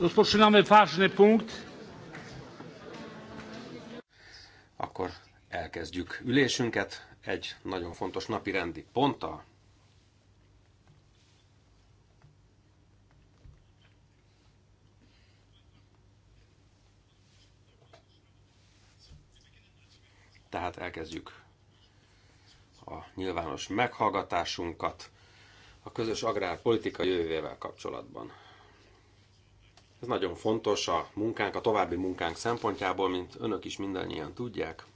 Rozpoczynamy ważny punkt. Akkor elkezdjük ülésünket egy nagyon fontos napi rendi ponttal. Tehát elkezdjük a nyilvános meghallgatásunkat a közös agrárpolitika jövőjével kapcsolatban. Ez nagyon fontos a munkánk, a további munkánk szempontjából, mint önök is mindannyian tudják.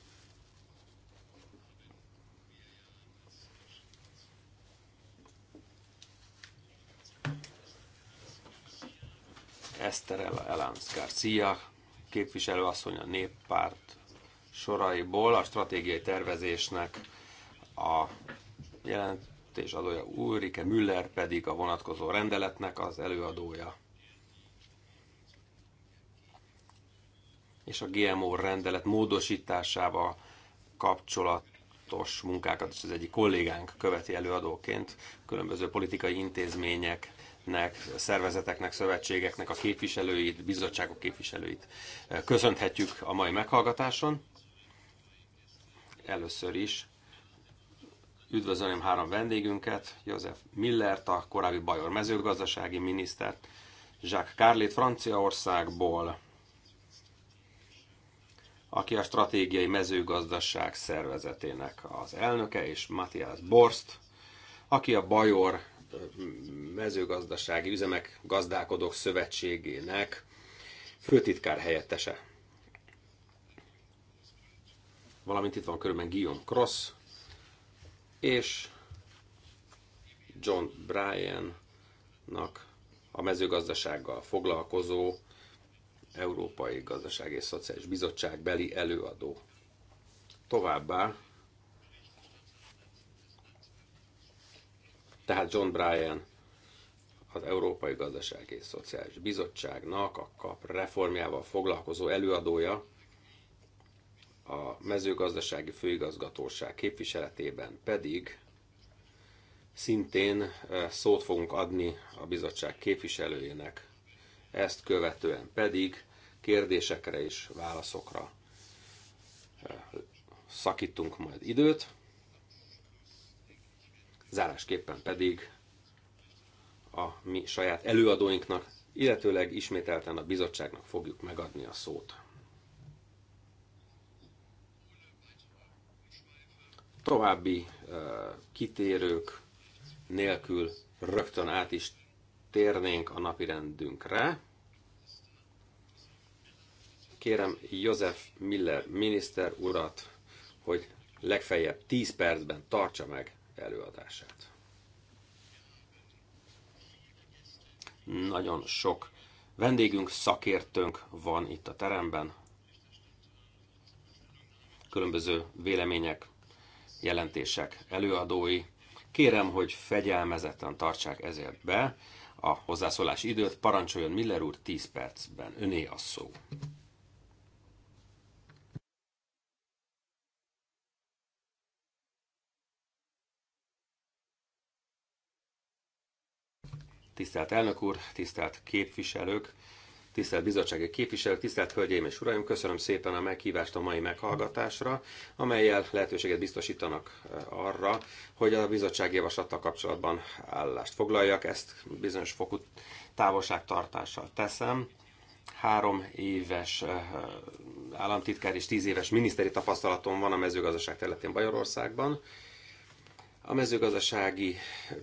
Eszter Eláns Garcia, képviselőasszony a néppárt soraiból, a stratégiai tervezésnek a jelentés adója Ulrike Müller pedig a vonatkozó rendeletnek az előadója. és a GMO rendelet módosításával kapcsolatos munkákat is az egyik kollégánk követi előadóként, különböző politikai intézmények nek, szervezeteknek, szövetségeknek a képviselőit, bizottságok képviselőit köszönhetjük a mai meghallgatáson. Először is üdvözölném három vendégünket, József Millert, a korábbi Bajor mezőgazdasági minisztert, Jacques Carlet Franciaországból, aki a stratégiai mezőgazdaság szervezetének az elnöke, és Matthias Borst, aki a Bajor mezőgazdasági üzemek gazdálkodók szövetségének főtitkár helyettese. Valamint itt van körülbelül Guillaume Cross, és John Bryan-nak a mezőgazdasággal foglalkozó Európai Gazdaság és Szociális Bizottság beli előadó. Továbbá, tehát John Bryan az Európai Gazdaság és Szociális Bizottságnak a KAP reformjával foglalkozó előadója, a mezőgazdasági főigazgatóság képviseletében pedig szintén e, szót fogunk adni a bizottság képviselőjének, ezt követően pedig kérdésekre és válaszokra szakítunk majd időt. Zárásképpen pedig a mi saját előadóinknak, illetőleg ismételten a bizottságnak fogjuk megadni a szót. További kitérők nélkül rögtön át is térnénk a napirendünkre. Kérem József Miller miniszter urat, hogy legfeljebb 10 percben tartsa meg előadását. Nagyon sok vendégünk, szakértőnk van itt a teremben. Különböző vélemények, jelentések, előadói. Kérem, hogy fegyelmezetten tartsák ezért be a hozzászólás időt. Parancsoljon Miller úr 10 percben. Öné a szó. Tisztelt elnök úr, tisztelt képviselők, tisztelt bizottsági képviselők, tisztelt hölgyeim és uraim, köszönöm szépen a meghívást a mai meghallgatásra, amelyel lehetőséget biztosítanak eh, arra, hogy a bizottság javaslattal kapcsolatban állást foglaljak. Ezt bizonyos fokú távolságtartással teszem három éves eh, államtitkár és tíz éves miniszteri tapasztalatom van a mezőgazdaság területén Bajorországban. A mezőgazdasági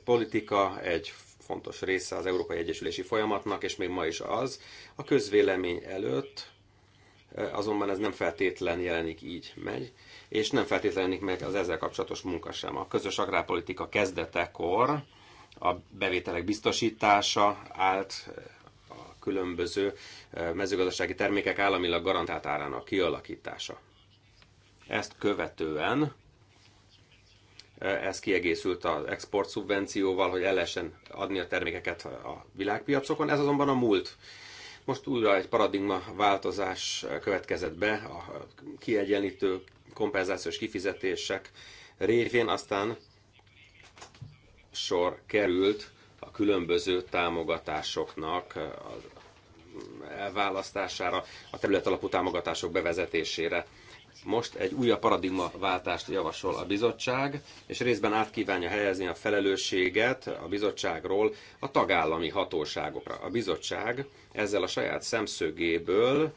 politika egy fontos része az Európai Egyesülési folyamatnak, és még ma is az. A közvélemény előtt e, azonban ez nem feltétlen jelenik így meg, és nem feltétlen jelenik meg az ezzel kapcsolatos munka sem. A közös agrárpolitika kezdetekor a bevételek biztosítása állt e, a különböző e, mezőgazdasági termékek államilag garantált árának kialakítása. Ezt követően ez kiegészült az export szubvencióval, hogy el lehessen adni a termékeket a világpiacokon, ez azonban a múlt. Most újra egy paradigma változás következett be, a kiegyenlítő kompenzációs kifizetések révén aztán sor került a különböző támogatásoknak a elválasztására, a területalapú támogatások bevezetésére. Most egy újabb paradigmaváltást javasol a bizottság, és részben át kívánja helyezni a felelősséget a bizottságról a tagállami hatóságokra. A bizottság ezzel a saját szemszögéből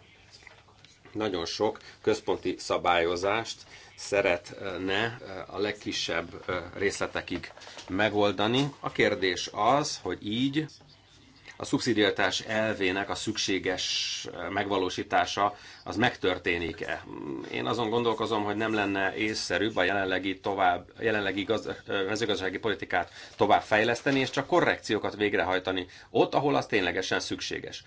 nagyon sok központi szabályozást szeretne eh, a legkisebb eh, részletekig megoldani. A kérdés az, hogy így a szubszidiáltás elvének a szükséges eh, megvalósítása az megtörténik-e. Én azon gondolkozom, hogy nem lenne észszerűbb a jelenlegi, tovább, jelenlegi gaz, eh, mezőgazdasági politikát tovább fejleszteni, és csak korrekciókat végrehajtani ott, ahol az ténylegesen szükséges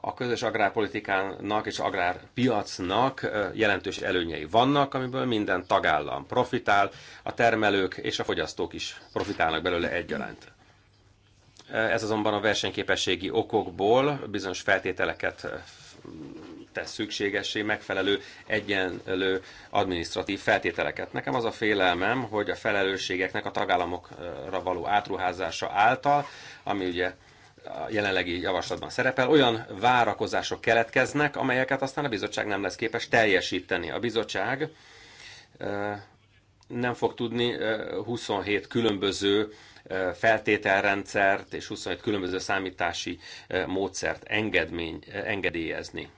a közös agrárpolitikának és agrárpiacnak eh, jelentős előnyei vannak, amiből minden tagállam profitál, a termelők és a fogyasztók is profitálnak belőle egyaránt. Ez azonban a versenyképességi okokból bizonyos feltételeket eh, tesz szükségessé megfelelő egyenlő adminisztratív feltételeket. Nekem az a félelmem, hogy a felelősségeknek a tagállamokra való átruházása által, ami ugye a jelenlegi javaslatban szerepel, olyan várakozások keletkeznek, amelyeket aztán a bizottság nem lesz képes teljesíteni. A bizottság eh, nem fog tudni 27 eh, különböző feltételrendszert és 25 különböző számítási módszert engedmény, engedélyezni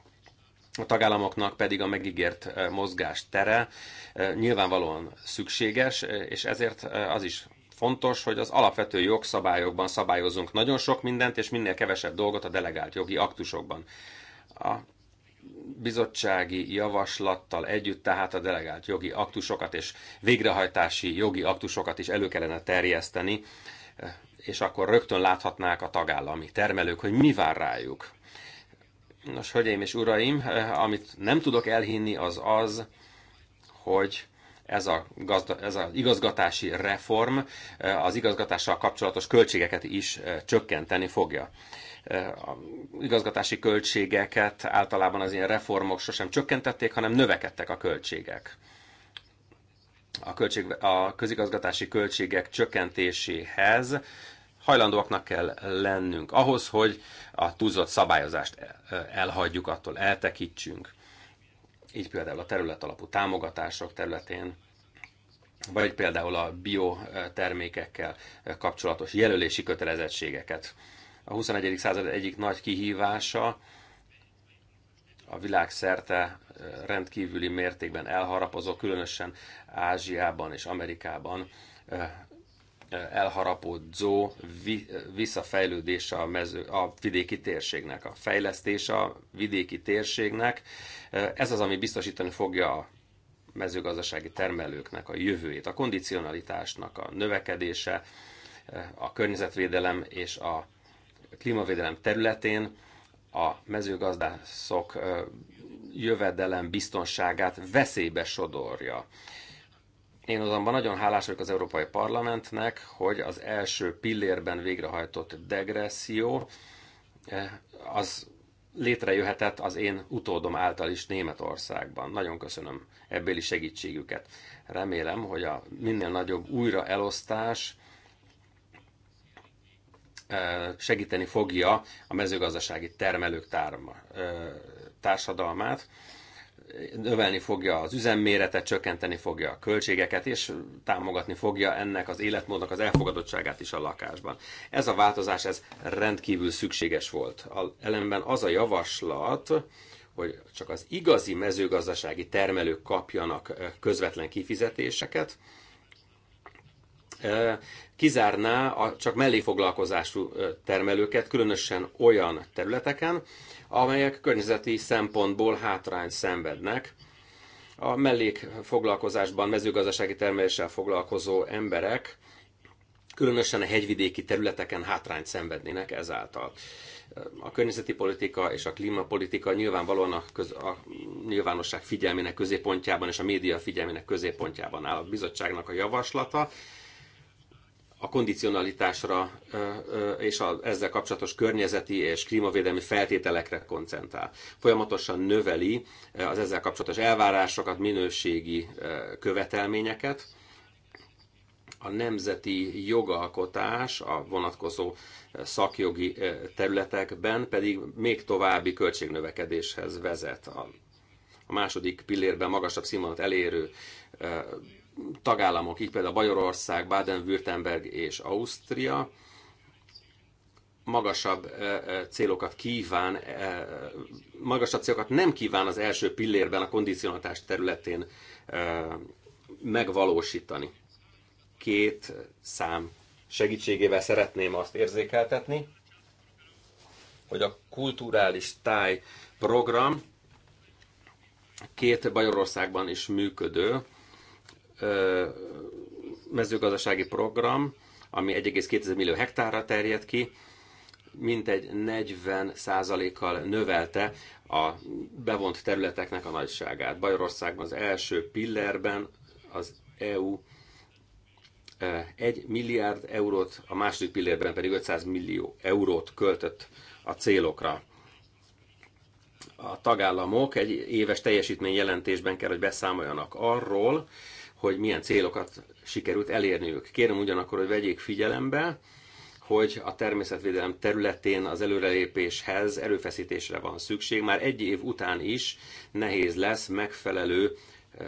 a tagállamoknak pedig a megígért mozgás tere nyilvánvalóan szükséges, és ezért az is fontos, hogy az alapvető jogszabályokban szabályozunk nagyon sok mindent, és minél kevesebb dolgot a delegált jogi aktusokban. A bizottsági javaslattal együtt tehát a delegált jogi aktusokat és végrehajtási jogi aktusokat is elő kellene terjeszteni, és akkor rögtön láthatnák a tagállami termelők, hogy mi vár rájuk. Nos, hölgyeim és uraim, amit nem tudok elhinni, az az, hogy ez a, gazda, ez a igazgatási reform az igazgatással kapcsolatos költségeket is csökkenteni fogja a igazgatási költségeket általában az ilyen reformok sosem csökkentették, hanem növekedtek a költségek. A, költség, a közigazgatási költségek csökkentéséhez hajlandóaknak kell lennünk ahhoz, hogy a túlzott szabályozást elhagyjuk, attól eltekítsünk. Így például a terület alapú támogatások területén, vagy például a biotermékekkel kapcsolatos jelölési kötelezettségeket a 21. század egyik nagy kihívása, a világszerte eh, rendkívüli mértékben elharapozó, különösen Ázsiában és Amerikában eh, eh, elharapódzó visszafejlődése a, mező, a vidéki térségnek, a fejlesztése a vidéki térségnek. Ez az, ami biztosítani fogja a mezőgazdasági termelőknek a jövőjét, a kondicionalitásnak a növekedése, a környezetvédelem és a klímavédelem területén a mezőgazdászok jövedelem biztonságát veszélybe sodorja. Én azonban nagyon hálás vagyok az Európai Parlamentnek, hogy az első pillérben végrehajtott degresszió az létrejöhetett az én utódom által is Németországban. Nagyon köszönöm ebbéli segítségüket. Remélem, hogy a minél nagyobb újraelosztás segíteni fogja a mezőgazdasági termelők tárma, társadalmát, növelni fogja az üzemméretet, csökkenteni fogja a költségeket, és támogatni fogja ennek az életmódnak az elfogadottságát is a lakásban. Ez a változás, ez rendkívül szükséges volt. Ellenben az a javaslat, hogy csak az igazi mezőgazdasági termelők kapjanak közvetlen kifizetéseket, kizárná a csak melléfoglalkozású termelőket, különösen olyan területeken, amelyek környezeti szempontból hátrányt szenvednek. A mellékfoglalkozásban mezőgazdasági termeléssel foglalkozó emberek különösen a hegyvidéki területeken hátrányt szenvednének ezáltal. A környezeti politika és a klímapolitika nyilvánvalóan a, köz, a nyilvánosság figyelmének középpontjában és a média figyelmének középpontjában áll a bizottságnak a javaslata a kondicionalitásra és az ezzel kapcsolatos környezeti és klímavédelmi feltételekre koncentrál. Folyamatosan növeli az ezzel kapcsolatos elvárásokat, minőségi követelményeket. A nemzeti jogalkotás a vonatkozó szakjogi területekben pedig még további költségnövekedéshez vezet. A második pillérben magasabb színvonat elérő tagállamok, így például Bajorország, Baden-Württemberg és Ausztria magasabb célokat kíván, magasabb célokat nem kíván az első pillérben a kondicionatás területén megvalósítani. Két szám segítségével szeretném azt érzékeltetni, hogy a kulturális táj program két Bajorországban is működő, mezőgazdasági program, ami 1,2 millió hektárra terjed ki, mintegy 40%-kal növelte a bevont területeknek a nagyságát. Bajorországban az első pillerben az EU 1 milliárd eurót, a második pillérben pedig 500 millió eurót költött a célokra. A tagállamok egy éves teljesítményjelentésben kell, hogy beszámoljanak arról, hogy milyen célokat sikerült elérniük. Kérem ugyanakkor, hogy vegyék figyelembe, hogy a természetvédelem területén az előrelépéshez erőfeszítésre van szükség. Már egy év után is nehéz lesz megfelelő eh,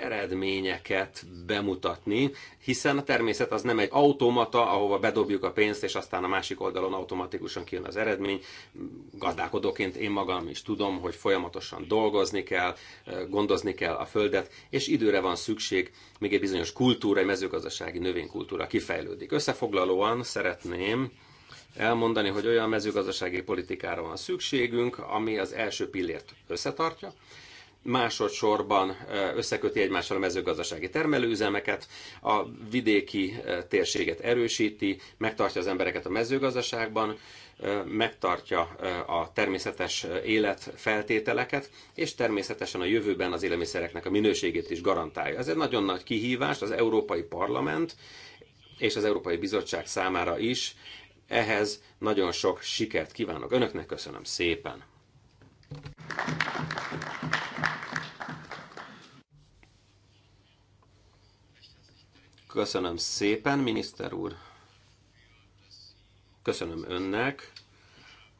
eredményeket bemutatni, hiszen a természet az nem egy automata, ahova bedobjuk a pénzt, és aztán a másik oldalon automatikusan kijön az eredmény. Gazdálkodóként én magam is tudom, hogy folyamatosan dolgozni kell, gondozni kell a földet, és időre van szükség, még egy bizonyos kultúra, egy mezőgazdasági növénykultúra kifejlődik. Összefoglalóan szeretném elmondani, hogy olyan mezőgazdasági politikára van szükségünk, ami az első pillért összetartja, másodszorban összeköti egymással a mezőgazdasági termelőüzemeket, a vidéki térséget erősíti, megtartja az embereket a mezőgazdaságban, megtartja a természetes életfeltételeket, és természetesen a jövőben az élelmiszereknek a minőségét is garantálja. Ez egy nagyon nagy kihívás az Európai Parlament és az Európai Bizottság számára is. Ehhez nagyon sok sikert kívánok önöknek, köszönöm szépen! Köszönöm szépen, miniszter úr. Köszönöm önnek,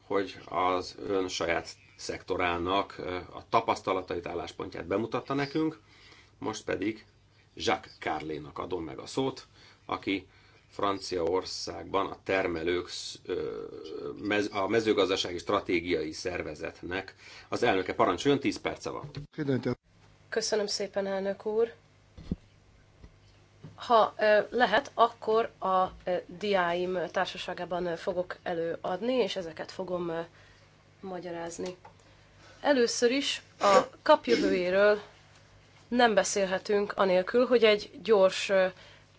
hogy az ön saját szektorának a tapasztalatait, álláspontját bemutatta nekünk. Most pedig Jacques Carlénak adom meg a szót, aki Franciaországban a termelők a mezőgazdasági stratégiai szervezetnek az elnöke parancsoljon, 10 perce van. Köszönöm szépen, elnök úr! Ha lehet, akkor a diáim társaságában fogok előadni, és ezeket fogom magyarázni. Először is a kapjövőjéről nem beszélhetünk anélkül, hogy egy gyors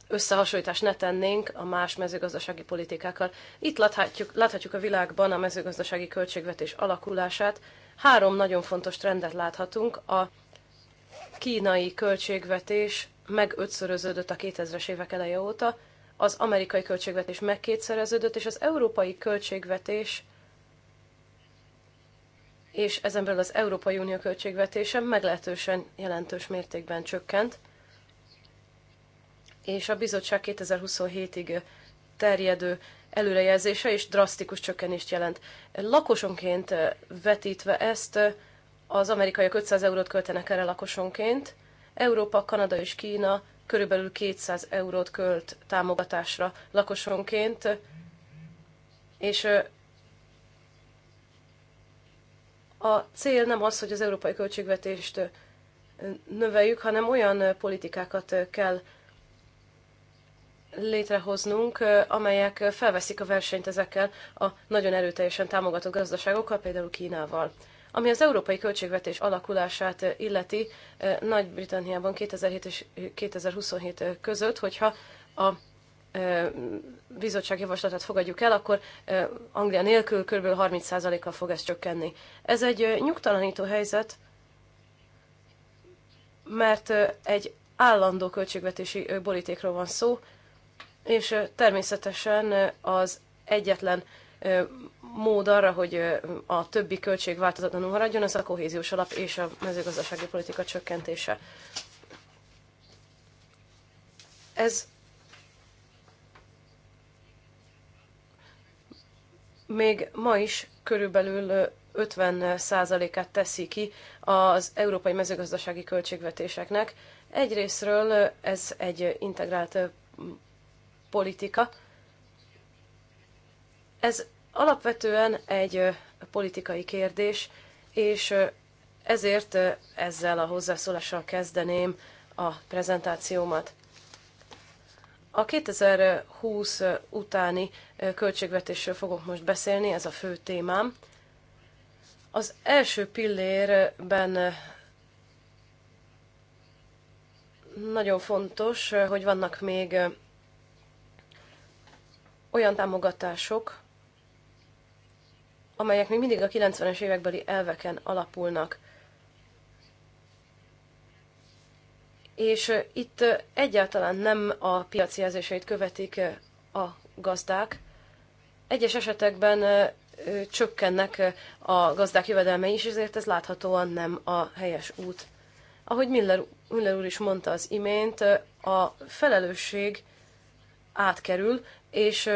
összehasonlítást ne tennénk a más mezőgazdasági politikákkal. Itt láthatjuk, láthatjuk a világban a mezőgazdasági költségvetés alakulását. Három nagyon fontos trendet láthatunk. A kínai költségvetés megötszöröződött a 2000-es évek eleje óta, az amerikai költségvetés megkétszereződött, és az európai költségvetés és ezen belül az Európai Unió költségvetése meglehetősen jelentős mértékben csökkent, és a bizottság 2027-ig terjedő előrejelzése is drasztikus csökkenést jelent. Lakosonként vetítve ezt, az amerikaiak 500 eurót költenek erre lakosonként, Európa, Kanada és Kína körülbelül 200 eurót költ támogatásra lakosonként, és a cél nem az, hogy az európai költségvetést növeljük, hanem olyan politikákat kell létrehoznunk, amelyek felveszik a versenyt ezekkel a nagyon erőteljesen támogatott gazdaságokkal, például Kínával. Ami az európai költségvetés alakulását illeti Nagy-Britanniában 2007 és 2027 között, hogyha a bizottság javaslatát fogadjuk el, akkor Anglia nélkül kb. 30%-kal fog ez csökkenni. Ez egy nyugtalanító helyzet, mert egy állandó költségvetési borítékról van szó, és természetesen az egyetlen mód arra, hogy a többi költség változatlanul maradjon, az a kohéziós alap és a mezőgazdasági politika csökkentése. Ez még ma is körülbelül 50%-át teszi ki az európai mezőgazdasági költségvetéseknek. Egyrésztről ez egy integrált politika. Ez alapvetően egy politikai kérdés, és ezért ezzel a hozzászólással kezdeném a prezentációmat. A 2020 utáni költségvetésről fogok most beszélni, ez a fő témám. Az első pillérben nagyon fontos, hogy vannak még olyan támogatások, amelyek még mindig a 90-es évekbeli elveken alapulnak. És itt egyáltalán nem a piaci jelzéseit követik a gazdák. Egyes esetekben csökkennek a gazdák jövedelmei is, ezért ez láthatóan nem a helyes út. Ahogy Miller, Miller úr is mondta az imént, a felelősség átkerül, és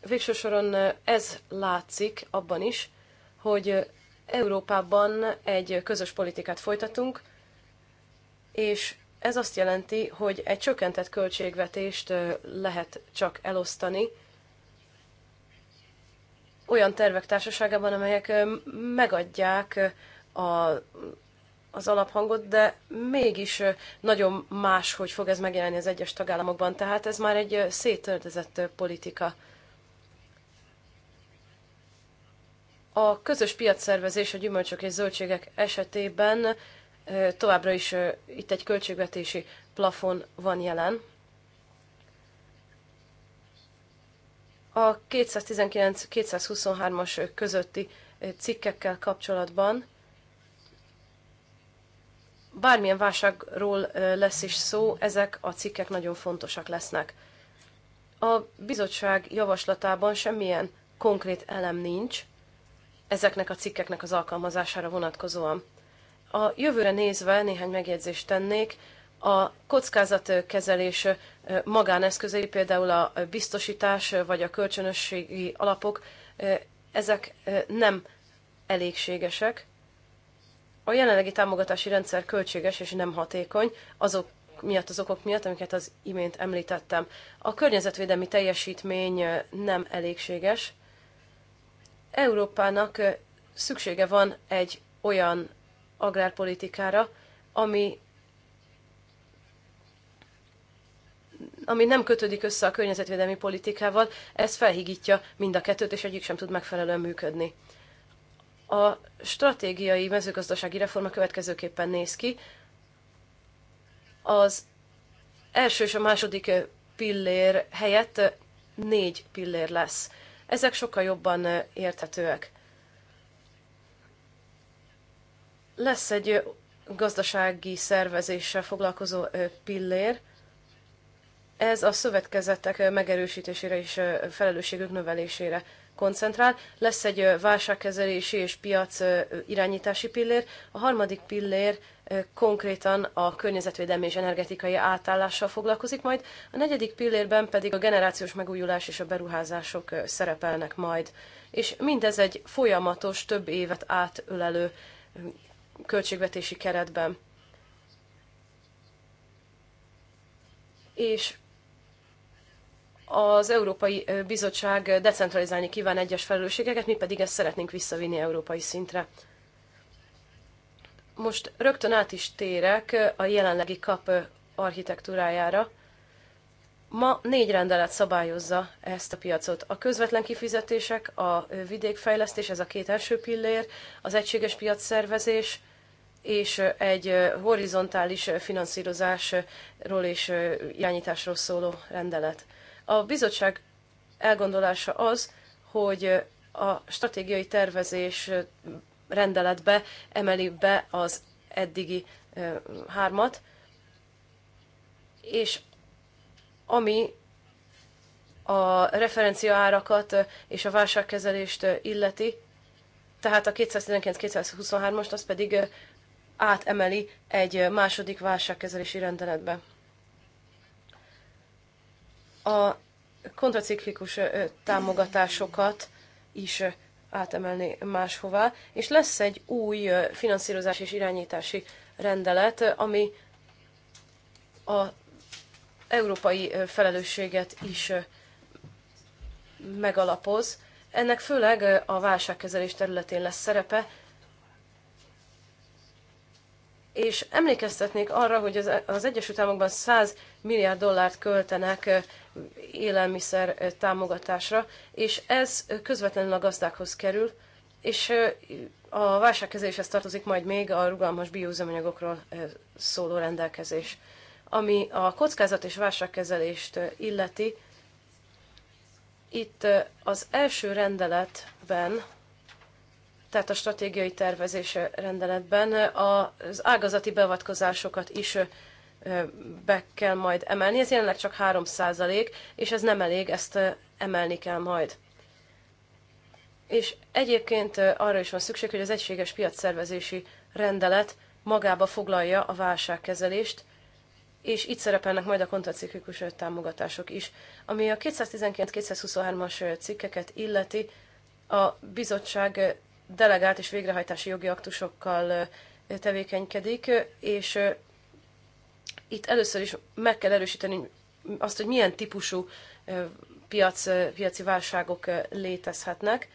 végső soron ez látszik abban is, hogy Európában egy közös politikát folytatunk, és ez azt jelenti, hogy egy csökkentett költségvetést lehet csak elosztani olyan tervek társaságában, amelyek megadják a, az alaphangot, de mégis nagyon más, hogy fog ez megjelenni az egyes tagállamokban. Tehát ez már egy szétöldezett politika. A közös piacszervezés a gyümölcsök és zöldségek esetében továbbra is itt egy költségvetési plafon van jelen. A 219-223-as közötti cikkekkel kapcsolatban bármilyen válságról lesz is szó, ezek a cikkek nagyon fontosak lesznek. A bizottság javaslatában semmilyen konkrét elem nincs, ezeknek a cikkeknek az alkalmazására vonatkozóan. A jövőre nézve néhány megjegyzést tennék, a kockázatkezelés magáneszközei, például a biztosítás vagy a kölcsönösségi alapok, ezek nem elégségesek. A jelenlegi támogatási rendszer költséges és nem hatékony, azok miatt, az okok miatt, amiket az imént említettem. A környezetvédelmi teljesítmény nem elégséges, Európának szüksége van egy olyan agrárpolitikára, ami, ami nem kötődik össze a környezetvédelmi politikával, ez felhigítja mind a kettőt, és egyik sem tud megfelelően működni. A stratégiai mezőgazdasági reforma következőképpen néz ki. Az első és a második pillér helyett négy pillér lesz ezek sokkal jobban érthetőek. Lesz egy gazdasági szervezéssel foglalkozó pillér, ez a szövetkezetek megerősítésére és felelősségük növelésére koncentrál. Lesz egy válságkezelési és piac irányítási pillér, a harmadik pillér konkrétan a környezetvédelmi és energetikai átállással foglalkozik majd, a negyedik pillérben pedig a generációs megújulás és a beruházások szerepelnek majd. És mindez egy folyamatos, több évet átölelő költségvetési keretben. És az Európai Bizottság decentralizálni kíván egyes felelősségeket, mi pedig ezt szeretnénk visszavinni európai szintre. Most rögtön át is térek eh, a jelenlegi kap eh, architektúrájára. Ma négy rendelet szabályozza ezt a piacot. A közvetlen kifizetések, a eh, vidékfejlesztés, ez a két első pillér, az egységes piacszervezés és egy horizontális finanszírozásról és irányításról szóló rendelet. A bizottság elgondolása az, hogy a stratégiai tervezés rendeletbe emeli be az eddigi hármat, és ami a referencia árakat és a válságkezelést illeti, tehát a 219 223 ost az pedig átemeli egy második válságkezelési rendeletbe. A kontraciklikus támogatásokat is átemelni máshová, és lesz egy új finanszírozás és irányítási rendelet, ami a európai felelősséget is megalapoz. Ennek főleg a válságkezelés területén lesz szerepe, és emlékeztetnék arra, hogy az, az Egyesült Államokban 100 milliárd dollárt költenek élelmiszer támogatásra, és ez közvetlenül a gazdákhoz kerül, és a válságkezeléshez tartozik majd még a rugalmas bioüzemanyagokról szóló rendelkezés. Ami a kockázat és válságkezelést illeti, itt az első rendeletben, tehát a stratégiai tervezés rendeletben az ágazati beavatkozásokat is be kell majd emelni. Ez jelenleg csak 3 százalék, és ez nem elég, ezt emelni kell majd. És egyébként arra is van szükség, hogy az egységes piacszervezési rendelet magába foglalja a válságkezelést, és itt szerepelnek majd a kontraciklikus támogatások is. Ami a 219-223-as cikkeket illeti, a bizottság delegált és végrehajtási jogi aktusokkal tevékenykedik, és itt először is meg kell erősíteni azt, hogy milyen típusú piac, piaci válságok létezhetnek,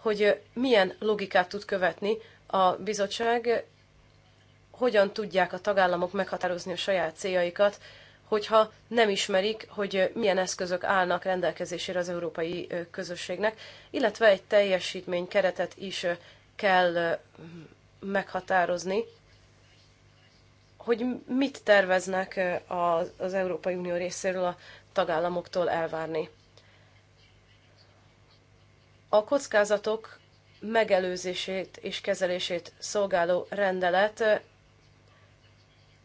hogy milyen logikát tud követni a bizottság, hogyan tudják a tagállamok meghatározni a saját céljaikat, hogyha nem ismerik, hogy milyen eszközök állnak rendelkezésére az európai közösségnek, illetve egy teljesítmény keretet is kell meghatározni hogy mit terveznek az, az Európai Unió részéről a tagállamoktól elvárni. A kockázatok megelőzését és kezelését szolgáló rendelet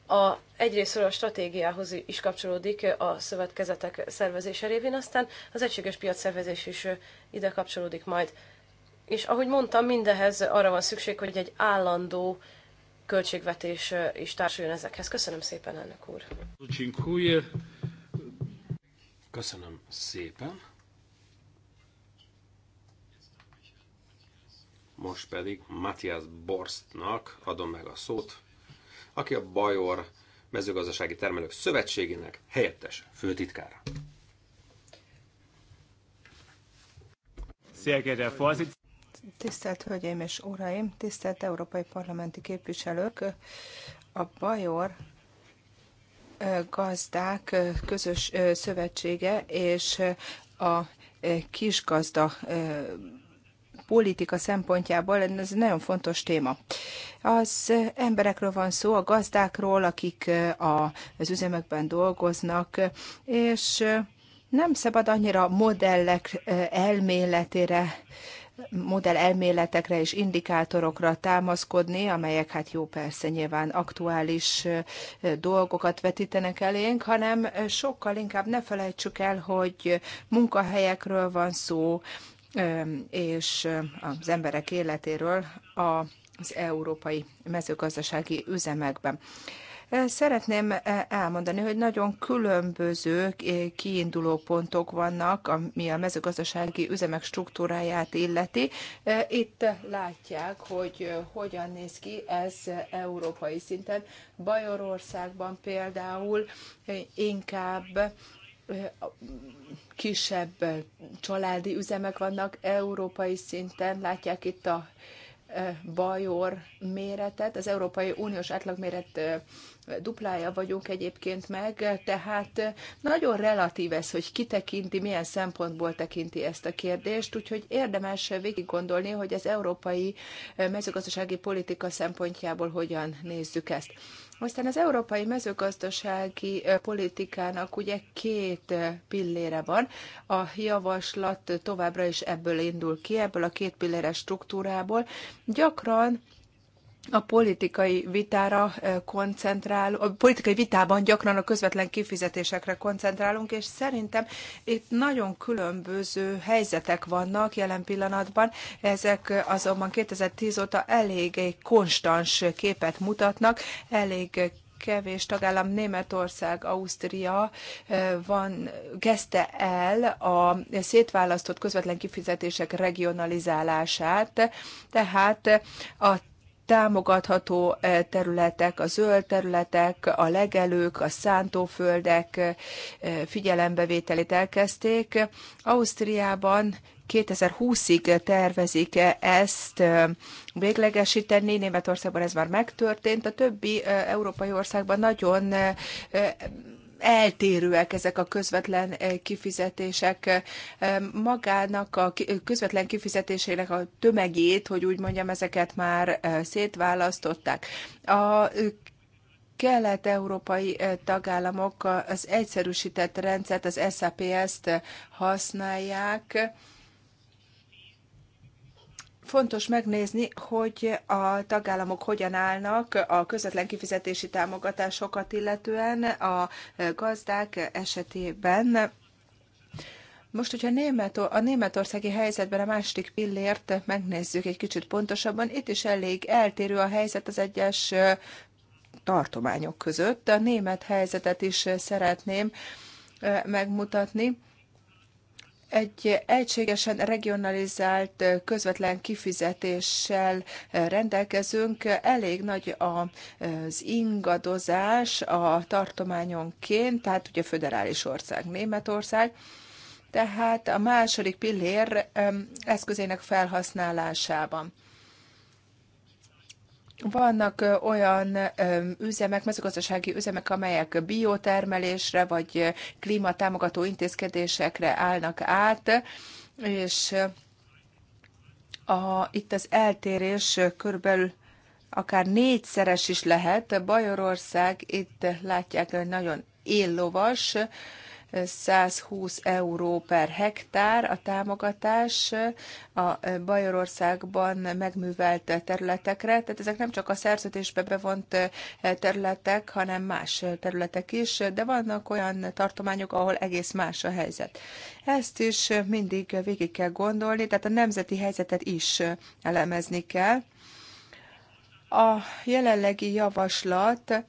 a, egyrésztről a stratégiához is kapcsolódik a szövetkezetek szervezése révén, aztán az egységes piac szervezés is ide kapcsolódik majd. És ahogy mondtam, mindehez arra van szükség, hogy egy állandó költségvetés is társuljon ezekhez. Köszönöm szépen, elnök úr. Köszönöm szépen. Most pedig Matthias Borstnak adom meg a szót, aki a Bajor mezőgazdasági termelők szövetségének helyettes főtitkára. Sehr geehrter Vorsitzender! Tisztelt Hölgyeim és Uraim, tisztelt Európai Parlamenti képviselők, a Bajor gazdák közös szövetsége és a kisgazda politika szempontjából ez egy nagyon fontos téma. Az emberekről van szó, a gazdákról, akik az üzemekben dolgoznak, és nem szabad annyira modellek elméletére modellelméletekre és indikátorokra támaszkodni, amelyek hát jó persze nyilván aktuális dolgokat vetítenek elénk, hanem sokkal inkább ne felejtsük el, hogy munkahelyekről van szó, és az emberek életéről az európai mezőgazdasági üzemekben. Szeretném elmondani, hogy nagyon különböző kiinduló pontok vannak, ami a mezőgazdasági üzemek struktúráját illeti. Itt látják, hogy hogyan néz ki ez európai szinten. Bajorországban például inkább kisebb családi üzemek vannak európai szinten, látják itt a bajor méretet, az Európai Uniós átlagméret duplája vagyunk egyébként meg, tehát nagyon relatív ez, hogy ki tekinti, milyen szempontból tekinti ezt a kérdést, úgyhogy érdemes végig gondolni, hogy az európai mezőgazdasági politika szempontjából hogyan nézzük ezt. Aztán az európai mezőgazdasági politikának ugye két pillére van. A javaslat továbbra is ebből indul ki, ebből a két pilléres struktúrából. Gyakran a politikai vitára eh, koncentrál, a politikai vitában gyakran a közvetlen kifizetésekre koncentrálunk, és szerintem itt nagyon különböző helyzetek vannak jelen pillanatban. Ezek azonban 2010 óta egy konstans képet mutatnak, elég kevés tagállam, Németország, Ausztria eh, van, kezdte el a szétválasztott közvetlen kifizetések regionalizálását, tehát a támogatható eh, területek, a zöld területek, a legelők, a szántóföldek eh, figyelembevételét elkezdték. Ausztriában 2020-ig tervezik ezt eh, véglegesíteni. Németországban ez már megtörtént, a többi európai országban nagyon eltérőek ezek a közvetlen eh, kifizetések. Eh, magának a közvetlen kifizetésének a tömegét, hogy úgy mondjam, ezeket már eh, szétválasztották. A kelet-európai tagállamok az egyszerűsített rendszert, az SAPS-t használják, Fontos megnézni, hogy a tagállamok hogyan állnak a közvetlen kifizetési támogatásokat illetően a gazdák esetében. Most, hogyha német, a németországi helyzetben a második pillért megnézzük egy kicsit pontosabban, itt is elég eltérő a helyzet az egyes tartományok között. A német helyzetet is szeretném megmutatni egy egységesen regionalizált közvetlen kifizetéssel rendelkezünk. Elég nagy az ingadozás a tartományonként, tehát ugye föderális ország, Németország, tehát a második pillér eszközének felhasználásában. Vannak olyan üzemek, mezőgazdasági üzemek, amelyek biotermelésre vagy klímatámogató intézkedésekre állnak át, és a, itt az eltérés körülbelül akár négyszeres is lehet. Bajorország, itt látják, hogy nagyon éllovas, 120 euró per hektár a támogatás a Bajorországban megművelt területekre, tehát ezek nem csak a szerződésbe bevont eh, területek, hanem más területek is, de vannak olyan tartományok, ahol egész más a helyzet. Ezt is mindig végig kell gondolni, tehát a nemzeti helyzetet is elemezni kell. A jelenlegi javaslat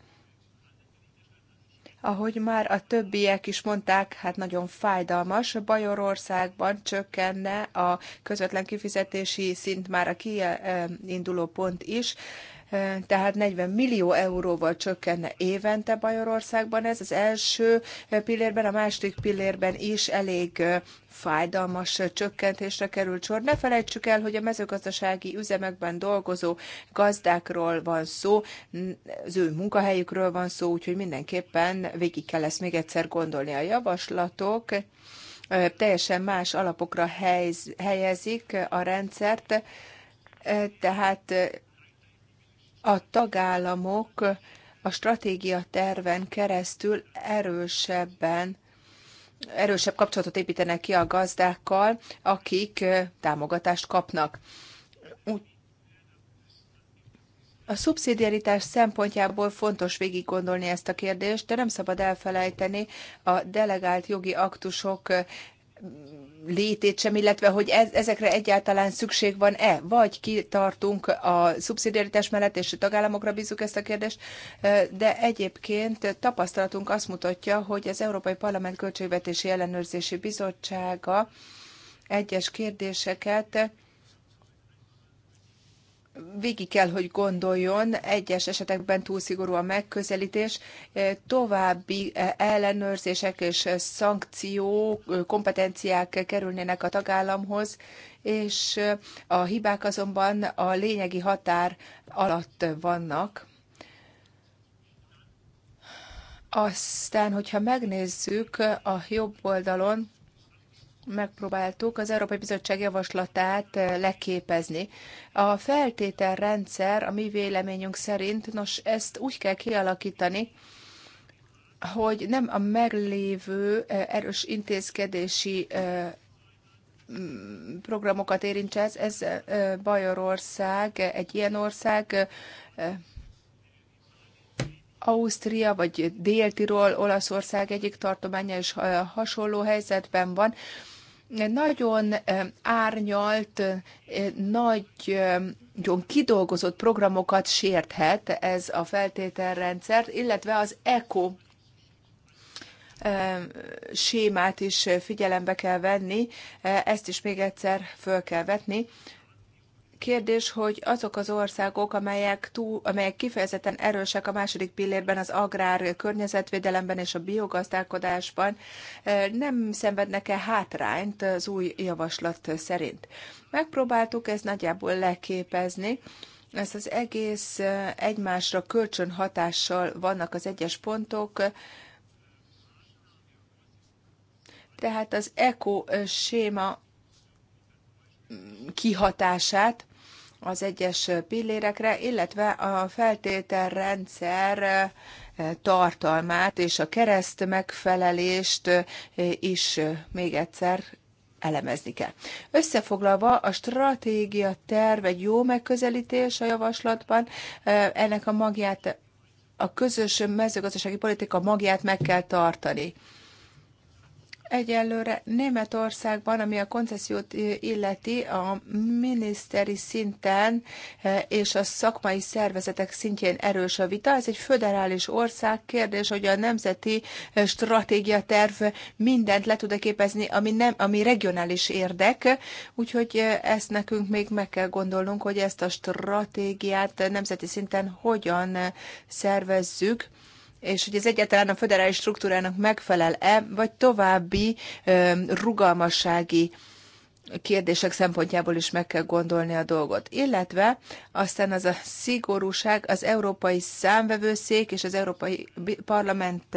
ahogy már a többiek is mondták, hát nagyon fájdalmas. Bajorországban csökkenne a közvetlen kifizetési szint már a kiinduló pont is tehát 40 millió euróval csökkenne évente Bajorországban. Ez az első pillérben, a második pillérben is elég fájdalmas csökkentésre került sor. Ne felejtsük el, hogy a mezőgazdasági üzemekben dolgozó gazdákról van szó, az ő munkahelyükről van szó, úgyhogy mindenképpen végig kell ezt még egyszer gondolni. A javaslatok teljesen más alapokra helyez, helyezik a rendszert, tehát a tagállamok a stratégia terven keresztül erősebben erősebb kapcsolatot építenek ki a gazdákkal, akik támogatást kapnak. A szubszidiaritás szempontjából fontos végig gondolni ezt a kérdést, de nem szabad elfelejteni a delegált jogi aktusok létét sem, illetve hogy ez, ezekre egyáltalán szükség van-e, vagy kitartunk a szubszidiaritás mellett, és a tagállamokra bízunk ezt a kérdést, de egyébként tapasztalatunk azt mutatja, hogy az Európai Parlament Költségvetési Ellenőrzési Bizottsága egyes kérdéseket végig kell, hogy gondoljon, egyes esetekben túl szigorú a megközelítés, további ellenőrzések és szankció kompetenciák kerülnének a tagállamhoz, és a hibák azonban a lényegi határ alatt vannak. Aztán, hogyha megnézzük a jobb oldalon, megpróbáltuk az Európai Bizottság javaslatát eh, leképezni. A feltételrendszer a mi véleményünk szerint, nos, ezt úgy kell kialakítani, hogy nem a meglévő eh, erős intézkedési eh, mm, programokat érintse ez. Ez Bajorország, egy ilyen ország, Ausztria vagy Dél-Tirol, Olaszország egyik tartománya is hasonló helyzetben van nagyon eh, árnyalt, nagy, eh, nagyon kidolgozott programokat sérthet ez a feltételrendszert, illetve az ECO eh, sémát is figyelembe kell venni, ezt is még egyszer föl kell vetni, kérdés, hogy azok az országok, amelyek, túl, amelyek kifejezetten erősek a második pillérben, az agrár környezetvédelemben és a biogazdálkodásban, nem szenvednek-e hátrányt az új javaslat szerint. Megpróbáltuk ezt nagyjából leképezni, ez az egész egymásra kölcsönhatással hatással vannak az egyes pontok, tehát az eko séma kihatását az egyes pillérekre, illetve a feltételrendszer eh, tartalmát és a kereszt megfelelést eh, is eh, még egyszer elemezni kell. Összefoglalva, a stratégia terv egy jó megközelítés a javaslatban, ennek a magját, a közös mezőgazdasági politika magját meg kell tartani. Egyelőre Németországban, ami a koncesziót illeti, a miniszteri szinten e, és a szakmai szervezetek szintjén erős a vita. Ez egy föderális ország kérdés, hogy a nemzeti e, stratégiaterv mindent le tud-e képezni, ami, nem, ami regionális érdek. Úgyhogy e, ezt nekünk még meg kell gondolnunk, hogy ezt a stratégiát nemzeti szinten hogyan szervezzük és hogy ez egyáltalán a föderális struktúrának megfelel-e, vagy további rugalmassági kérdések szempontjából is meg kell gondolni a dolgot. Illetve aztán az a szigorúság, az Európai Számvevőszék és az Európai Parlament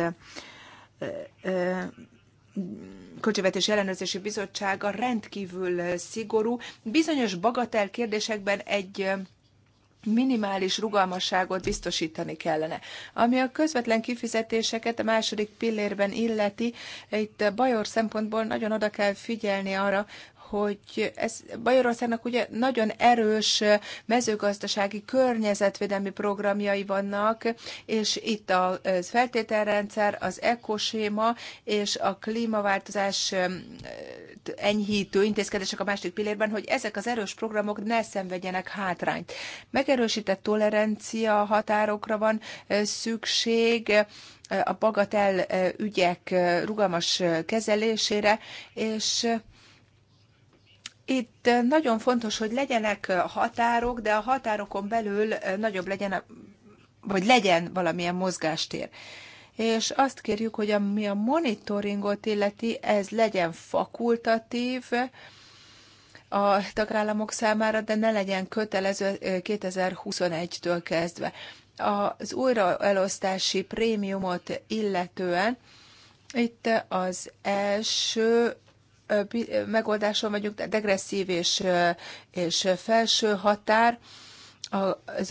Költségvetési Ellenőrzési Bizottsága rendkívül szigorú. Bizonyos bagatel kérdésekben egy minimális rugalmasságot biztosítani kellene. Ami a közvetlen kifizetéseket a második pillérben illeti, itt Bajor szempontból nagyon oda kell figyelni arra, hogy ez Bajorországnak ugye nagyon erős mezőgazdasági környezetvédelmi programjai vannak, és itt a feltételrendszer, az ekoséma és a klímaváltozás enyhítő intézkedések a második pillérben, hogy ezek az erős programok ne szenvedjenek hátrányt. Megerősített tolerancia határokra van szükség, a bagatel ügyek rugalmas kezelésére, és itt nagyon fontos, hogy legyenek határok, de a határokon belül nagyobb legyen, vagy legyen valamilyen mozgástér. És azt kérjük, hogy ami a monitoringot illeti, ez legyen fakultatív, a tagállamok számára, de ne legyen kötelező 2021-től kezdve. Az újraelosztási prémiumot illetően itt az első megoldáson vagyunk, degresszív és, és felső határ. A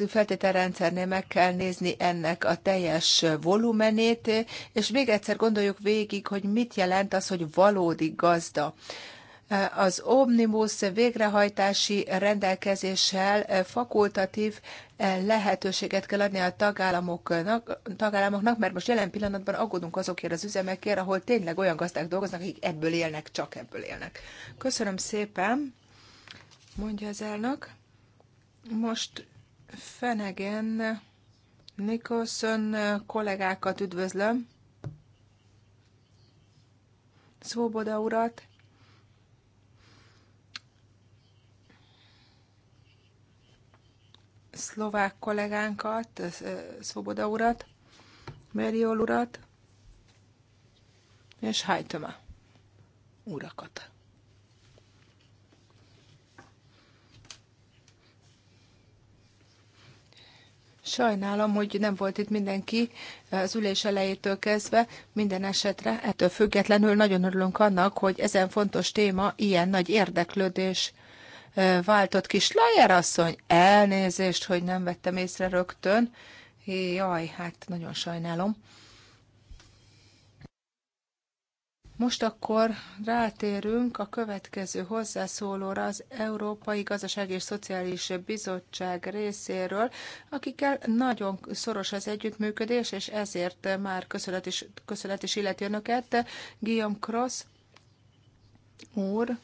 feltételrendszernél meg kell nézni ennek a teljes volumenét, és még egyszer gondoljuk végig, hogy mit jelent az, hogy valódi gazda az omnibus végrehajtási rendelkezéssel eh, fakultatív eh, lehetőséget kell adni a tagállamoknak, tagállamoknak, mert most jelen pillanatban aggódunk azokért az üzemekért, ahol tényleg olyan gazdák dolgoznak, akik ebből élnek, csak ebből élnek. Köszönöm szépen, mondja az elnök. Most Fenegen Nicholson eh, kollégákat üdvözlöm. Szóboda urat, szlovák kollégánkat, Szoboda urat, Meriol urat, és Hajtöma urakat. Sajnálom, hogy nem volt itt mindenki az ülés elejétől kezdve, minden esetre ettől függetlenül nagyon örülünk annak, hogy ezen fontos téma ilyen nagy érdeklődés váltott kis Slajer asszony, elnézést, hogy nem vettem észre rögtön. Jaj, hát nagyon sajnálom. Most akkor rátérünk a következő hozzászólóra az Európai gazdaság és Szociális Bizottság részéről, akikkel nagyon szoros az együttműködés, és ezért már köszönet is, köszönet is illeti önöket. Guillaume Cross úr,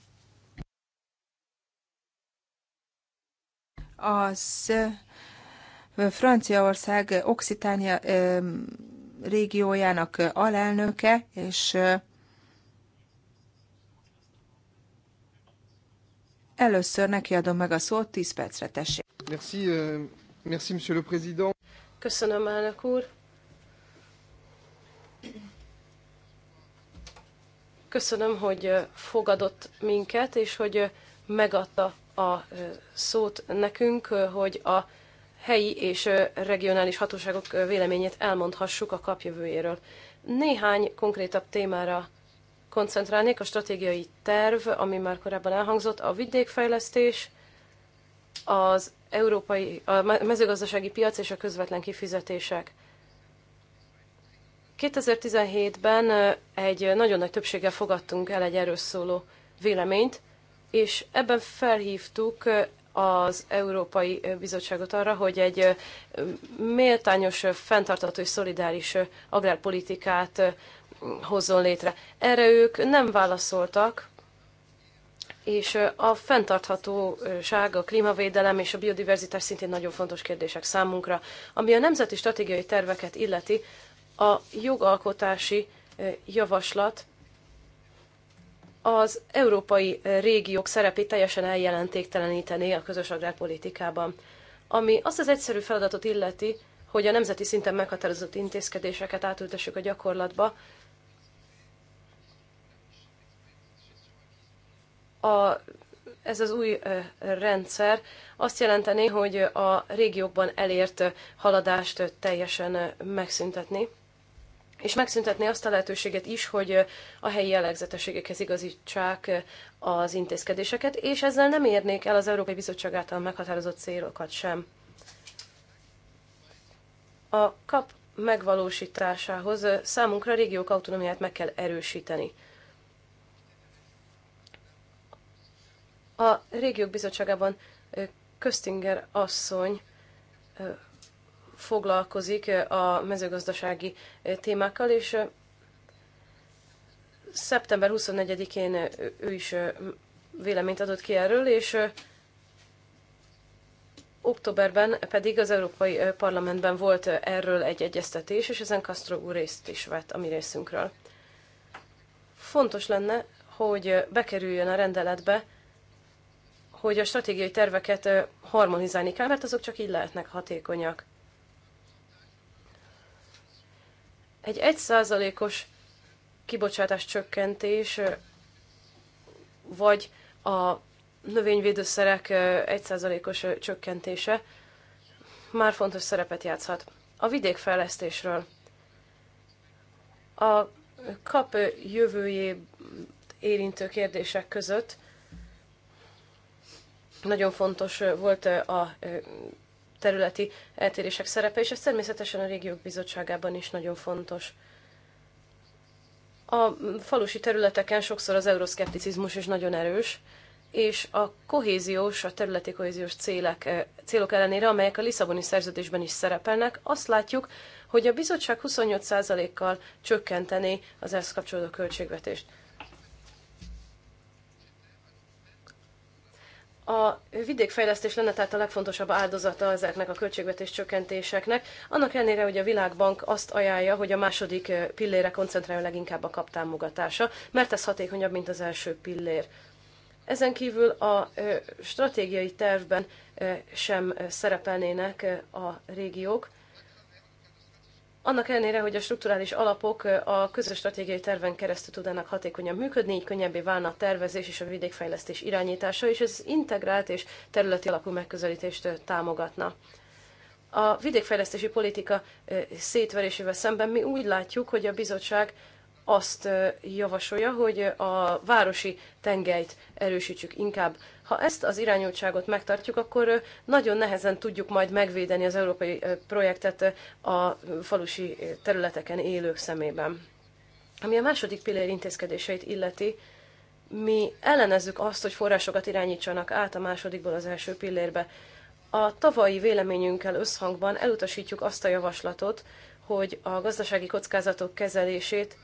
az Franciaország Occitánia régiójának alelnöke, és először neki adom meg a szót, 10 percre tessék. Merci, merci, monsieur le président. Köszönöm, elnök úr. Köszönöm, hogy fogadott minket, és hogy megadta a szót nekünk, hogy a helyi és regionális hatóságok véleményét elmondhassuk a kapjövőjéről. Néhány konkrétabb témára koncentrálnék, a stratégiai terv, ami már korábban elhangzott, a vidékfejlesztés, az európai, a mezőgazdasági piac és a közvetlen kifizetések. 2017-ben egy nagyon nagy többséggel fogadtunk el egy erről szóló véleményt, és ebben felhívtuk az Európai Bizottságot arra, hogy egy méltányos, fenntartató és szolidáris agrárpolitikát hozzon létre. Erre ők nem válaszoltak, és a fenntarthatóság, a klímavédelem és a biodiverzitás szintén nagyon fontos kérdések számunkra. Ami a nemzeti stratégiai terveket illeti, a jogalkotási javaslat az európai régiók szerepét teljesen eljelentéktelenítené a közös agrárpolitikában, ami azt az egyszerű feladatot illeti, hogy a nemzeti szinten meghatározott intézkedéseket átültessük a gyakorlatba, a, ez az új rendszer azt jelenteni, hogy a régiókban elért haladást teljesen megszüntetni és megszüntetni azt a lehetőséget is, hogy a helyi jellegzetességekhez igazítsák az intézkedéseket, és ezzel nem érnék el az Európai Bizottság által meghatározott célokat sem. A kap megvalósításához számunkra a régiók autonómiát meg kell erősíteni. A régiók bizottságában Köstinger asszony foglalkozik a mezőgazdasági témákkal, és szeptember 24-én ő is véleményt adott ki erről, és októberben pedig az Európai Parlamentben volt erről egy egyeztetés, és ezen Castro úr részt is vett a mi részünkről. Fontos lenne, hogy bekerüljön a rendeletbe, hogy a stratégiai terveket harmonizálni kell, mert azok csak így lehetnek hatékonyak. Egy 1%-os kibocsátás csökkentés, vagy a növényvédőszerek 1%-os csökkentése már fontos szerepet játszhat. A vidékfejlesztésről. A kap jövőjé érintő kérdések között nagyon fontos volt a területi eltérések szerepe, és ez természetesen a régiók bizottságában is nagyon fontos. A falusi területeken sokszor az euroszkepticizmus is nagyon erős, és a kohéziós, a területi kohéziós célek, eh, célok ellenére, amelyek a Lisszaboni szerződésben is szerepelnek, azt látjuk, hogy a bizottság 28%-kal csökkenteni az ehhez kapcsolódó költségvetést. A vidékfejlesztés lenne tehát a legfontosabb áldozata ezeknek a költségvetés csökkentéseknek, annak ellenére, hogy a Világbank azt ajánlja, hogy a második pillére koncentráljon leginkább a kaptámogatása, mert ez hatékonyabb, mint az első pillér. Ezen kívül a stratégiai tervben sem szerepelnének a régiók, annak ellenére, hogy a strukturális alapok a közös stratégiai terven keresztül tudnának hatékonyan működni, így könnyebbé válna a tervezés és a vidékfejlesztés irányítása, és ez integrált és területi alapú megközelítést támogatna. A vidékfejlesztési politika szétverésével szemben mi úgy látjuk, hogy a bizottság azt javasolja, hogy a városi tengelyt erősítsük inkább. Ha ezt az irányultságot megtartjuk, akkor nagyon nehezen tudjuk majd megvédeni az európai projektet a falusi területeken élők szemében. Ami a második pillér intézkedéseit illeti, mi ellenezzük azt, hogy forrásokat irányítsanak át a másodikból az első pillérbe. A tavalyi véleményünkkel összhangban elutasítjuk azt a javaslatot, hogy a gazdasági kockázatok kezelését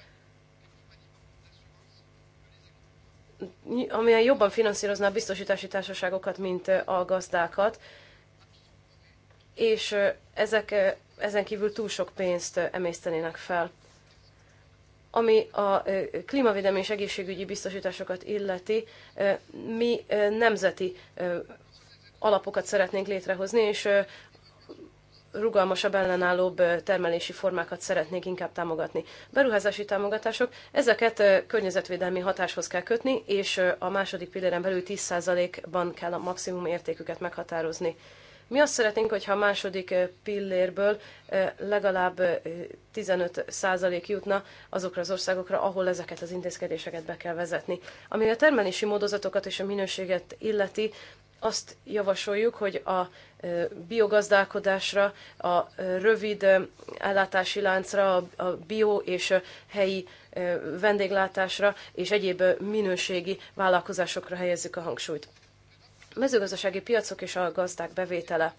amilyen jobban finanszírozná a biztosítási társaságokat, mint a gazdákat, és ezek ezen kívül túl sok pénzt emésztenének fel. Ami a klímavédelmi és egészségügyi biztosításokat illeti, mi nemzeti alapokat szeretnénk létrehozni, és rugalmasabb, ellenállóbb termelési formákat szeretnék inkább támogatni. Beruházási támogatások, ezeket környezetvédelmi hatáshoz kell kötni, és a második pilléren belül 10%-ban kell a maximum értéküket meghatározni. Mi azt szeretnénk, hogyha a második pillérből legalább 15% jutna azokra az országokra, ahol ezeket az intézkedéseket be kell vezetni. Ami a termelési módozatokat és a minőséget illeti, azt javasoljuk, hogy a biogazdálkodásra, a rövid ellátási láncra, a bio és a helyi vendéglátásra és egyéb minőségi vállalkozásokra helyezzük a hangsúlyt. A mezőgazdasági piacok és a gazdák bevétele.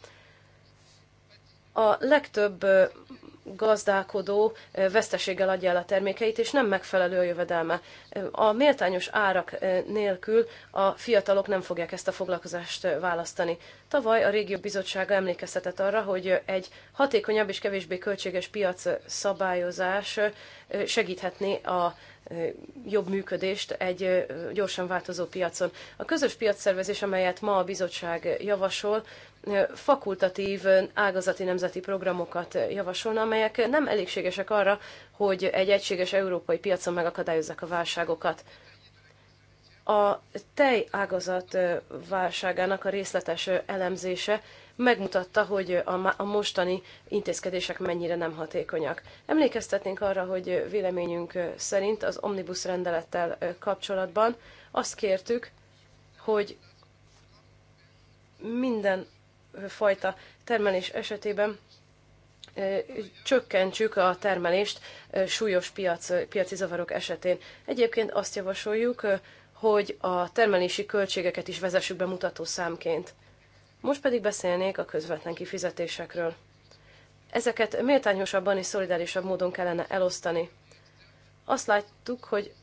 A legtöbb gazdálkodó veszteséggel adja el a termékeit, és nem megfelelő a jövedelme. A méltányos árak nélkül a fiatalok nem fogják ezt a foglalkozást választani. Tavaly a Régió Bizottsága emlékeztetett arra, hogy egy hatékonyabb és kevésbé költséges piac szabályozás segíthetné a jobb működést egy gyorsan változó piacon. A közös piacszervezés, amelyet ma a bizottság javasol, fakultatív ágazati nemzeti programokat javasolna, amelyek nem elégségesek arra, hogy egy egységes európai piacon megakadályozzák a válságokat. A tej ágazat válságának a részletes elemzése megmutatta, hogy a, mostani intézkedések mennyire nem hatékonyak. Emlékeztetnénk arra, hogy véleményünk szerint az omnibus rendelettel kapcsolatban azt kértük, hogy minden fajta termelés esetében csökkentsük a termelést súlyos piac, piaci zavarok esetén. Egyébként azt javasoljuk, hogy a termelési költségeket is vezessük be mutató számként. Most pedig beszélnék a közvetlen kifizetésekről. Ezeket méltányosabban és szolidárisabb módon kellene elosztani. Azt láttuk, hogy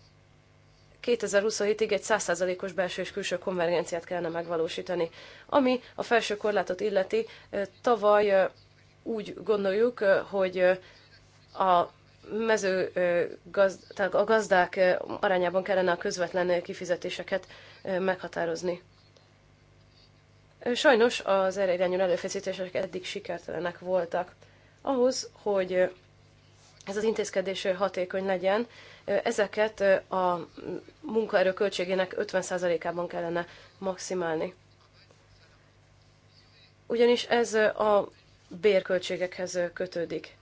2027-ig egy 100%-os belső és külső konvergenciát kellene megvalósítani. Ami a felső korlátot illeti, tavaly úgy gondoljuk, hogy a mező tehát a gazdák arányában kellene a közvetlen kifizetéseket meghatározni. Sajnos az erre irányuló előfeszítések eddig sikertelenek voltak. Ahhoz, hogy ez az intézkedés hatékony legyen, ezeket a munkaerő költségének 50%-ában kellene maximálni. Ugyanis ez a bérköltségekhez kötődik.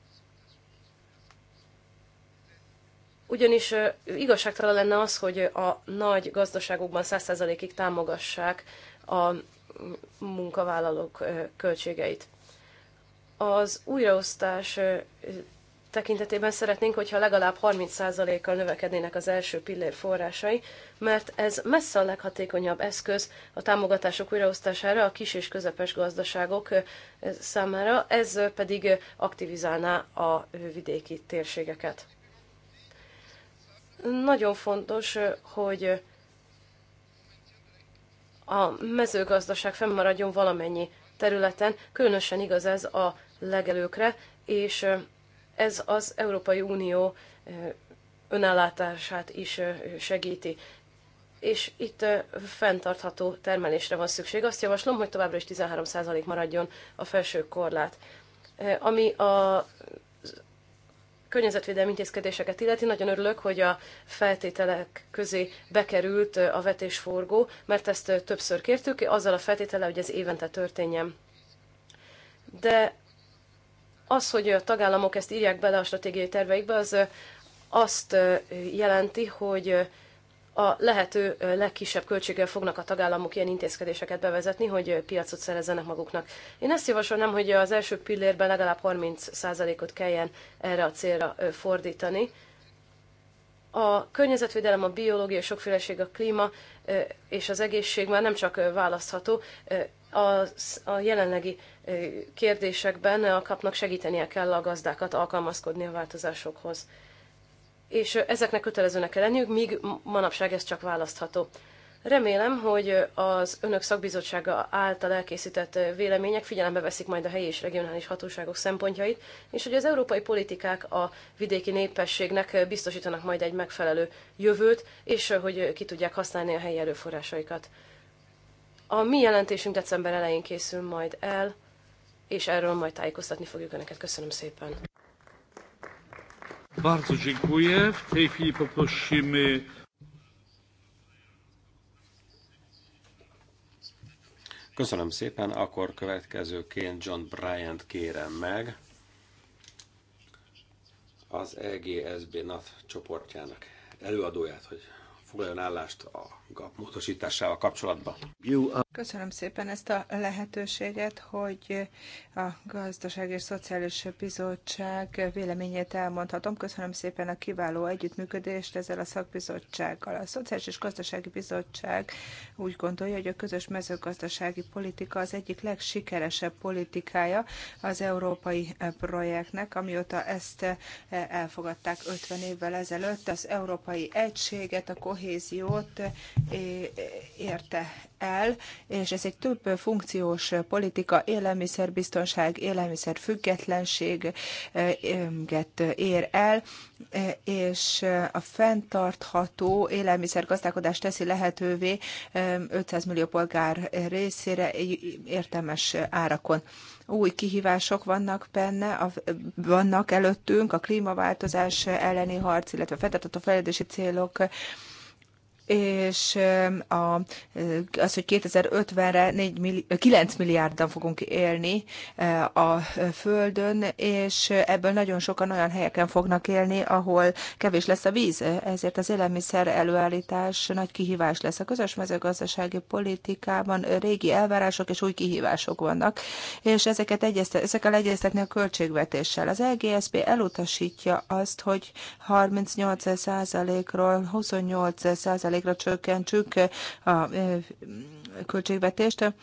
Ugyanis igazságtalan lenne az, hogy a nagy gazdaságokban 100%-ig támogassák a munkavállalók költségeit. Az újraosztás tekintetében szeretnénk, hogyha legalább 30%-kal növekednének az első pillér forrásai, mert ez messze a leghatékonyabb eszköz a támogatások újraosztására a kis és közepes gazdaságok számára, ez pedig aktivizálná a vidéki térségeket. Nagyon fontos, hogy a mezőgazdaság fennmaradjon valamennyi területen, különösen igaz ez a legelőkre, és ez az Európai Unió önellátását is segíti. És itt fenntartható termelésre van szükség. Azt javaslom, hogy továbbra is 13% maradjon a felső korlát. Ami a környezetvédelmi intézkedéseket illeti, nagyon örülök, hogy a feltételek közé bekerült a vetésforgó, mert ezt többször kértük, azzal a feltétele, hogy ez évente történjen. De az, hogy a tagállamok ezt írják bele a stratégiai terveikbe, az azt jelenti, hogy a lehető legkisebb költséggel fognak a tagállamok ilyen intézkedéseket bevezetni, hogy piacot szerezzenek maguknak. Én ezt javasolnám, hogy az első pillérben legalább 30%-ot kelljen erre a célra fordítani. A környezetvédelem, a biológia, a sokféleség, a klíma és az egészség már nem csak választható, a, a jelenlegi kérdésekben a kapnak segítenie kell a gazdákat alkalmazkodni a változásokhoz. És ezeknek kötelezőnek kell lenniük, míg manapság ez csak választható. Remélem, hogy az önök szakbizottsága által elkészített vélemények figyelembe veszik majd a helyi és regionális hatóságok szempontjait, és hogy az európai politikák a vidéki népességnek biztosítanak majd egy megfelelő jövőt, és hogy ki tudják használni a helyi erőforrásaikat. A mi jelentésünk december elején készül majd el, és erről majd tájékoztatni fogjuk Önöket. Köszönöm szépen. Bardzo dziękuję. W tej chwili poprosimy Köszönöm szépen, akkor következőként John Bryant kérem meg az EGSB NAV csoportjának előadóját, hogy foglaljon állást a GAP módosításával kapcsolatban. Köszönöm szépen ezt a lehetőséget, hogy a Gazdaság és Szociális Bizottság véleményét elmondhatom. Köszönöm szépen a kiváló együttműködést ezzel a szakbizottsággal. A Szociális és Gazdasági Bizottság úgy gondolja, hogy a közös mezőgazdasági politika az egyik legsikeresebb politikája az európai projektnek, amióta ezt elfogadták 50 évvel ezelőtt. Az európai egységet, a kohéziót, kohéziót érte el, és ez egy több funkciós politika, élelmiszerbiztonság, élelmiszerfüggetlenséget ér el, és a fenntartható élelmiszergazdálkodást teszi lehetővé 500 millió polgár részére értelmes árakon új kihívások vannak benne, a, vannak előttünk, a klímaváltozás elleni harc, illetve a fenntartható fejlődési célok és a, az, hogy 2050-re 4 milli, 9 milliárdan fogunk élni e, a e, Földön, és ebből nagyon sokan olyan helyeken fognak élni, ahol kevés lesz a víz, ezért az élelmiszer előállítás nagy kihívás lesz. A közös mezőgazdasági politikában régi elvárások és új kihívások vannak, és ezeket egyeztet, ezekkel egyeztetni a költségvetéssel. Az LGSB e elutasítja azt, hogy 38%-ról 28 százalékra csökkentsük a e, költségvetést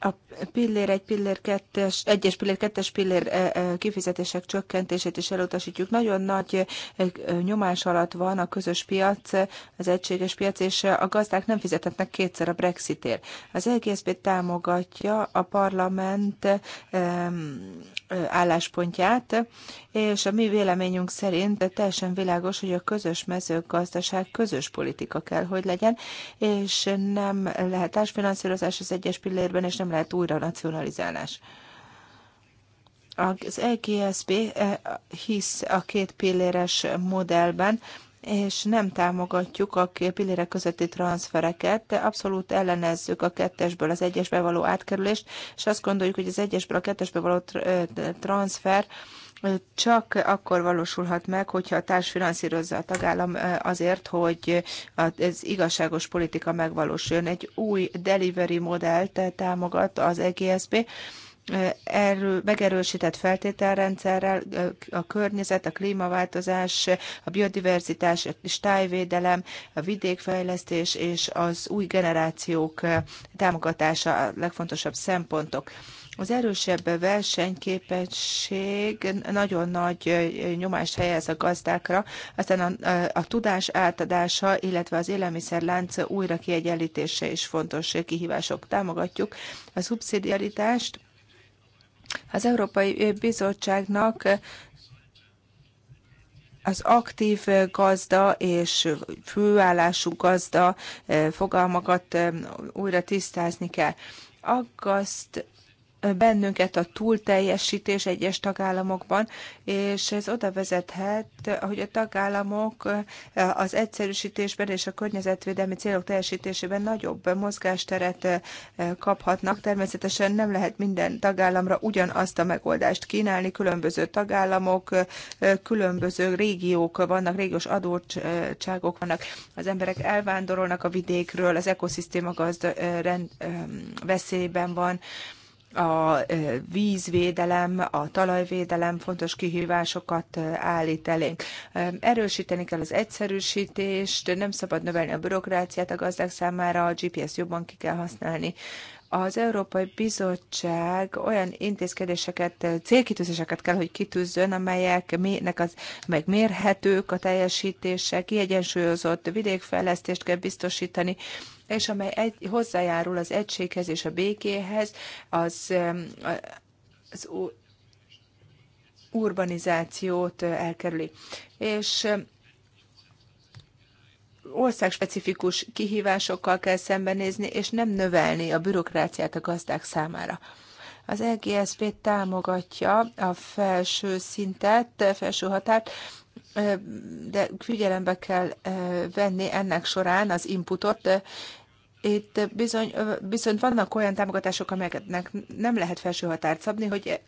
a pillér 1, pillér 2-es, 1 pillér 2-es pillér e, e, kifizetések csökkentését is elutasítjuk. Nagyon nagy nyomás alatt van a közös piac, az egységes piac, és a gazdák nem fizetetnek kétszer a Brexitért. Az EGSZB támogatja a parlament álláspontját, és a mi véleményünk szerint teljesen világos, hogy a közös mezőgazdaság közös politika kell, hogy legyen, és nem lehet társfinanszírozás az egyes pillérben, és nem lehet újra nacionalizálás. Az EGSB eh, hisz a két pilléres modellben, és nem támogatjuk a pillérek közötti transfereket, de abszolút ellenezzük a kettesből az egyesbe való átkerülést, és azt gondoljuk, hogy az egyesből a kettesbe való transfer csak akkor valósulhat meg, hogyha a társ finanszírozza a tagállam azért, hogy az igazságos politika megvalósuljon. Egy új delivery modellt támogat az EGSB, megerősített feltételrendszerrel a környezet, a klímaváltozás, a biodiverzitás, a tájvédelem, a vidékfejlesztés és az új generációk támogatása a legfontosabb szempontok. Az erősebb versenyképesség nagyon nagy nyomást helyez a gazdákra, aztán a, a tudás átadása, illetve az élelmiszerlánc újra kiegyenlítése is fontos kihívások. Támogatjuk a szubszidiaritást, az Európai Bizottságnak az aktív gazda és főállású gazda fogalmakat eh, újra tisztázni kell. Aggaszt bennünket a túlteljesítés egyes tagállamokban, és ez oda vezethet, hogy a tagállamok az egyszerűsítésben és a környezetvédelmi célok teljesítésében nagyobb mozgásteret eh, kaphatnak. Természetesen nem lehet minden tagállamra ugyanazt a megoldást kínálni, különböző tagállamok, eh, különböző régiók vannak, régiós adótságok vannak, az emberek elvándorolnak a vidékről, az ekoszisztéma gazd eh, rend, veszélyben van, a vízvédelem, a talajvédelem fontos kihívásokat állít elénk. Erősíteni kell az egyszerűsítést, nem szabad növelni a bürokráciát a gazdák számára, a GPS jobban ki kell használni. Az Európai Bizottság olyan intézkedéseket, célkitűzéseket kell, hogy kitűzzön, amelyek mélynek az, meg mérhetők a teljesítése, kiegyensúlyozott vidékfejlesztést kell biztosítani, és amely egy, hozzájárul az egységhez és a békéhez, az, az urbanizációt elkerüli. És országspecifikus kihívásokkal kell szembenézni, és nem növelni a bürokráciát a gazdák számára. Az EGSZP támogatja a felső szintet, felső határt, de figyelembe kell venni ennek során az inputot. Itt bizony, bizony vannak olyan támogatások, amelyeknek nem lehet felső határt szabni, hogy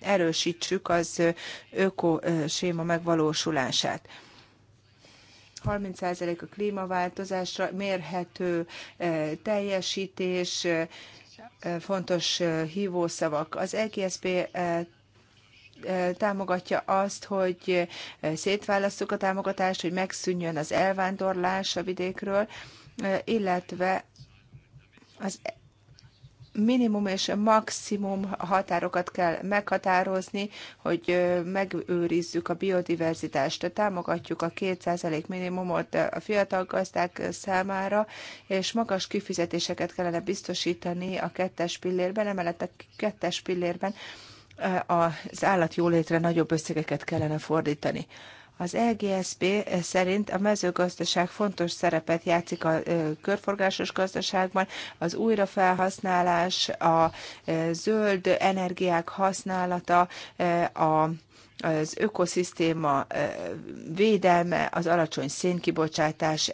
erősítsük az ökoséma megvalósulását. 30% a klímaváltozásra mérhető teljesítés, fontos hívószavak. Az EGSZP támogatja azt, hogy szétválasztjuk a támogatást, hogy megszűnjön az elvándorlás a vidékről, illetve az minimum és maximum határokat kell meghatározni, hogy megőrizzük a biodiverzitást, támogatjuk a 2% minimumot a fiatal gazdák számára, és magas kifizetéseket kellene biztosítani a kettes pillérben, emellett a kettes pillérben az állatjólétre nagyobb összegeket kellene fordítani. Az EGSB szerint a mezőgazdaság fontos szerepet játszik a körforgásos gazdaságban, az újrafelhasználás, a zöld energiák használata, a az ökoszisztéma védelme, az alacsony szénkibocsátás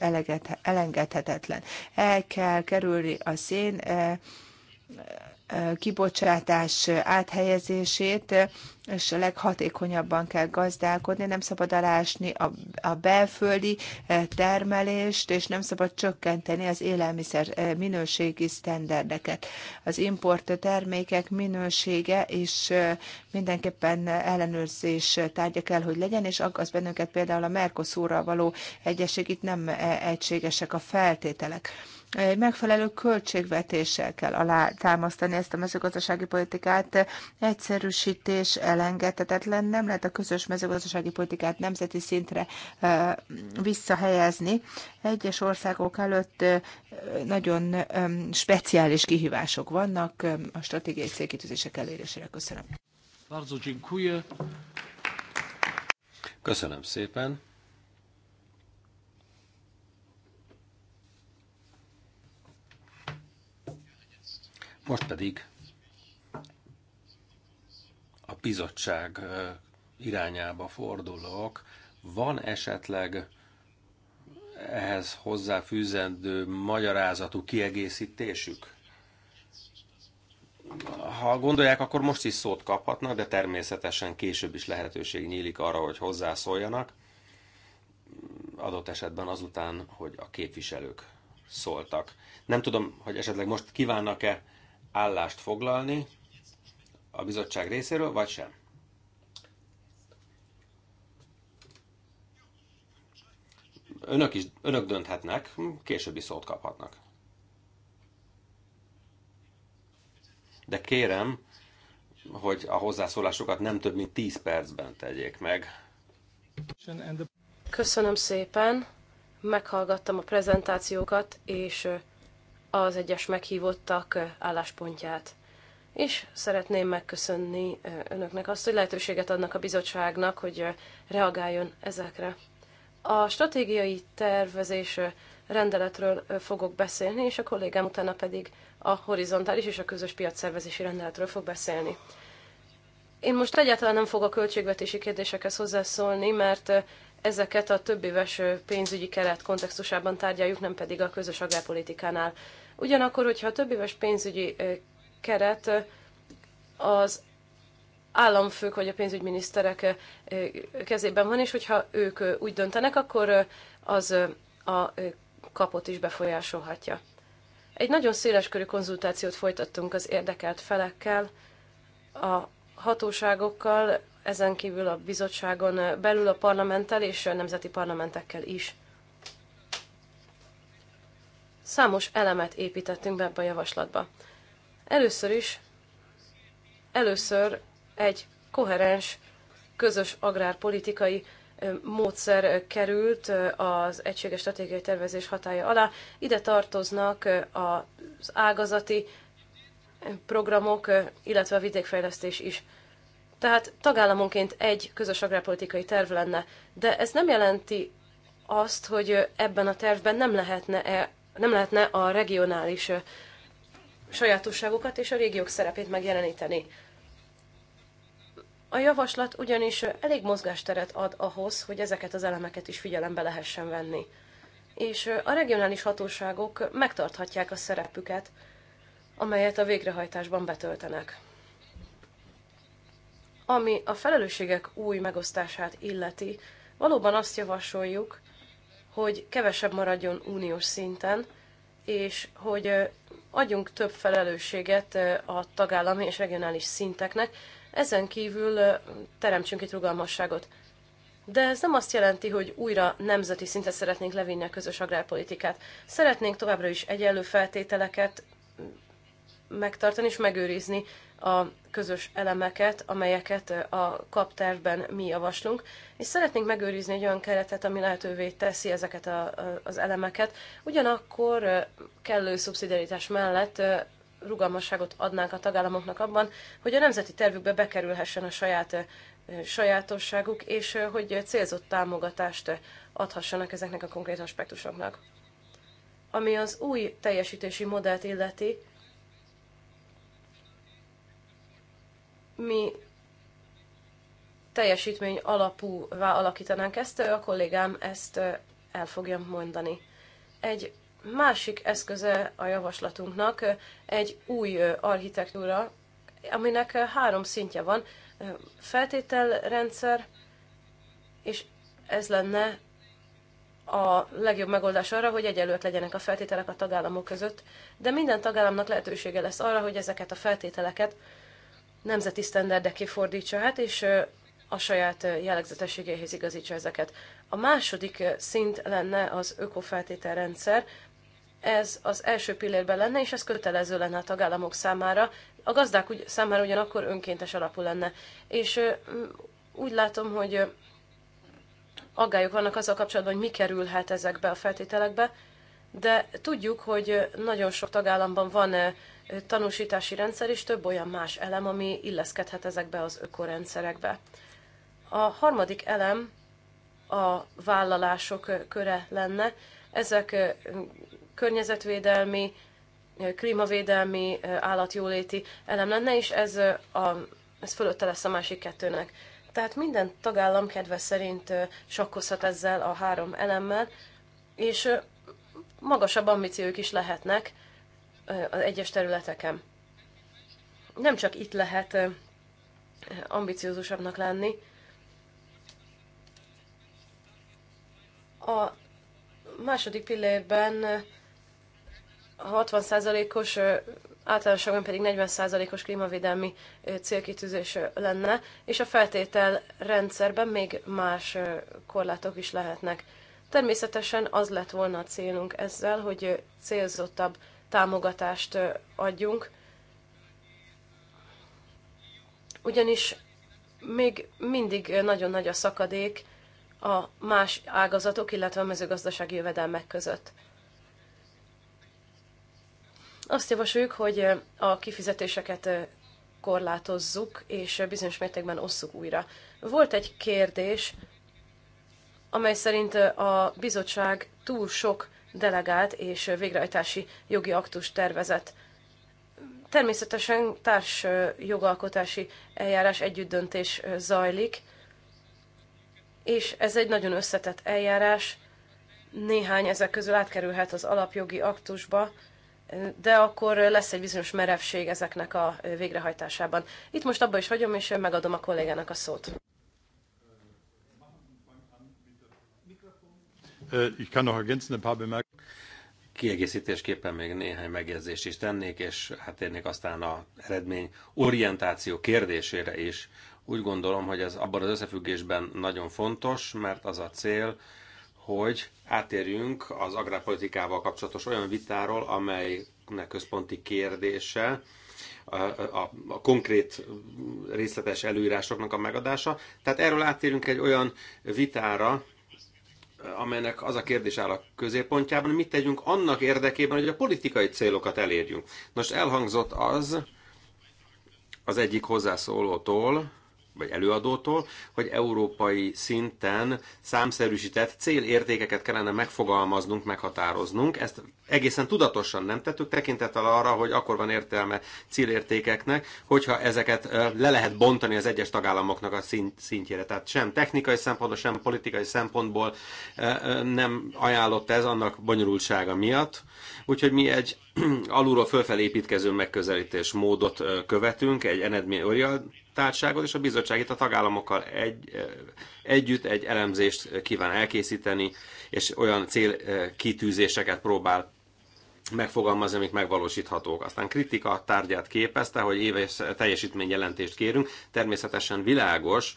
elengedhetetlen. El kell kerülni a szén kibocsátás áthelyezését és a leghatékonyabban kell gazdálkodni, nem szabad alásni a, a belföldi eh, termelést, és nem szabad csökkenteni az élelmiszer eh, minőségi sztenderdeket. Az import termékek minősége és eh, mindenképpen ellenőrzés tárgya kell, hogy legyen, és aggaszt bennünket például a Mercosurral való egyesség, itt nem egységesek a feltételek egy megfelelő költségvetéssel kell alá támasztani ezt a mezőgazdasági politikát, egyszerűsítés, elengedhetetlen, nem lehet a közös mezőgazdasági politikát nemzeti szintre visszahelyezni. Egyes országok előtt nagyon speciális kihívások vannak a stratégiai célkitűzések elérésére. Köszönöm. Köszönöm szépen. Most pedig bizottság irányába fordulok. Van esetleg ehhez hozzáfűzendő magyarázatú kiegészítésük? Ha gondolják, akkor most is szót kaphatnak, de természetesen később is lehetőség nyílik arra, hogy hozzászóljanak. Adott esetben azután, hogy a képviselők szóltak. Nem tudom, hogy esetleg most kívánnak-e állást foglalni, a bizottság részéről, vagy sem? Önök is, önök dönthetnek, későbbi szót kaphatnak. De kérem, hogy a hozzászólásokat nem több mint 10 percben tegyék meg. Köszönöm szépen, meghallgattam a prezentációkat, és az egyes meghívottak álláspontját és szeretném megköszönni önöknek azt, hogy lehetőséget adnak a bizottságnak, hogy reagáljon ezekre. A stratégiai tervezés rendeletről fogok beszélni, és a kollégám utána pedig a horizontális és a közös piacszervezési rendeletről fog beszélni. Én most egyáltalán nem fogok a költségvetési kérdésekhez hozzászólni, mert ezeket a több éves pénzügyi keret kontextusában tárgyaljuk, nem pedig a közös agrárpolitikánál. Ugyanakkor, hogyha a több éves pénzügyi keret az államfők vagy a pénzügyminiszterek kezében van, és hogyha ők úgy döntenek, akkor az a kapot is befolyásolhatja. Egy nagyon széleskörű konzultációt folytattunk az érdekelt felekkel, a hatóságokkal, ezen kívül a bizottságon belül a parlamenttel és a nemzeti parlamentekkel is. Számos elemet építettünk be ebbe a javaslatba. Először is, először egy koherens, közös agrárpolitikai módszer került az egységes stratégiai tervezés hatája alá. Ide tartoznak az ágazati programok, illetve a vidékfejlesztés is. Tehát tagállamonként egy közös agrárpolitikai terv lenne, de ez nem jelenti azt, hogy ebben a tervben nem lehetne, -e, nem lehetne a regionális sajátosságokat és a régiók szerepét megjeleníteni. A javaslat ugyanis elég mozgásteret ad ahhoz, hogy ezeket az elemeket is figyelembe lehessen venni. És a regionális hatóságok megtarthatják a szerepüket, amelyet a végrehajtásban betöltenek. Ami a felelősségek új megosztását illeti, valóban azt javasoljuk, hogy kevesebb maradjon uniós szinten, és hogy adjunk több felelősséget a tagállami és regionális szinteknek, ezen kívül teremtsünk itt rugalmasságot. De ez nem azt jelenti, hogy újra nemzeti szintre szeretnénk levinni a közös agrárpolitikát. Szeretnénk továbbra is egyenlő feltételeket, megtartani és megőrizni a közös elemeket, amelyeket eh, a kaptárban mi javaslunk, és szeretnénk megőrizni egy olyan keretet, ami lehetővé teszi ezeket a, a, az elemeket, ugyanakkor eh, kellő szubszidiaritás mellett eh, rugalmasságot adnánk a tagállamoknak abban, hogy a nemzeti tervükbe bekerülhessen a saját sajátosságuk, és hogy célzott támogatást adhassanak ezeknek a konkrét aspektusoknak. Ami az új teljesítési modellt illeti, mi teljesítmény alapúvá alakítanánk ezt, a kollégám ezt el fogja mondani. Egy másik eszköze a javaslatunknak egy új architektúra, aminek három szintje van. Feltételrendszer, és ez lenne a legjobb megoldás arra, hogy egyelőtt legyenek a feltételek a tagállamok között, de minden tagállamnak lehetősége lesz arra, hogy ezeket a feltételeket nemzeti sztenderdeké fordítsa hát, és a saját jellegzetességeihez igazítsa ezeket. A második szint lenne az ökofeltételrendszer, ez az első pillérben lenne, és ez kötelező lenne a tagállamok számára, a gazdák úgy, számára ugyanakkor önkéntes alapú lenne. És úgy látom, hogy aggályok vannak azzal kapcsolatban, hogy mi kerülhet ezekbe a feltételekbe, de tudjuk, hogy nagyon sok tagállamban van tanúsítási rendszer és több olyan más elem, ami illeszkedhet ezekbe az ökorendszerekbe. A harmadik elem a vállalások köre lenne. Ezek környezetvédelmi, klímavédelmi, állatjóléti elem lenne, és ez, a, ez fölötte lesz a másik kettőnek. Tehát minden tagállam kedve szerint sakkozhat ezzel a három elemmel, és magasabb ambíciók is lehetnek, az egyes területeken. Nem csak itt lehet ambiciózusabbnak lenni. A második pillérben 60%-os, általánosságban pedig 40%-os klímavédelmi célkitűzés lenne, és a feltétel rendszerben még más korlátok is lehetnek. Természetesen az lett volna a célunk ezzel, hogy célzottabb támogatást adjunk, ugyanis még mindig nagyon nagy a szakadék a más ágazatok, illetve a mezőgazdasági jövedelmek között. Azt javasoljuk, hogy a kifizetéseket korlátozzuk, és bizonyos mértékben osszuk újra. Volt egy kérdés, amely szerint a bizottság túl sok delegált és végrehajtási jogi aktus tervezet. Természetesen társ jogalkotási eljárás együttdöntés zajlik, és ez egy nagyon összetett eljárás. Néhány ezek közül átkerülhet az alapjogi aktusba, de akkor lesz egy bizonyos merevség ezeknek a végrehajtásában. Itt most abba is hagyom, és megadom a kollégának a szót. Ich kann noch ergänzen ein paar Bemerkungen. Kiegészítésképpen még néhány megjegyzést is tennék, és hát érnék aztán a eredmény orientáció kérdésére is. Úgy gondolom, hogy ez abban az összefüggésben nagyon fontos, mert az a cél, hogy átérjünk az agrárpolitikával kapcsolatos olyan vitáról, amelynek központi kérdése a, a, a konkrét részletes előírásoknak a megadása. Tehát erről átérünk egy olyan vitára, amelynek az a kérdés áll a középpontjában, mit tegyünk annak érdekében, hogy a politikai célokat elérjünk. Nos, elhangzott az az egyik hozzászólótól, vagy előadótól, hogy európai szinten számszerűsített célértékeket kellene megfogalmaznunk, meghatároznunk. Ezt egészen tudatosan nem tettük, tekintettel arra, hogy akkor van értelme célértékeknek, hogyha ezeket le lehet bontani az egyes tagállamoknak a szintjére. Tehát sem technikai szempontból, sem politikai szempontból nem ajánlott ez annak bonyolultsága miatt. Úgyhogy mi egy alulról fölfelé építkező megközelítés módot követünk, egy enedmi társágot és a bizottság itt a tagállamokkal egy, együtt egy elemzést kíván elkészíteni, és olyan célkitűzéseket próbál megfogalmazni, amik megvalósíthatók. Aztán kritika tárgyát képezte, hogy éves teljesítményjelentést kérünk. Természetesen világos,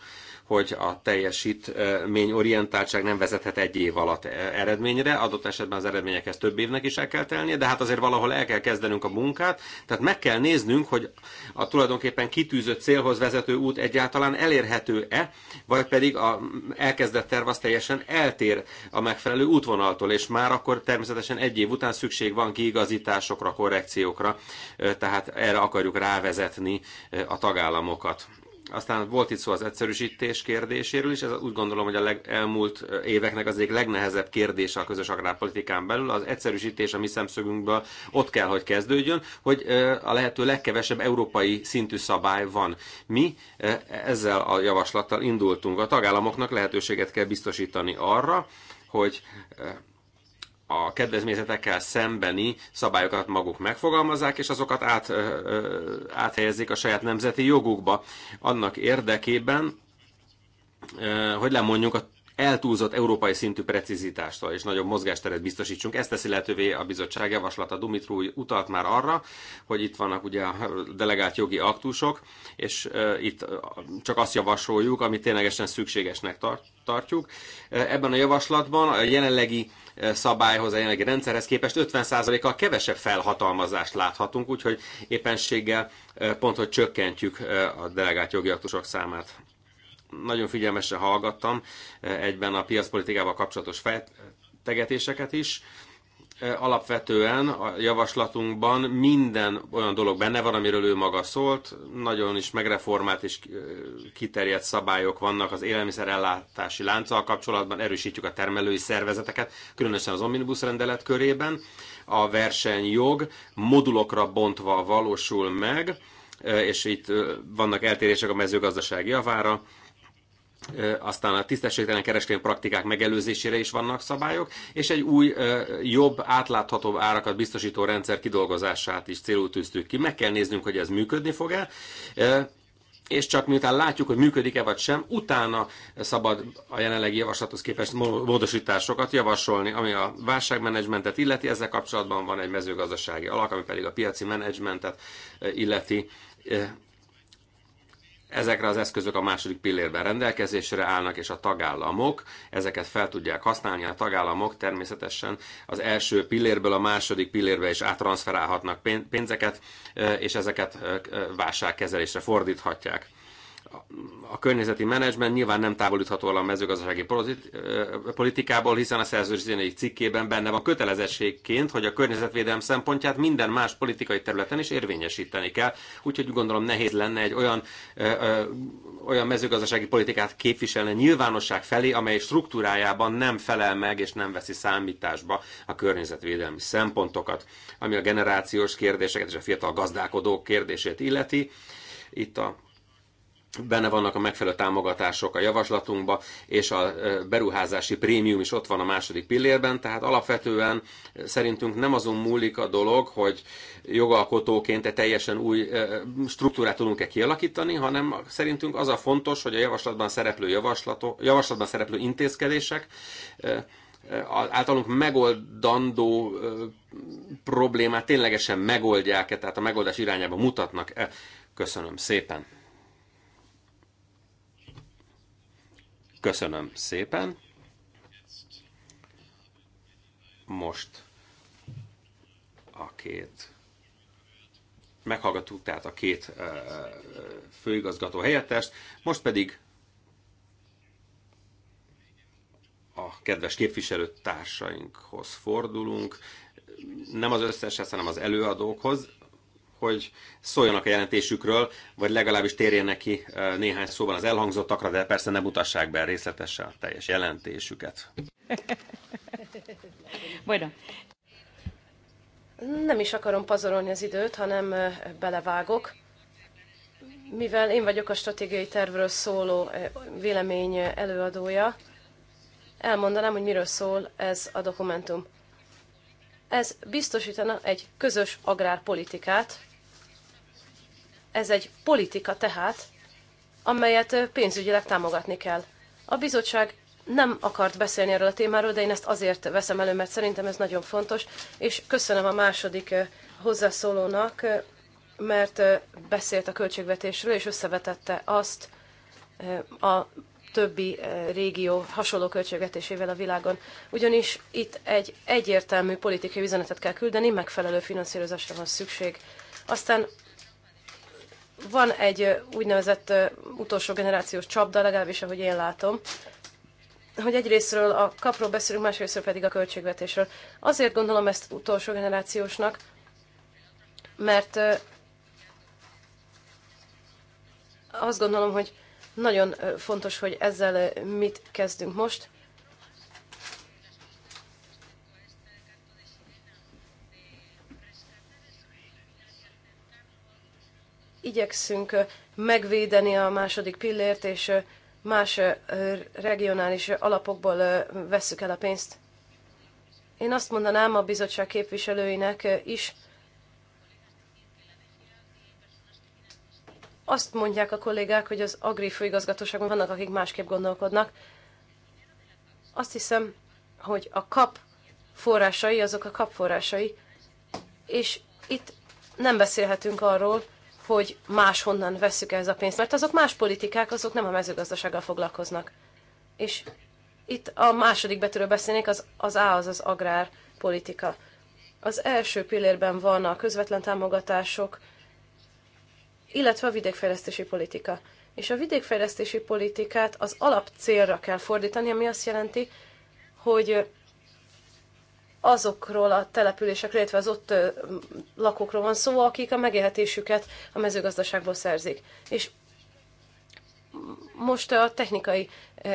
hogy a teljesítményorientáltság nem vezethet egy év alatt e, eredményre, adott esetben az eredményekhez több évnek is el kell telnie, de hát azért valahol el kell kezdenünk a munkát, tehát meg kell néznünk, hogy a tulajdonképpen kitűzött célhoz vezető út egyáltalán elérhető-e, vagy pedig a elkezdett terv az teljesen eltér a megfelelő útvonaltól, és már akkor természetesen egy év után szükség van kiigazításokra, korrekciókra, tehát erre akarjuk rávezetni a tagállamokat. Aztán volt itt szó az egyszerűsítés kérdéséről is, ez úgy gondolom, hogy a leg, elmúlt éveknek az egyik legnehezebb kérdése a közös agrárpolitikán belül. Az egyszerűsítés a mi szemszögünkből ott kell, hogy kezdődjön, hogy a lehető legkevesebb európai szintű szabály van. Mi ezzel a javaslattal indultunk. A tagállamoknak lehetőséget kell biztosítani arra, hogy a kedvezményezetekkel szembeni szabályokat maguk megfogalmazzák, és azokat át, áthelyezzék a saját nemzeti jogukba. Annak érdekében, hogy lemondjunk a eltúlzott európai szintű precizitástól és nagyobb mozgásteret biztosítsunk. Ezt teszi lehetővé a bizottság javaslata. Dumitru utalt már arra, hogy itt vannak ugye a delegált jogi aktusok, és itt csak azt javasoljuk, amit ténylegesen szükségesnek tartjuk. Ebben a javaslatban a jelenlegi szabályhoz, a jelenlegi rendszerhez képest 50%-kal kevesebb felhatalmazást láthatunk, úgyhogy éppenséggel pont, hogy csökkentjük a delegált jogi aktusok számát nagyon figyelmesen hallgattam eh, egyben a piacpolitikával kapcsolatos fejtegetéseket is. Eh, alapvetően a javaslatunkban minden olyan dolog benne van, amiről ő maga szólt, nagyon is megreformált és eh, kiterjedt szabályok vannak az élelmiszerellátási lánccal kapcsolatban, erősítjük a termelői szervezeteket, különösen az omnibus rendelet körében. A versenyjog modulokra bontva valósul meg, és itt vannak eltérések a mezőgazdaság javára, aztán a tisztességtelen kereskedelmi praktikák megelőzésére is vannak szabályok, és egy új, jobb, átláthatóbb árakat biztosító rendszer kidolgozását is célul tűztük ki. Meg kell néznünk, hogy ez működni fog-e és csak miután látjuk, hogy működik-e vagy sem, utána szabad a jelenlegi javaslathoz képest módosításokat javasolni, ami a válságmenedzsmentet illeti, ezzel kapcsolatban van egy mezőgazdasági alak, ami pedig a piaci menedzsmentet illeti Ezekre az eszközök a második pillérben rendelkezésre állnak, és a tagállamok ezeket fel tudják használni. A tagállamok természetesen az első pillérből a második pillérbe is áttranszferálhatnak pénzeket, és ezeket válságkezelésre fordíthatják a környezeti menedzsment nyilván nem távolítható el a mezőgazdasági politikából, hiszen a szerzős zenei cikkében benne van kötelezettségként, hogy a környezetvédelem szempontját minden más politikai területen is érvényesíteni kell. Úgyhogy gondolom nehéz lenne egy olyan, ö, ö, olyan mezőgazdasági politikát képviselni nyilvánosság felé, amely struktúrájában nem felel meg és nem veszi számításba a környezetvédelmi szempontokat, ami a generációs kérdéseket és a fiatal gazdálkodók kérdését illeti. Itt a benne vannak a megfelelő támogatások a javaslatunkba, és a beruházási prémium is ott van a második pillérben, tehát alapvetően szerintünk nem azon múlik a dolog, hogy jogalkotóként egy teljesen új struktúrát tudunk-e kialakítani, hanem szerintünk az a fontos, hogy a javaslatban szereplő, javaslatok, javaslatban szereplő intézkedések általunk megoldandó problémát ténylegesen megoldják-e, tehát a megoldás irányába mutatnak-e. Köszönöm szépen! Köszönöm szépen. Most a két meghallgattuk tehát a két főigazgató helyettest, most pedig a kedves társainkhoz fordulunk, nem az összeshez, hanem az előadókhoz hogy szóljanak a jelentésükről, vagy legalábbis térjenek ki néhány szóval az elhangzottakra, de persze nem mutassák be részletesen a teljes jelentésüket. bueno. Nem is akarom pazarolni az időt, hanem belevágok. Mivel én vagyok a stratégiai tervről szóló vélemény előadója, elmondanám, hogy miről szól ez a dokumentum. Ez biztosítana egy közös agrárpolitikát, ez egy politika tehát, amelyet pénzügyileg támogatni kell. A bizottság nem akart beszélni erről a témáról, de én ezt azért veszem elő, mert szerintem ez nagyon fontos, és köszönöm a második hozzászólónak, mert beszélt a költségvetésről, és összevetette azt a többi régió hasonló költségvetésével a világon. Ugyanis itt egy egyértelmű politikai üzenetet kell küldeni, megfelelő finanszírozásra van szükség. Aztán van egy úgynevezett utolsó generációs csapda, legalábbis ahogy én látom, hogy egyrésztről a kapról beszélünk, másrésztről pedig a költségvetésről. Azért gondolom ezt utolsó generációsnak, mert azt gondolom, hogy nagyon fontos, hogy ezzel mit kezdünk most. igyekszünk megvédeni a második pillért, és más regionális alapokból vesszük el a pénzt. Én azt mondanám a bizottság képviselőinek is, azt mondják a kollégák, hogy az Agri főigazgatóságon vannak, akik másképp gondolkodnak. Azt hiszem, hogy a kap forrásai, azok a kap forrásai, és itt nem beszélhetünk arról, hogy máshonnan veszük ez a pénzt, mert azok más politikák, azok nem a mezőgazdasággal foglalkoznak. És itt a második betűről beszélnék, az, az A az az agrárpolitika. Az első pillérben van a közvetlen támogatások, illetve a vidékfejlesztési politika. És a vidékfejlesztési politikát az alapcélra kell fordítani, ami azt jelenti, hogy azokról a településekről, illetve az ott lakókról van szó, akik a megélhetésüket a mezőgazdaságból szerzik. És most a technikai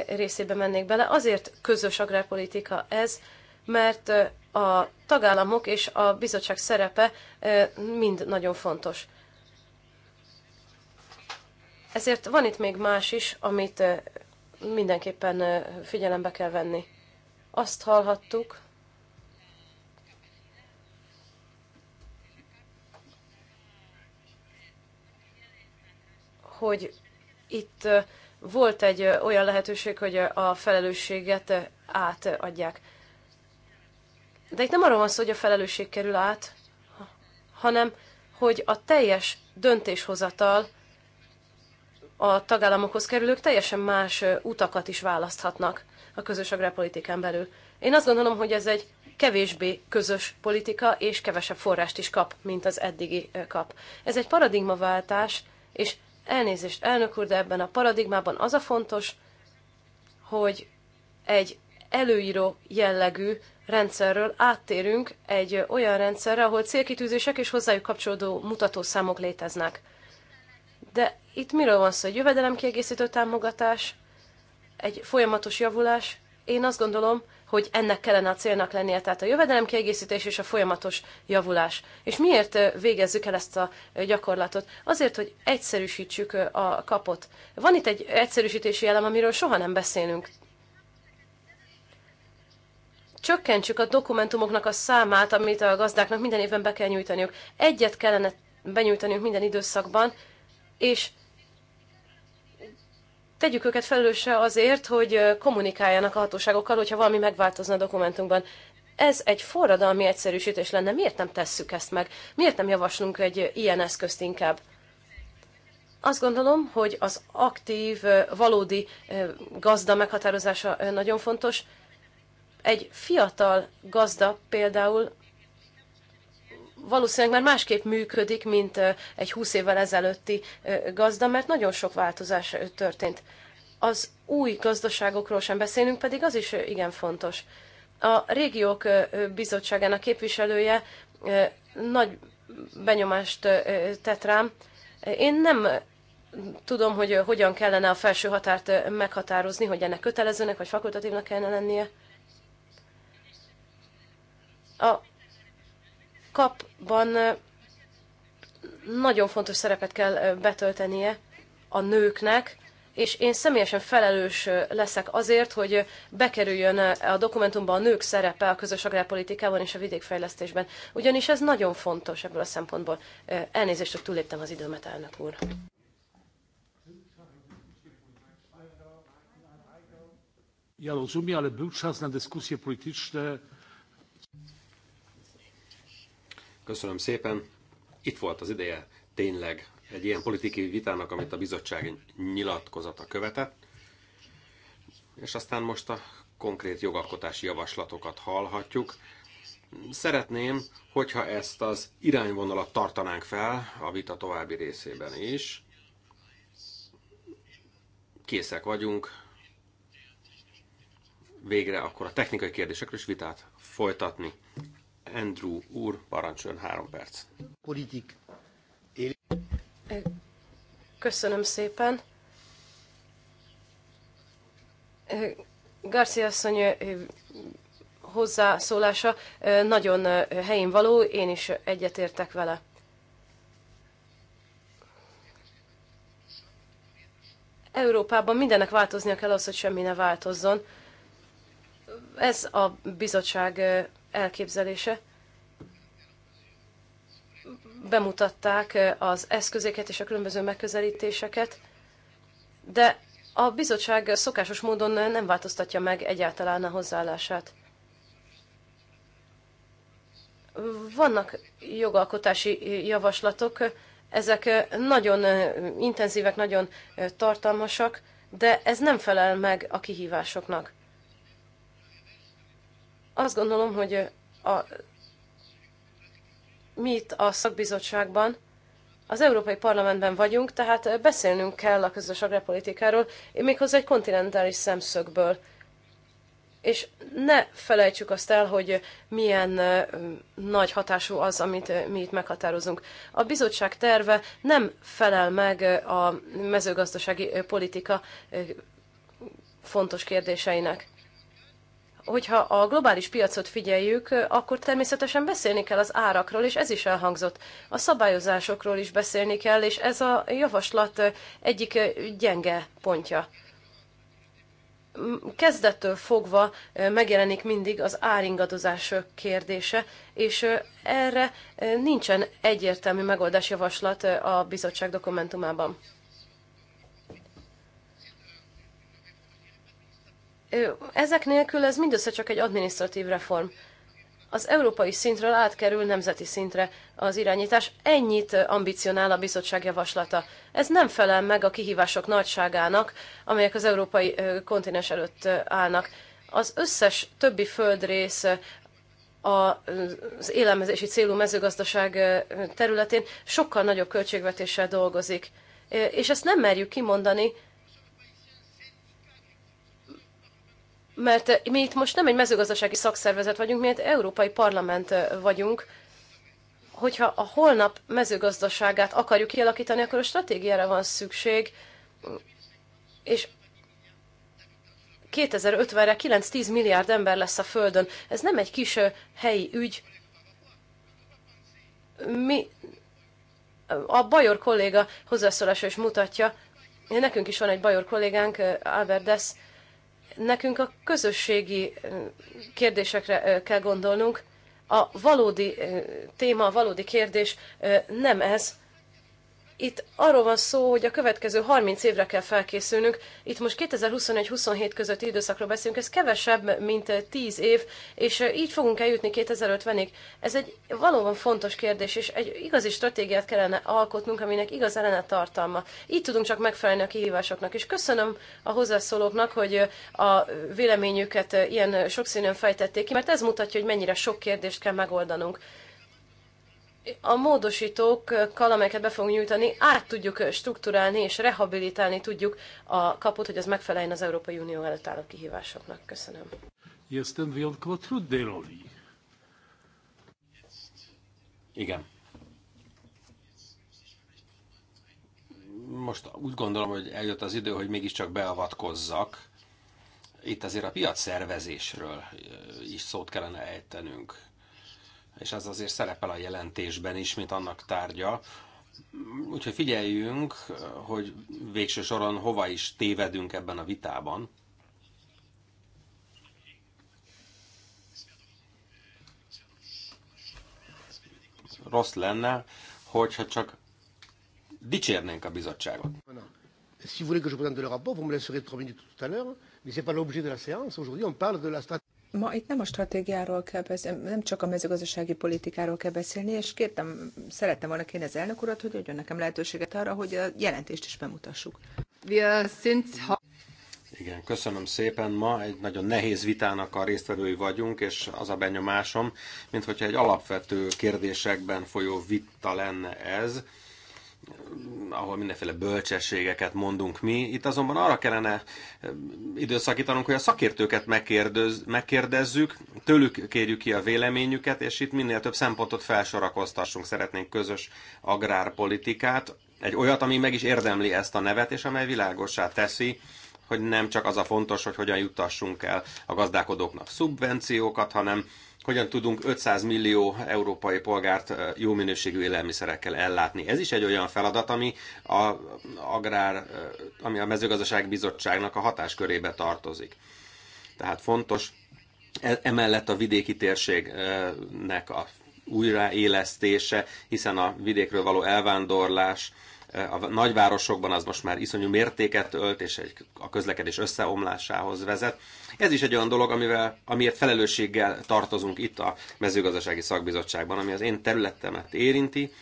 részébe mennék bele. Azért közös agrárpolitika ez, mert a tagállamok és a bizottság szerepe mind nagyon fontos. Ezért van itt még más is, amit mindenképpen figyelembe kell venni. Azt hallhattuk, hogy itt volt egy olyan lehetőség, hogy a felelősséget átadják. De itt nem arról van szó, hogy a felelősség kerül át, hanem hogy a teljes döntéshozatal a tagállamokhoz kerülők teljesen más utakat is választhatnak a közös agrárpolitikán belül. Én azt gondolom, hogy ez egy kevésbé közös politika, és kevesebb forrást is kap, mint az eddigi kap. Ez egy paradigmaváltás, és Elnézést, elnök úr, de ebben a paradigmában az a fontos, hogy egy előíró jellegű rendszerről áttérünk egy olyan rendszerre, ahol célkitűzések és hozzájuk kapcsolódó mutatószámok léteznek. De itt miről van szó? Egy jövedelemkiegészítő támogatás, egy folyamatos javulás. Én azt gondolom, hogy ennek kellene a célnak lennie, tehát a jövedelemkiegészítés és a folyamatos javulás. És miért végezzük el ezt a gyakorlatot? Azért, hogy egyszerűsítsük a kapot. Van itt egy egyszerűsítési elem, amiről soha nem beszélünk. Csökkentsük a dokumentumoknak a számát, amit a gazdáknak minden évben be kell nyújtaniuk. Egyet kellene benyújtaniuk minden időszakban, és tegyük őket felelőse azért, hogy kommunikáljanak a hatóságokkal, hogyha valami megváltozna a dokumentumban. Ez egy forradalmi egyszerűsítés lenne. Miért nem tesszük ezt meg? Miért nem javaslunk egy ilyen eszközt inkább? Azt gondolom, hogy az aktív, valódi gazda meghatározása nagyon fontos. Egy fiatal gazda például valószínűleg már másképp működik, mint egy 20 évvel ezelőtti gazda, mert nagyon sok változás történt. Az új gazdaságokról sem beszélünk, pedig az is igen fontos. A régiók bizottságának képviselője nagy benyomást tett rám. Én nem tudom, hogy hogyan kellene a felső határt meghatározni, hogy ennek kötelezőnek vagy fakultatívnak kellene lennie. A kapban nagyon fontos szerepet kell betöltenie a nőknek, és én személyesen felelős leszek azért, hogy bekerüljön a dokumentumba a nők szerepe a közös agrárpolitikában és a vidékfejlesztésben. Ugyanis ez nagyon fontos ebből a szempontból. Elnézést, hogy túléptem az időmet, elnök úr. Ja rozumiem, ale był czas na dyskusje polityczne Köszönöm szépen. Itt volt az ideje tényleg egy ilyen politikai vitának, amit a bizottság nyilatkozata követett. És aztán most a konkrét jogalkotási javaslatokat hallhatjuk. Szeretném, hogyha ezt az irányvonalat tartanánk fel a vita további részében is. Készek vagyunk végre akkor a technikai kérdésekről is vitát folytatni. Andrew úr, parancsoljon három perc. Politik. Köszönöm szépen. Garcia asszony hozzászólása nagyon helyén való, én is egyetértek vele. Európában mindennek változnia kell az, hogy semmi ne változzon. Ez a bizottság elképzelése. Bemutatták az eszközéket és a különböző megközelítéseket, de a bizottság szokásos módon nem változtatja meg egyáltalán a hozzáállását. Vannak jogalkotási javaslatok, ezek nagyon intenzívek, nagyon tartalmasak, de ez nem felel meg a kihívásoknak. Azt gondolom, hogy a, mi itt a szakbizottságban az Európai Parlamentben vagyunk, tehát beszélnünk kell a közös agrárpolitikáról, méghozzá egy kontinentális szemszögből. És ne felejtsük azt el, hogy milyen nagy hatású az, amit mi itt meghatározunk. A bizottság terve nem felel meg a mezőgazdasági politika fontos kérdéseinek hogyha a globális piacot figyeljük, akkor természetesen beszélni kell az árakról, és ez is elhangzott. A szabályozásokról is beszélni kell, és ez a javaslat egyik gyenge pontja. Kezdettől fogva megjelenik mindig az áringadozás kérdése, és erre nincsen egyértelmű megoldásjavaslat a bizottság dokumentumában. Ezek nélkül ez mindössze csak egy administratív reform. Az európai szintről átkerül nemzeti szintre az irányítás. Ennyit ambicionál a bizottság javaslata. Ez nem felel meg a kihívások nagyságának, amelyek az európai kontinens előtt állnak. Az összes többi földrész, az élelmezési célú mezőgazdaság területén sokkal nagyobb költségvetéssel dolgozik. És ezt nem merjük kimondani, Mert eh, mi itt most nem egy mezőgazdasági szakszervezet vagyunk, mi egy Európai Parlament eh, vagyunk. Hogyha a holnap mezőgazdaságát akarjuk kialakítani, akkor a stratégiára van szükség, és 2050-re 9-10 milliárd ember lesz a Földön. Ez nem egy kis eh, helyi ügy. Mi, a Bajor kolléga hozzászólása is mutatja, nekünk is van egy Bajor kollégánk, Albert Dess, nekünk a közösségi kérdésekre kell gondolnunk. A valódi téma, a valódi kérdés nem ez, itt arról van szó, hogy a következő 30 évre kell felkészülnünk. Itt most 2021-27 közötti időszakról beszélünk, ez kevesebb, mint 10 eh, év, és eh, így fogunk eljutni 2050-ig. Ez egy valóban fontos kérdés, és egy igazi stratégiát kellene alkotnunk, aminek igaz lenne tartalma. Így tudunk csak megfelelni a kihívásoknak, és köszönöm a hozzászólóknak, hogy eh, a véleményüket ilyen sokszínűen fejtették ki, mert ez mutatja, hogy mennyire sok kérdést kell megoldanunk a módosítókkal, amelyeket be fogunk nyújtani, át tudjuk strukturálni és rehabilitálni tudjuk a kaput, hogy az megfeleljen az Európai Unió előtt álló kihívásoknak. Köszönöm. Jestem wyjątkowo trudnej Igen. Most úgy gondolom, hogy eljött az idő, hogy mégiscsak beavatkozzak. Itt azért a piac szervezésről is szót kellene ejtenünk és ez azért szerepel a jelentésben is, mint annak tárgya. Úgyhogy figyeljünk, hogy végső soron hova is tévedünk ebben a vitában. Rossz lenne, hogyha csak dicsérnénk a bizottságot. Si vous voulez que je présente le rapport, vous me laisserez trois minutes tout à l'heure, mais ce n'est pas l'objet de la séance. Aujourd'hui, on parle de la stratégie. Ma itt nem a stratégiáról kell beszélni, nem csak a mezőgazdasági politikáról kell beszélni, és kértem, szerettem volna kérni az elnök urat, hogy adjon nekem lehetőséget arra, hogy a jelentést is bemutassuk. Igen, köszönöm szépen. Ma egy nagyon nehéz vitának a résztvevői vagyunk, és az a benyomásom, mintha egy alapvető kérdésekben folyó vita lenne ez ahol mindenféle bölcsességeket mondunk mi. Itt azonban arra kellene eh, időszakítanunk, hogy a szakértőket megkérdez, megkérdezzük, tőlük kérjük ki a véleményüket, és itt minél több szempontot felsorakoztassunk. Szeretnénk közös agrárpolitikát, egy olyat, ami meg is érdemli ezt a nevet, és amely világosá teszi, hogy nem csak az a fontos, hogy hogyan juttassunk el a gazdálkodóknak szubvenciókat, hanem hogyan tudunk 500 millió európai polgárt jó minőségű élelmiszerekkel ellátni. Ez is egy olyan feladat, ami a, agrár, ami a mezőgazdaság bizottságnak a hatáskörébe tartozik. Tehát fontos e, emellett a vidéki térségnek a újraélesztése, hiszen a vidékről való elvándorlás a nagyvárosokban az most már iszonyú mértéket ölt, és egy, a közlekedés összeomlásához vezet. Ez is egy olyan dolog, amivel, amiért felelősséggel tartozunk itt a mezőgazdasági szakbizottságban, ami az én területemet érinti.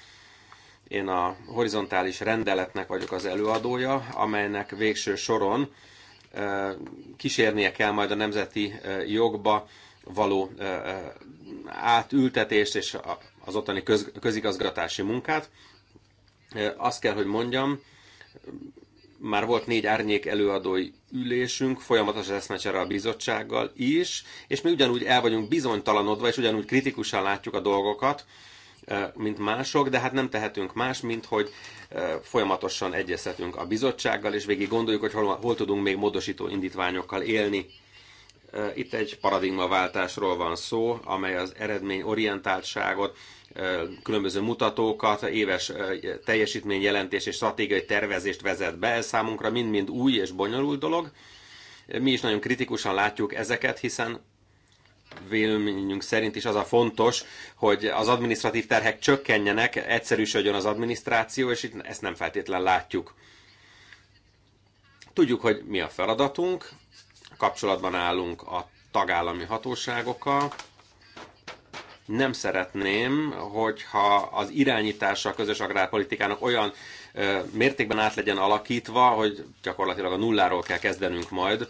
Én a horizontális rendeletnek vagyok az előadója, amelynek végső soron kísérnie kell majd a nemzeti jogba való átültetést és az ottani köz, közigazgatási munkát. Azt kell, hogy mondjam, már volt négy árnyék előadói ülésünk, folyamatos eszmecsere a bizottsággal is, és mi ugyanúgy el vagyunk bizonytalanodva, és ugyanúgy kritikusan látjuk a dolgokat, mint mások, de hát nem tehetünk más, mint hogy folyamatosan egyeztetünk a bizottsággal, és végig gondoljuk, hogy hol, hol tudunk még módosító indítványokkal élni. Itt egy paradigmaváltásról van szó, amely az eredményorientáltságot, különböző mutatókat, éves teljesítményjelentés és stratégiai tervezést vezet be. Ez számunkra mind-mind új és bonyolult dolog. Mi is nagyon kritikusan látjuk ezeket, hiszen véleményünk szerint is az a fontos, hogy az administratív terhek csökkenjenek, egyszerűsödjön az adminisztráció, és itt ezt nem feltétlen látjuk. Tudjuk, hogy mi a feladatunk, kapcsolatban állunk a tagállami hatóságokkal. Nem szeretném, hogyha az irányítása a közös agrárpolitikának olyan mértékben át legyen alakítva, hogy gyakorlatilag a nulláról kell kezdenünk majd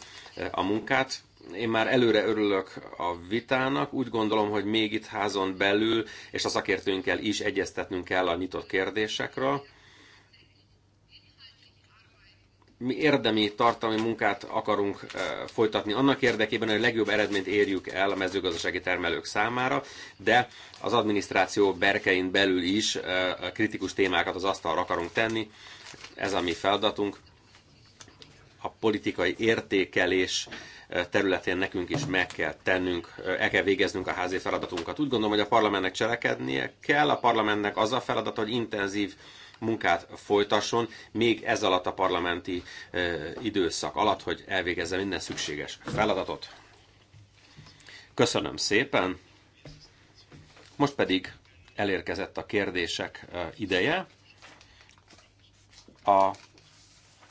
a munkát. Én már előre örülök a vitának, úgy gondolom, hogy még itt házon belül és a szakértőinkkel is egyeztetnünk kell a nyitott kérdésekről mi érdemi tartalmi munkát akarunk folytatni annak érdekében, hogy a legjobb eredményt érjük el a mezőgazdasági termelők számára, de az adminisztráció berkein belül is kritikus témákat az asztalra akarunk tenni. Ez a mi feladatunk. A politikai értékelés területén nekünk is meg kell tennünk, el kell végeznünk a házi feladatunkat. Úgy gondolom, hogy a parlamentnek cselekednie kell, a parlamentnek az a feladat, hogy intenzív munkát folytasson, még ez alatt a parlamenti időszak alatt, hogy elvégezze minden szükséges feladatot. Köszönöm szépen! Most pedig elérkezett a kérdések ideje. A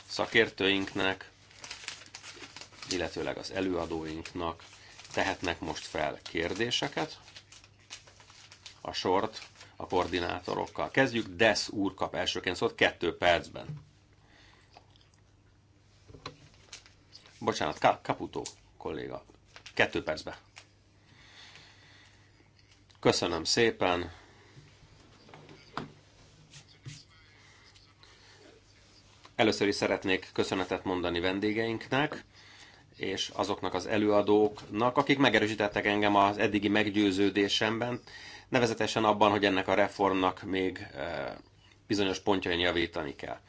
szakértőinknek, illetőleg az előadóinknak tehetnek most fel kérdéseket. A sort a koordinátorokkal. Kezdjük, Desz úr kap elsőként szót kettő percben. Bocsánat, kaputó, kolléga, kettő percben. Köszönöm szépen. Először is szeretnék köszönetet mondani vendégeinknek, és azoknak az előadóknak, akik megerősítettek engem az eddigi meggyőződésemben, nevezetesen abban, hogy ennek a reformnak még eh, bizonyos pontjain javítani kell.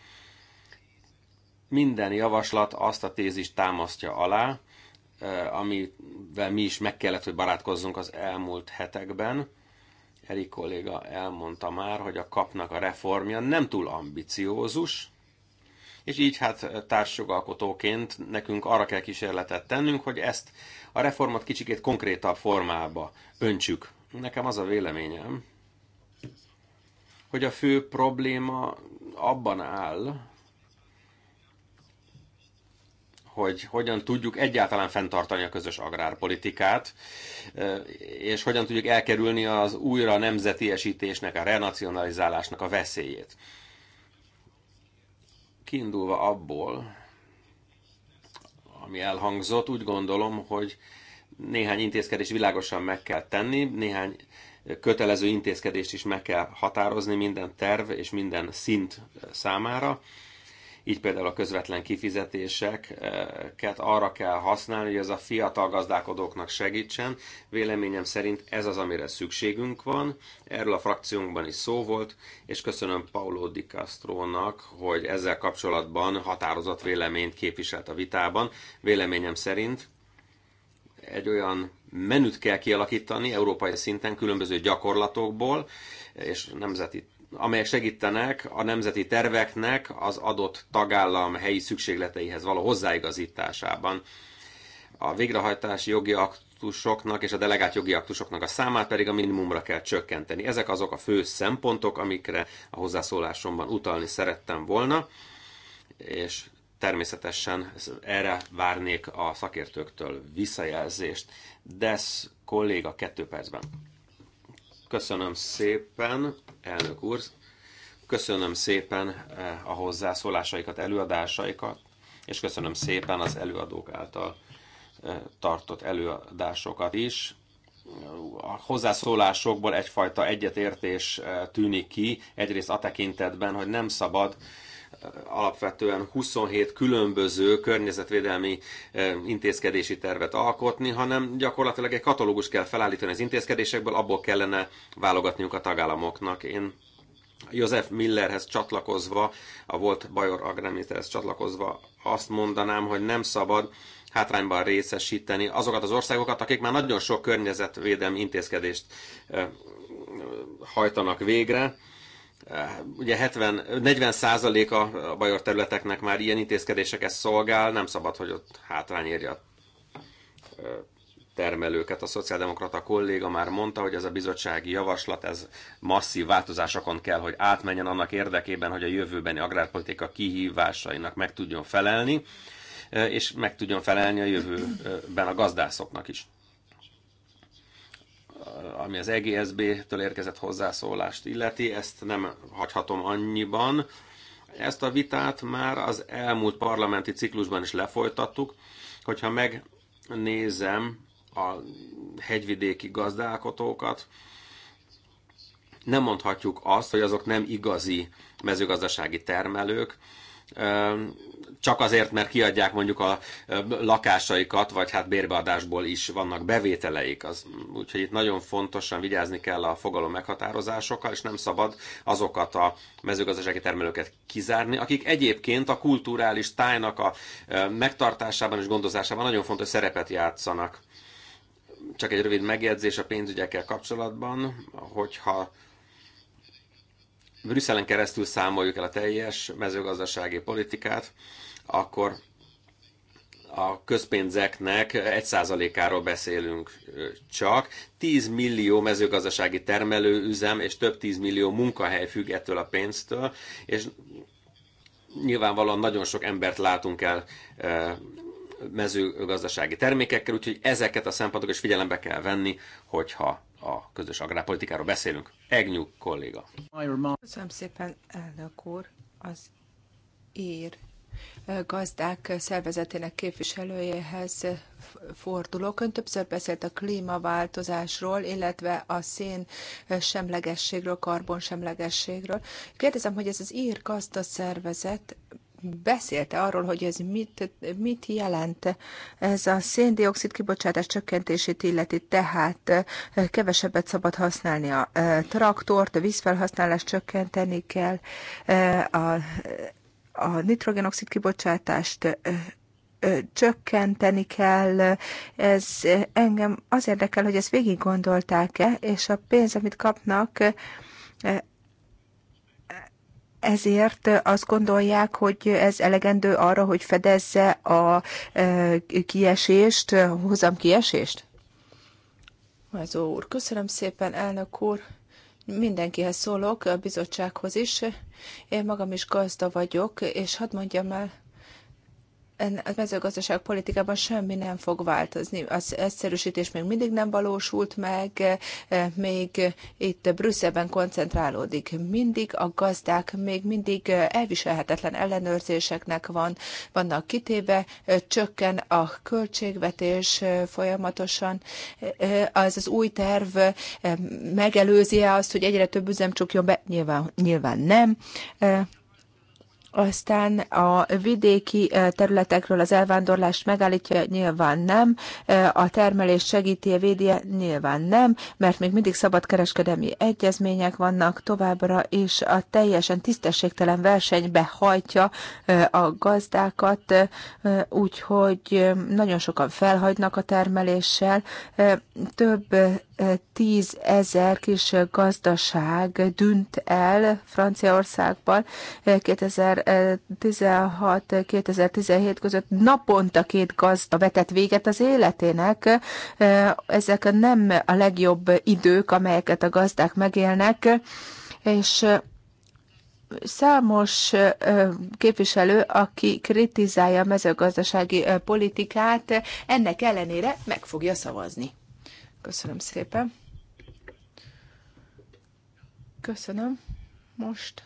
Minden javaslat azt a tézist támasztja alá, eh, amivel mi is meg kellett, hogy barátkozzunk az elmúlt hetekben. Erik kolléga elmondta már, hogy a kapnak a reformja nem túl ambiciózus, és így hát eh, társjogalkotóként nekünk arra kell kísérletet tennünk, hogy ezt a reformot kicsikét konkrétabb formába öntsük. Nekem az a véleményem, hogy a fő probléma abban áll, hogy hogyan tudjuk egyáltalán fenntartani a közös agrárpolitikát, és hogyan tudjuk elkerülni az újra nemzetiesítésnek, a renacionalizálásnak a veszélyét. Kiindulva abból, ami elhangzott, úgy gondolom, hogy néhány intézkedés világosan meg kell tenni, néhány kötelező intézkedést is meg kell határozni minden terv és minden szint számára. Így például a közvetlen kifizetéseket arra kell használni, hogy ez a fiatal gazdálkodóknak segítsen. Véleményem szerint ez az, amire szükségünk van. Erről a frakciónkban is szó volt, és köszönöm Paulo Di Castro-nak, hogy ezzel kapcsolatban határozott véleményt képviselt a vitában. Véleményem szerint egy olyan menüt kell kialakítani európai szinten különböző gyakorlatokból, és nemzeti amelyek segítenek a nemzeti terveknek az adott tagállam helyi szükségleteihez való hozzáigazításában. A végrehajtási jogi aktusoknak és a delegált jogi aktusoknak a számát pedig a minimumra kell csökkenteni. Ezek azok a fő szempontok, amikre a hozzászólásomban utalni szerettem volna, és Természetesen erre várnék a szakértőktől visszajelzést. Desz kolléga kettő percben. Köszönöm szépen, elnök úr. Köszönöm szépen eh, a hozzászólásaikat, előadásaikat, és köszönöm szépen az előadók által eh, tartott előadásokat is. A hozzászólásokból egyfajta egyetértés eh, tűnik ki, egyrészt a tekintetben, hogy nem szabad alapvetően 27 különböző környezetvédelmi eh, intézkedési tervet alkotni, hanem gyakorlatilag egy katalógus kell felállítani az intézkedésekből, abból kellene válogatniuk a tagállamoknak. Én József Millerhez csatlakozva, a volt Bajor agrárminiszterhez csatlakozva azt mondanám, hogy nem szabad hátrányban részesíteni azokat az országokat, akik már nagyon sok környezetvédelmi intézkedést eh, hajtanak végre, Eh, ugye 70, 40 százaléka a bajor területeknek már ilyen intézkedéseket szolgál, nem szabad, hogy ott hátrány érje a eh, termelőket. A szociáldemokrata kolléga már mondta, hogy ez a bizottsági javaslat, ez masszív változásokon kell, hogy átmenjen annak érdekében, hogy a jövőbeni agrárpolitika kihívásainak meg tudjon felelni, eh, és meg tudjon felelni a jövőben a gazdászoknak is ami az EGSB-től érkezett hozzászólást illeti, ezt nem hagyhatom annyiban. Ezt a vitát már az elmúlt parlamenti ciklusban is lefolytattuk, hogyha megnézem a hegyvidéki gazdálkodókat, nem mondhatjuk azt, hogy azok nem igazi mezőgazdasági termelők, csak azért, mert kiadják mondjuk a lakásaikat, vagy hát bérbeadásból is vannak bevételeik. Az, úgyhogy itt nagyon fontosan vigyázni kell a fogalom meghatározásokkal, és nem szabad azokat a mezőgazdasági termelőket kizárni, akik egyébként a kulturális tájnak a megtartásában és gondozásában nagyon fontos szerepet játszanak. Csak egy rövid megjegyzés a pénzügyekkel kapcsolatban, hogyha Brüsszelen keresztül számoljuk el a teljes mezőgazdasági politikát, akkor a közpénzeknek 1%-áról beszélünk csak. 10 millió mezőgazdasági termelőüzem és több 10 millió munkahely függ ettől a pénztől, és nyilvánvalóan nagyon sok embert látunk el mezőgazdasági termékekkel, úgyhogy ezeket a szempontokat is figyelembe kell venni, hogyha a közös agrárpolitikáról beszélünk. Egnyú kolléga. Köszönöm szépen, elnök úr. Az ír gazdák szervezetének képviselőjéhez fordulok. Ön többször beszélt a klímaváltozásról, illetve a szén semlegességről, karbon semlegességről. Kérdezem, hogy ez az ír gazdaszervezet beszélte arról, hogy ez mit, mit jelent ez a széndiokszid kibocsátás csökkentését illeti, tehát kevesebbet szabad használni a traktort, a vízfelhasználást csökkenteni kell, a a nitrogénoxid kibocsátást csökkenteni kell. Ez engem az érdekel, hogy ezt végig gondolták-e, és a pénz, amit kapnak, ezért azt gondolják, hogy ez elegendő arra, hogy fedezze a kiesést, hozam kiesést? Mazó úr, köszönöm szépen, elnök úr mindenkihez szólok, a bizottsághoz is. Én magam is gazda vagyok, és hadd mondjam el, a mezőgazdaság politikában semmi nem fog változni. Az egyszerűsítés még mindig nem valósult meg, e, még itt Brüsszelben koncentrálódik. Mindig a gazdák még mindig e, elviselhetetlen ellenőrzéseknek van, vannak kitéve, e, csökken a költségvetés folyamatosan. Az az új terv megelőzi -e azt, hogy egyre több üzem csukjon be? Nyilván, nyilván nem aztán a vidéki területekről az elvándorlást megállítja, nyilván nem. A termelés segíti, védje, nyilván nem, mert még mindig szabadkereskedelmi egyezmények vannak továbbra, és a teljesen tisztességtelen versenybe hajtja a gazdákat, úgyhogy nagyon sokan felhagynak a termeléssel. Több 10 ezer kis gazdaság dűnt el Franciaországban 2016-2017 eh, eh, között. Naponta két gazda vetett véget az életének. Eh, ezek nem a legjobb idők, amelyeket a gazdák megélnek, és számos képviselő, aki kritizálja a mezőgazdasági politikát, ennek ellenére meg fogja szavazni. Köszönöm szépen. Köszönöm. Most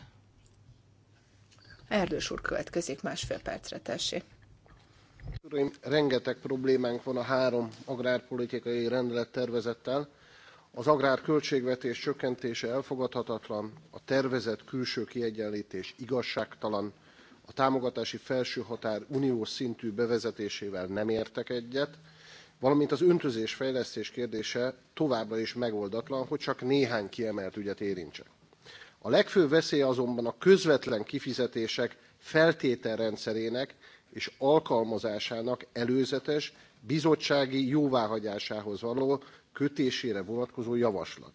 Erdős úr következik másfél percre, tessék. Uraim, rengeteg problémánk van a három agrárpolitikai rendelet tervezettel. Az agrár költségvetés csökkentése elfogadhatatlan, a tervezett külső kiegyenlítés igazságtalan, a támogatási felső határ uniós szintű bevezetésével nem értek egyet, valamint az öntözés fejlesztés kérdése továbbra is megoldatlan, hogy csak néhány kiemelt ügyet érintsek. A legfőbb veszély azonban a közvetlen kifizetések feltételrendszerének és alkalmazásának előzetes bizottsági jóváhagyásához való kötésére vonatkozó javaslat.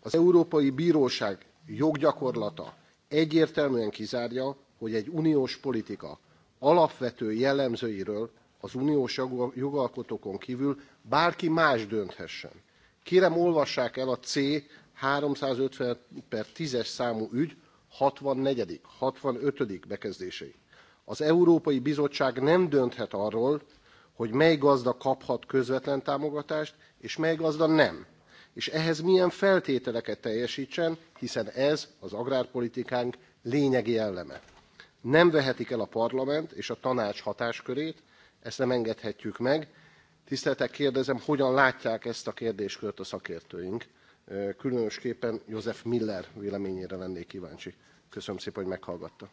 Az Európai Bíróság joggyakorlata egyértelműen kizárja, hogy egy uniós politika alapvető jellemzőiről az uniós jogalkotókon kívül bárki más dönthessen. Kérem, olvassák el a C 350 per 10-es számú ügy 64. 65. bekezdéseit. Az Európai Bizottság nem dönthet arról, hogy mely gazda kaphat közvetlen támogatást, és mely gazda nem. És ehhez milyen feltételeket teljesítsen, hiszen ez az agrárpolitikánk lényegi elleme. Nem vehetik el a parlament és a tanács hatáskörét, ezt nem engedhetjük meg. Tiszteltek, kérdezem, hogyan látják ezt a kérdéskört a szakértőink? Különösképpen József Miller véleményére lennék kíváncsi. Köszönöm szépen, hogy meghallgatta.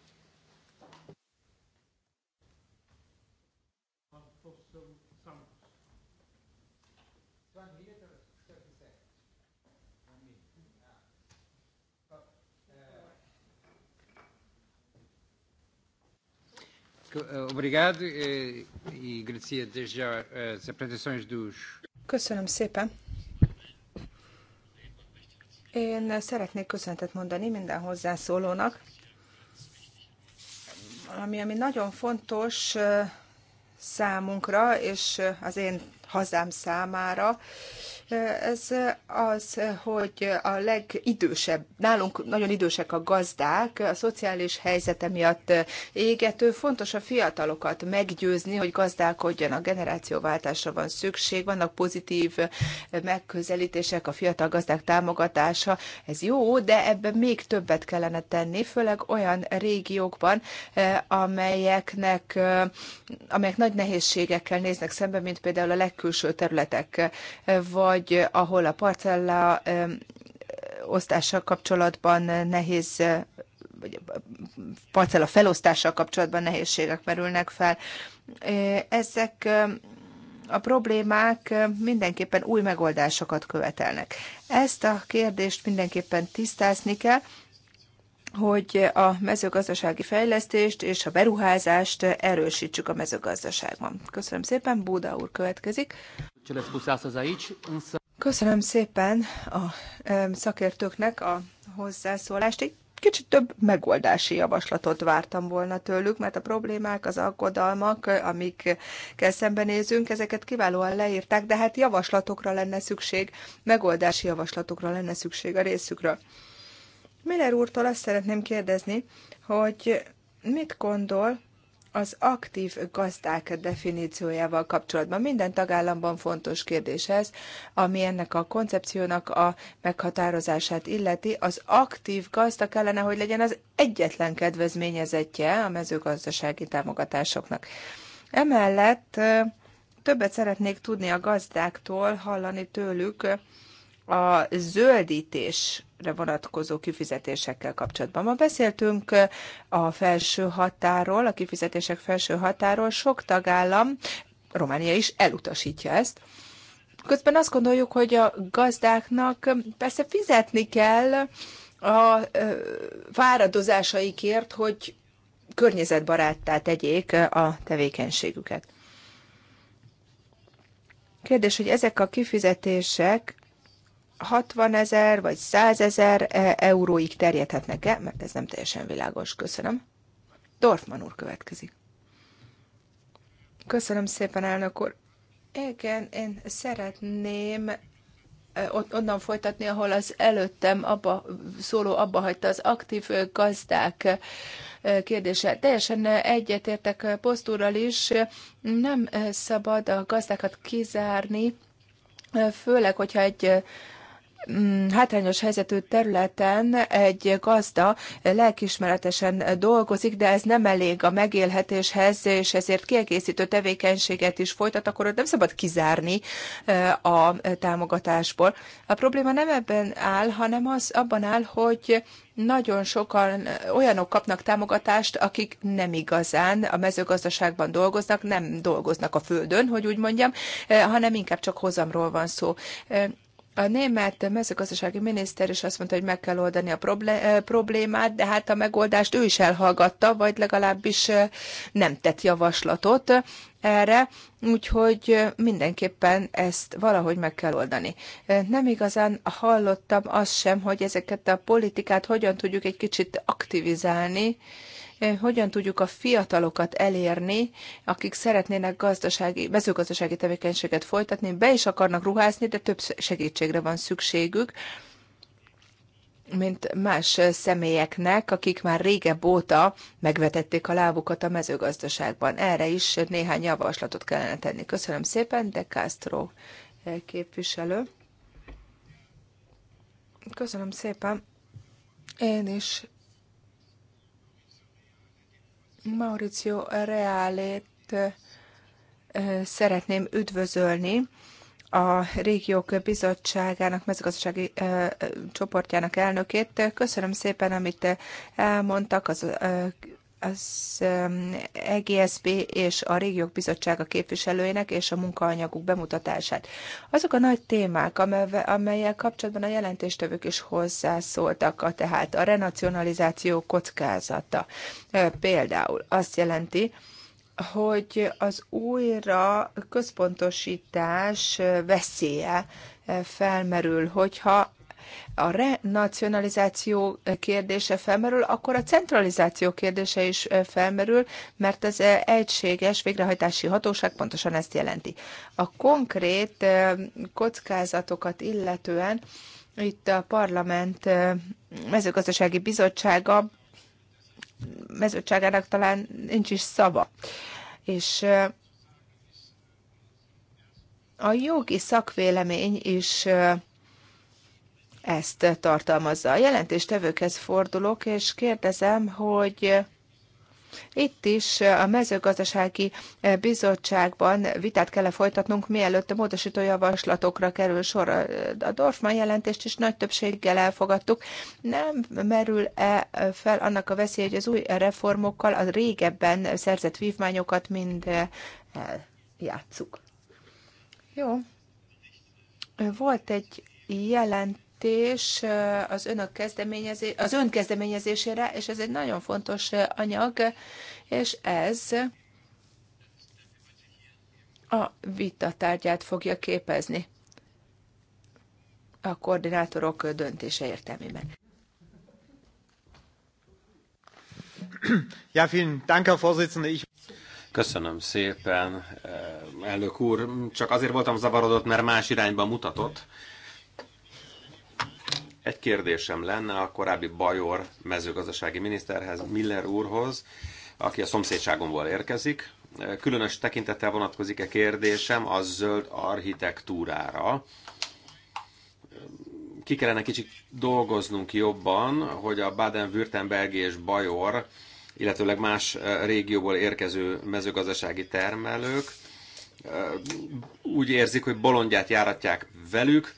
Köszönöm szépen. Én szeretnék köszöntet mondani minden hozzászólónak. Ami, ami nagyon fontos eh, számunkra, és eh, az én hazám számára, ez az, hogy a legidősebb, nálunk nagyon idősek a gazdák, a szociális helyzete miatt égető, fontos a fiatalokat meggyőzni, hogy gazdálkodjanak, generációváltásra van szükség, vannak pozitív megközelítések, a fiatal gazdák támogatása, ez jó, de ebben még többet kellene tenni, főleg olyan régiókban, eh, amelyeknek, eh, amelyek nagy nehézségekkel néznek szembe, mint például a legkülső területek, eh, vagy vagy ahol a parcella osztással kapcsolatban nehéz vagy parcella felosztással kapcsolatban nehézségek merülnek fel. Ezek a problémák mindenképpen új megoldásokat követelnek. Ezt a kérdést mindenképpen tisztázni kell, hogy a mezőgazdasági fejlesztést és a beruházást erősítsük a mezőgazdaságban. Köszönöm szépen, Búda úr következik. Köszönöm szépen a szakértőknek a hozzászólást. Egy kicsit több megoldási javaslatot vártam volna tőlük, mert a problémák, az aggodalmak, amikkel szembenézünk, ezeket kiválóan leírták, de hát javaslatokra lenne szükség, megoldási javaslatokra lenne szükség a részükről. Miller úrtól azt szeretném kérdezni, hogy mit gondol az aktív gazdák definíciójával kapcsolatban. Minden tagállamban fontos kérdés ez, ami ennek a koncepciónak a meghatározását illeti. Az aktív gazda kellene, hogy legyen az egyetlen kedvezményezettje a mezőgazdasági támogatásoknak. Emellett többet szeretnék tudni a gazdáktól, hallani tőlük a zöldítés re vonatkozó kifizetésekkel kapcsolatban. Ma beszéltünk a felső határól, a kifizetések felső határól. Sok tagállam, Románia is elutasítja ezt. Közben azt gondoljuk, hogy a gazdáknak persze fizetni kell a fáradozásaikért, hogy környezetbaráttá tegyék a tevékenységüket. Kérdés, hogy ezek a kifizetések 60 ezer vagy 100 ezer e, euróig terjedhetnek-e, mert ez nem teljesen világos. Köszönöm. Dorfman úr következik. Köszönöm szépen, elnök úr. Igen, én szeretném e, onnan folytatni, ahol az előttem abba, szóló abba hagyta az aktív gazdák e, kérdése. Teljesen egyetértek posztúrral is, nem szabad a gazdákat kizárni, főleg, hogyha egy Mm, hátrányos helyzetű területen egy gazda lelkismeretesen dolgozik, de ez nem elég a megélhetéshez, és ezért kiegészítő tevékenységet is folytat, akkor nem szabad kizárni a támogatásból. A probléma nem ebben áll, hanem az abban áll, hogy nagyon sokan olyanok kapnak támogatást, akik nem igazán a mezőgazdaságban dolgoznak, nem dolgoznak a földön, hogy úgy mondjam, hanem inkább csak hozamról van szó. A német mezőgazdasági miniszter is azt mondta, hogy meg kell oldani a eh, problémát, de hát a megoldást ő is elhallgatta, vagy legalábbis eh, nem tett javaslatot erre, úgyhogy eh, mindenképpen ezt valahogy meg kell oldani. Nem igazán hallottam azt sem, hogy ezeket a politikát hogyan tudjuk egy kicsit aktivizálni, Eh, hogyan tudjuk a fiatalokat elérni, akik szeretnének gazdasági, mezőgazdasági tevékenységet folytatni, be is akarnak ruházni, de több segítségre van szükségük, mint más személyeknek, akik már régebb óta megvetették a lábukat a mezőgazdaságban. Erre is néhány javaslatot kellene tenni. Köszönöm szépen, de Castro eh, képviselő. Köszönöm szépen. Én is Mauricio Reálét szeretném üdvözölni a Régiók Bizottságának, mezőgazdasági csoportjának elnökét. Köszönöm szépen, amit elmondtak az az um, EGSB és a Régiók Bizottsága képviselőinek és a munkaanyaguk bemutatását. Azok a nagy témák, amelyek kapcsolatban a jelentéstevők is hozzászóltak, tehát a renacionalizáció kockázata például azt jelenti, hogy az újra központosítás veszélye felmerül, hogyha a renacionalizáció kérdése felmerül, akkor a centralizáció kérdése is felmerül, mert ez egységes végrehajtási hatóság pontosan ezt jelenti. A konkrét kockázatokat illetően itt a parlament mezőgazdasági bizottsága mezőtságának talán nincs is szava. És a jogi szakvélemény is ezt tartalmazza. A jelentéstevőkhez fordulok, és kérdezem, hogy itt is a mezőgazdasági bizottságban vitát kell -e folytatnunk, mielőtt a módosító javaslatokra kerül sor. A Dorfman jelentést is nagy többséggel elfogadtuk. Nem merül-e fel annak a veszély, hogy az új reformokkal a régebben szerzett vívmányokat mind eljátszuk? Jó. Volt egy jelent jelentés eh, az önök kezdeményezé, az ön kezdeményezésére, és ez egy nagyon fontos eh, anyag, és ez a vita tárgyát fogja képezni a koordinátorok döntése értelmében. Ja, vielen Dank, Herr Vorsitzender. Ich Köszönöm szépen, eh, elnök úr. Csak azért voltam zavarodott, mert más irányba mutatott. Egy kérdésem lenne a korábbi Bajor mezőgazdasági miniszterhez, Miller úrhoz, aki a szomszédságomból érkezik. Különös tekintettel vonatkozik-e kérdésem a zöld architektúrára. Ki kellene kicsit dolgoznunk jobban, hogy a Baden-Württemberg és Bajor, illetőleg más eh, régióból érkező mezőgazdasági termelők eh, úgy érzik, hogy bolondját járatják velük,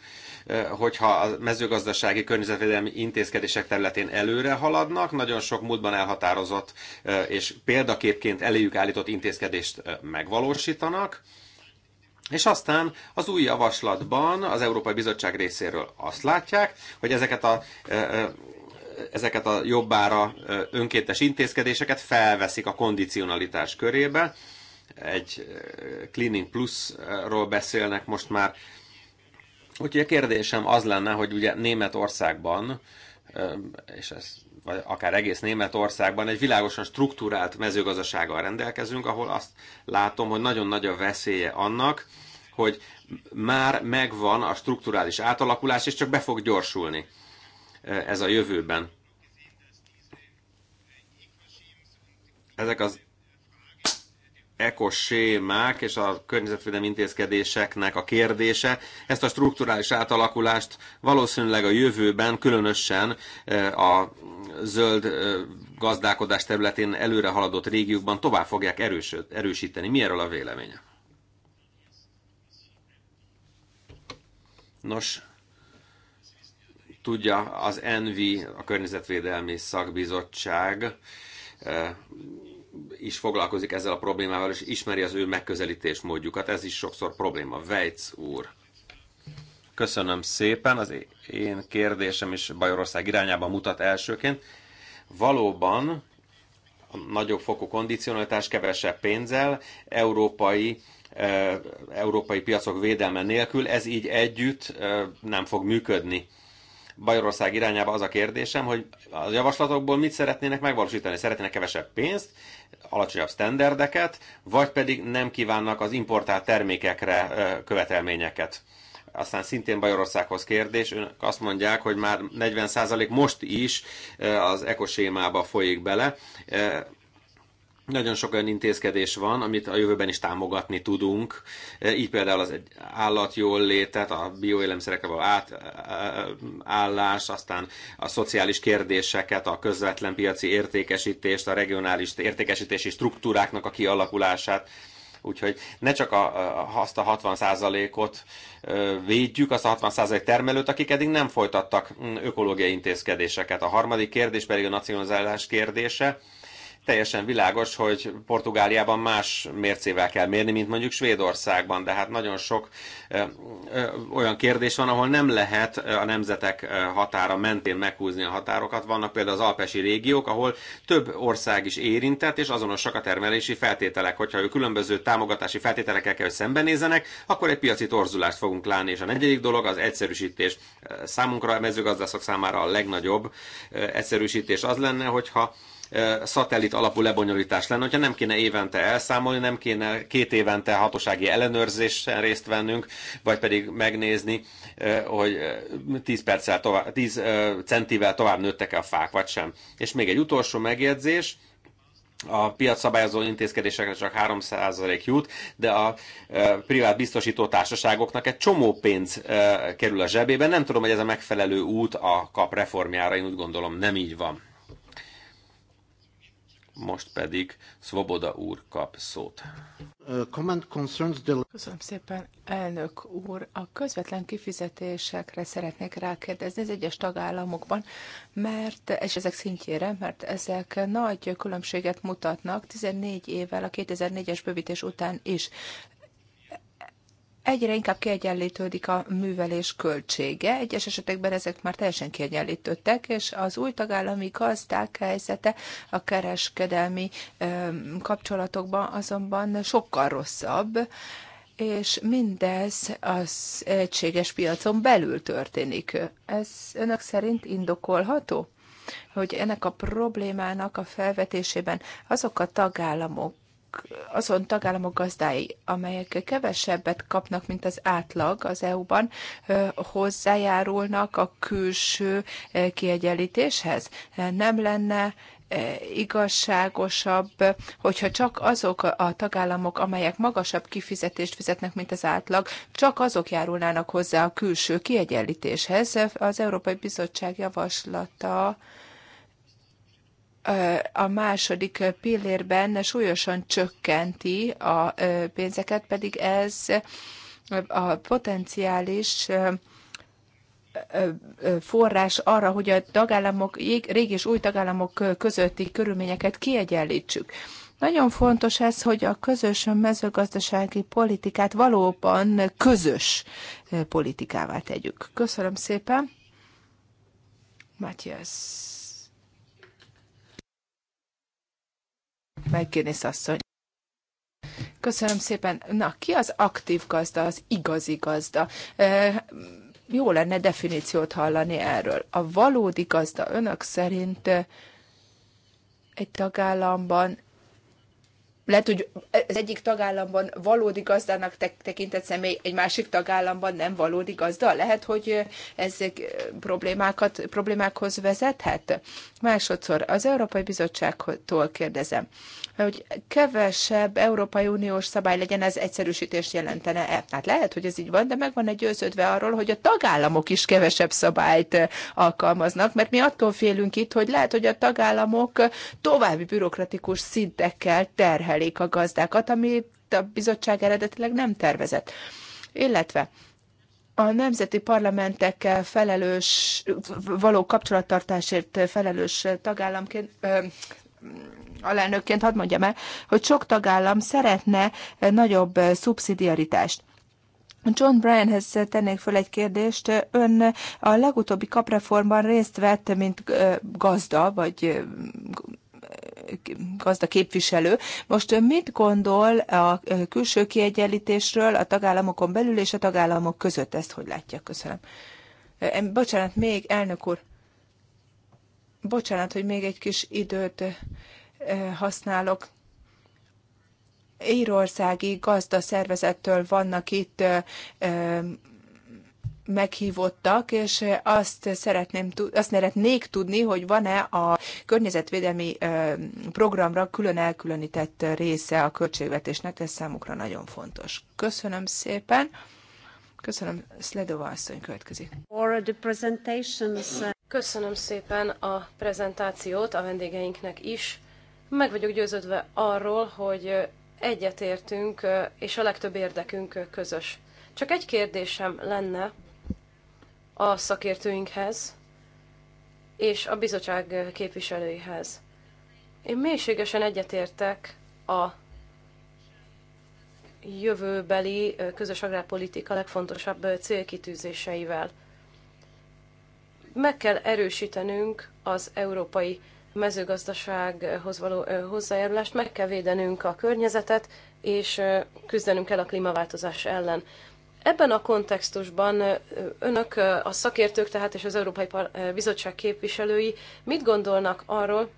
Eh, hogyha a mezőgazdasági környezetvédelmi intézkedések területén előre haladnak, nagyon sok múltban elhatározott eh, és példaképként eléjük állított intézkedést eh, megvalósítanak, és aztán az új javaslatban az Európai Bizottság részéről azt látják, hogy ezeket a ezeket a jobbára önkéntes intézkedéseket felveszik a kondicionalitás körébe. Egy Cleaning Plus-ról beszélnek most már Úgyhogy a kérdésem az lenne, hogy ugye Németországban, és ez vagy akár egész Németországban egy világosan struktúrált mezőgazdasággal rendelkezünk, ahol azt látom, hogy nagyon nagy a veszélye annak, hogy már megvan a strukturális átalakulás, és csak be fog gyorsulni ez a jövőben. Ezek az ekosémák és a környezetvédelmi intézkedéseknek a kérdése. Ezt a strukturális átalakulást valószínűleg a jövőben, különösen e, a zöld e, gazdálkodás területén előre haladott régiókban tovább fogják erősíteni. Mi erről a véleménye? Nos, tudja, az ENVI, a Környezetvédelmi Szakbizottság e, is foglalkozik ezzel a problémával, és ismeri az ő megközelítés módjukat. Ez is sokszor probléma. Vejc úr. Köszönöm szépen. Az én kérdésem is Bajorország irányába mutat elsőként. Valóban a nagyobb fokú kondicionalitás kevesebb pénzzel, európai e, európai piacok védelme nélkül, ez így együtt e, nem fog működni. Bajorország irányába az a kérdésem, hogy a javaslatokból mit szeretnének megvalósítani? Szeretnének kevesebb pénzt, alacsonyabb standardeket, vagy pedig nem kívánnak az importált termékekre követelményeket? aztán szintén Bajorországhoz kérdés, önök azt mondják, hogy már 40% most is az ekosémába folyik bele. Nagyon sok olyan intézkedés van, amit a jövőben is támogatni tudunk, e, így például az egy állatjól létet, a bioélemszerekre való átállás, e, e, aztán a szociális kérdéseket, a közvetlen piaci értékesítést, a regionális értékesítési struktúráknak a kialakulását, Úgyhogy ne csak a, azt a 60%-ot védjük, azt a 60% termelőt, akik eddig nem folytattak mm, ökológiai intézkedéseket. A harmadik kérdés pedig a nacionalizálás kérdése Teljesen világos, hogy Portugáliában más mércével kell mérni, mint mondjuk Svédországban, de hát nagyon sok olyan kérdés van, ahol nem lehet a nemzetek határa mentén meghúzni a határokat. Vannak például az alpesi régiók, ahol több ország is érintett, és azonosak a termelési feltételek. Hogyha ő különböző támogatási feltételekkel kell, hogy szembenézenek, akkor egy piaci torzulást fogunk látni. És a negyedik dolog az egyszerűsítés. Számunkra a mezőgazdaszok számára a legnagyobb egyszerűsítés az lenne, hogyha szatellit alapú lebonyolítás lenne, hogyha nem kéne évente elszámolni, nem kéne két évente hatósági ellenőrzésen részt vennünk, vagy pedig megnézni, hogy 10, perccel tovább, 10 centivel tovább nőttek-e a fák, vagy sem. És még egy utolsó megjegyzés, a piac szabályozó intézkedésekre csak 3% jut, de a privát biztosító társaságoknak egy csomó pénz kerül a zsebébe. Nem tudom, hogy ez a megfelelő út a kap reformjára, én úgy gondolom nem így van. Most pedig Svoboda úr kap szót. Köszönöm szépen, elnök úr. A közvetlen kifizetésekre szeretnék rákérdezni az egyes tagállamokban, mert, és ezek szintjére, mert ezek nagy különbséget mutatnak 14 évvel a 2004-es bővítés után is egyre inkább kiegyenlítődik a művelés költsége. Egyes esetekben ezek már teljesen kiegyenlítődtek, és az új tagállami gazdák helyzete a kereskedelmi kapcsolatokban azonban sokkal rosszabb, és mindez az egységes piacon belül történik. Ez önök szerint indokolható? hogy ennek a problémának a felvetésében azok a tagállamok, azon tagállamok gazdái, amelyek kevesebbet kapnak, mint az átlag az EU-ban, hozzájárulnak a külső kiegyenlítéshez? Nem lenne igazságosabb, hogyha csak azok a tagállamok, amelyek magasabb kifizetést fizetnek, mint az átlag, csak azok járulnának hozzá a külső kiegyenlítéshez. Az Európai Bizottság javaslata a második pillérben súlyosan csökkenti a pénzeket, pedig ez a potenciális forrás arra, hogy a tagállamok, régi és új tagállamok közötti körülményeket kiegyenlítsük. Nagyon fontos ez, hogy a közös mezőgazdasági politikát valóban közös politikává tegyük. Köszönöm szépen. Matthias asszony. Köszönöm szépen. Na, ki az aktív gazda, az igazi gazda? E, jó lenne definíciót hallani erről. A valódi gazda önök szerint egy tagállamban lehet, hogy az egyik tagállamban valódi gazdának tekintett személy, egy másik tagállamban nem valódi gazda. Lehet, hogy ez problémákat, problémákhoz vezethet? Másodszor az Európai Bizottságtól kérdezem, hogy kevesebb Európai Uniós szabály legyen, ez egyszerűsítést jelentene-e? Hát lehet, hogy ez így van, de meg van egy győződve arról, hogy a tagállamok is kevesebb szabályt alkalmaznak, mert mi attól félünk itt, hogy lehet, hogy a tagállamok további bürokratikus szintekkel terhel terhelik a gazdákat, amit a bizottság eredetileg nem tervezett. Illetve a nemzeti parlamentekkel felelős, való kapcsolattartásért felelős tagállamként, alelnökként hadd mondjam el, hogy sok tagállam szeretne nagyobb szubszidiaritást. John Bryanhez tennék föl egy kérdést. Ön a legutóbbi kapreformban részt vett, mint gazda, vagy gazda képviselő. Most mit gondol a külső kiegyenlítésről a tagállamokon belül és a tagállamok között? Ezt hogy látja? Köszönöm. Bocsánat, még elnök úr. Bocsánat, hogy még egy kis időt használok. Írországi gazda szervezettől vannak itt meghívottak, és azt szeretném, azt szeretnék tudni, hogy van-e a környezetvédelmi programra külön elkülönített része a költségvetésnek, ez számukra nagyon fontos. Köszönöm szépen. Köszönöm, Sledova asszony következik. Köszönöm szépen a prezentációt a vendégeinknek is. Meg vagyok győződve arról, hogy egyetértünk, és a legtöbb érdekünk közös. Csak egy kérdésem lenne, a szakértőinkhez és a bizottság képviselőihez. Én mélységesen egyetértek a jövőbeli közös agrárpolitika legfontosabb célkitűzéseivel. Meg kell erősítenünk az európai mezőgazdasághoz való hozzájárulást, meg kell védenünk a környezetet, és küzdenünk kell a klímaváltozás ellen. Ebben a kontextusban önök, a szakértők tehát és az Európai Bizottság képviselői mit gondolnak arról,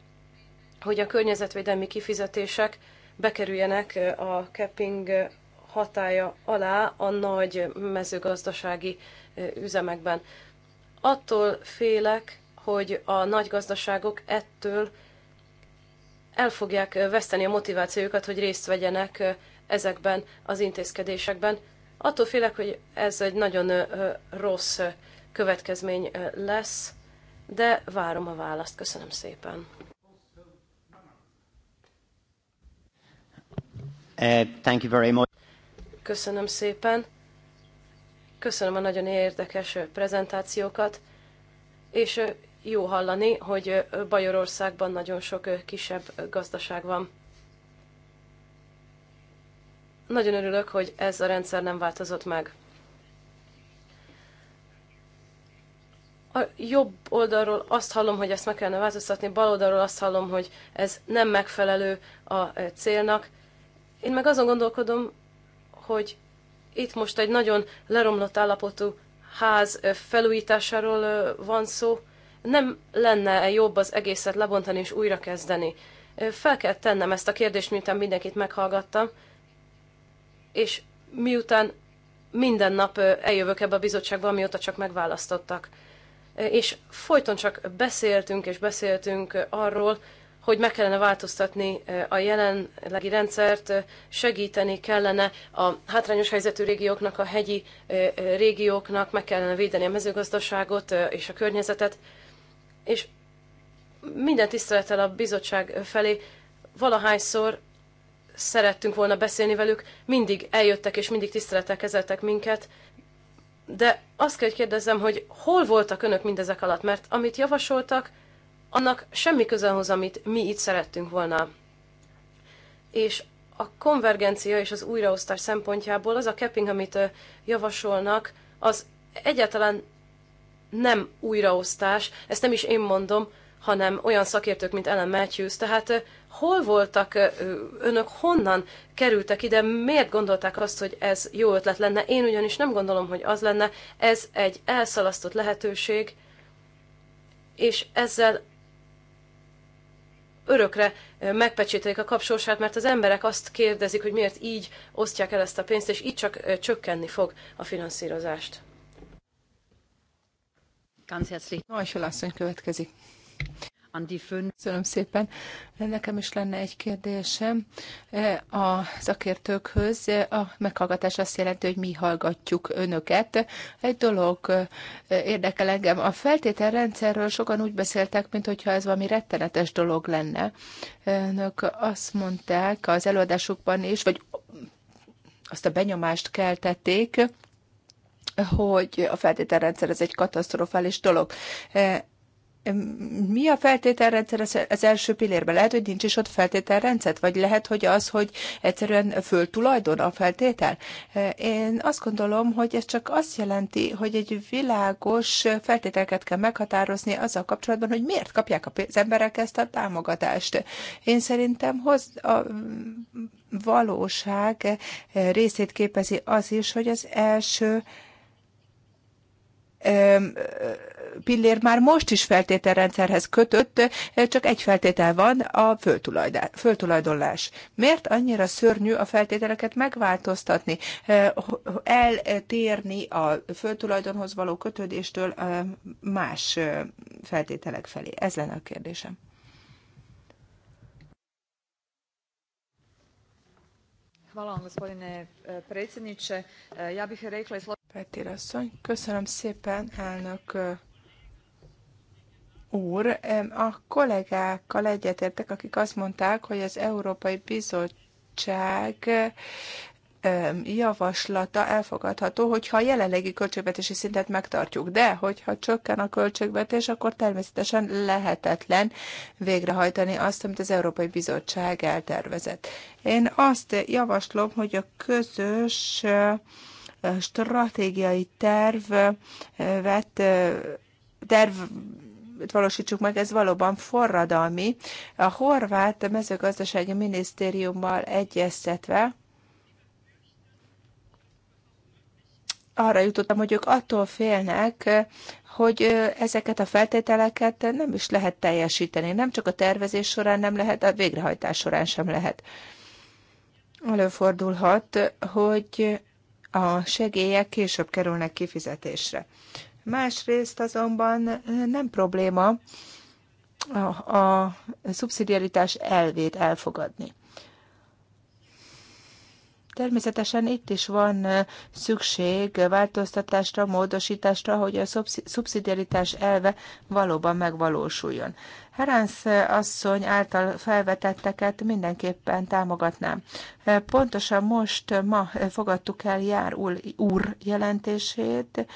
hogy a környezetvédelmi kifizetések bekerüljenek a capping hatája alá a nagy mezőgazdasági üzemekben. Attól félek, hogy a nagy gazdaságok ettől el fogják veszteni a motivációjukat, hogy részt vegyenek ezekben az intézkedésekben, Attól félek, hogy ez egy nagyon rossz következmény lesz, de várom a választ. Köszönöm szépen. Uh, thank you very much. Köszönöm szépen. Köszönöm a nagyon érdekes prezentációkat, és jó hallani, hogy Bajorországban nagyon sok kisebb gazdaság van. Nagyon örülök, hogy ez a rendszer nem változott meg. A jobb oldalról azt hallom, hogy ezt meg kellene változtatni, bal oldalról azt hallom, hogy ez nem megfelelő a e, célnak. Én meg azon gondolkodom, hogy itt most egy nagyon leromlott állapotú ház e, felújításáról e, van szó, nem lenne jobb az egészet lebontani és újrakezdeni? Fel kell tennem ezt a kérdést, miután mindenkit meghallgattam, és miután minden nap eljövök ebbe a bizottságba, amióta csak megválasztottak. És folyton csak beszéltünk és beszéltünk arról, hogy meg kellene változtatni a jelenlegi rendszert, segíteni kellene a hátrányos helyzetű régióknak, a hegyi régióknak, meg kellene védeni a mezőgazdaságot és a környezetet. És minden tisztelettel a bizottság felé valahányszor szerettünk volna beszélni velük, mindig eljöttek és mindig tisztelettel kezeltek minket, de azt kell, hogy kérdezzem, hogy hol voltak önök mindezek alatt, mert amit javasoltak, annak semmi közelhoz, hoz, amit mi itt szerettünk volna. És a konvergencia és az újraosztás szempontjából az a capping, amit javasolnak, az egyáltalán nem újraosztás, ezt nem is én mondom, hanem olyan szakértők, mint Ellen Matthews. Tehát hol voltak önök, honnan kerültek ide, miért gondolták azt, hogy ez jó ötlet lenne? Én ugyanis nem gondolom, hogy az lenne. Ez egy elszalasztott lehetőség, és ezzel örökre megpecsételik a kapsorsát, mert az emberek azt kérdezik, hogy miért így osztják el ezt a pénzt, és így csak csökkenni fog a finanszírozást. Ganz herzlich. Nagy asszony következik. Köszönöm szépen. Nekem is lenne egy kérdésem e, a szakértőkhöz. E, a meghallgatás azt jelenti, hogy mi hallgatjuk önöket. Egy dolog e, érdekel engem. A feltételrendszerről sokan úgy beszéltek, mintha ez valami rettenetes dolog lenne. Önök azt mondták az előadásukban is, vagy azt a benyomást keltették, hogy a feltételrendszer ez egy katasztrofális dolog mi a feltételrendszer az első pillérben? Lehet, hogy nincs is ott feltételrendszer, vagy lehet, hogy az, hogy egyszerűen föltulajdon a feltétel? Én azt gondolom, hogy ez csak azt jelenti, hogy egy világos feltételeket kell meghatározni azzal kapcsolatban, hogy miért kapják az emberek ezt a támogatást. Én szerintem hoz a valóság részét képezi az is, hogy az első pillér már most is feltételrendszerhez kötött, csak egy feltétel van, a föltulajdonlás. Miért annyira szörnyű a feltételeket megváltoztatni, eltérni a föltulajdonhoz való kötődéstől más feltételek felé? Ez lenne a kérdésem. E, e, köszönöm szépen elnök úr, a kollégákkal egyetértek, akik azt mondták, hogy az Európai Bizottság javaslata elfogadható, hogyha a jelenlegi költségvetési szintet megtartjuk, de hogyha csökken a költségvetés, akkor természetesen lehetetlen végrehajtani azt, amit az Európai Bizottság eltervezett. Én azt javaslom, hogy a közös stratégiai terv vett terv valósítsuk meg, ez valóban forradalmi. A horvát mezőgazdasági minisztériummal egyeztetve, arra jutottam, hogy ők attól félnek, hogy ezeket a feltételeket nem is lehet teljesíteni. Nem csak a tervezés során nem lehet, a végrehajtás során sem lehet. Előfordulhat, hogy a segélyek később kerülnek kifizetésre. Másrészt azonban nem probléma a, a szubszidiaritás elvét elfogadni. Természetesen itt is van szükség változtatásra, módosításra, hogy a szubszidiaritás elve valóban megvalósuljon. Heránsz asszony által felvetetteket mindenképpen támogatnám. Pontosan most, ma fogadtuk el Jár úr jelentését,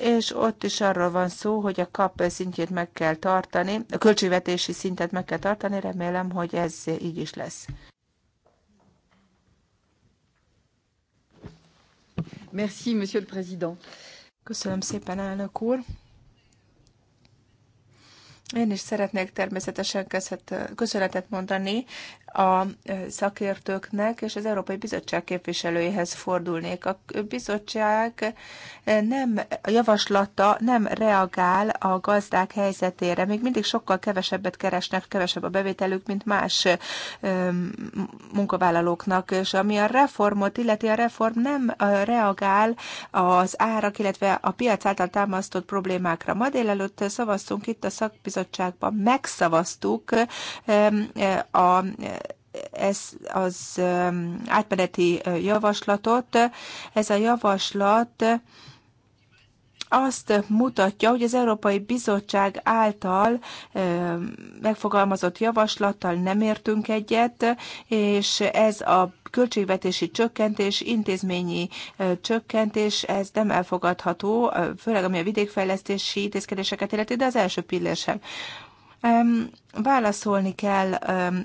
és ott is arról van szó, hogy a kap szintjét meg kell tartani, a költségvetési szintet meg kell tartani, remélem, hogy ez így is lesz. Merci, Monsieur le Président. Köszönöm szépen, elnök úr. Én is szeretnék természetesen köszönetet mondani a szakértőknek és az Európai Bizottság képviselőjéhez fordulnék. A bizottság nem a javaslata nem reagál a gazdák helyzetére. Még mindig sokkal kevesebbet keresnek, kevesebb a bevételük, mint más munkavállalóknak. És ami a reformot illeti, a reform nem reagál az árak, illetve a piac által támasztott problémákra. Ma délelőtt szavaztunk itt a szakbizottságban, megszavaztuk a ez az átmeneti javaslatot. Ez a javaslat azt mutatja, hogy az Európai Bizottság által megfogalmazott javaslattal nem értünk egyet, és ez a költségvetési csökkentés, intézményi csökkentés, ez nem elfogadható, főleg ami a vidékfejlesztési intézkedéseket illeti, de az első pillér sem válaszolni kell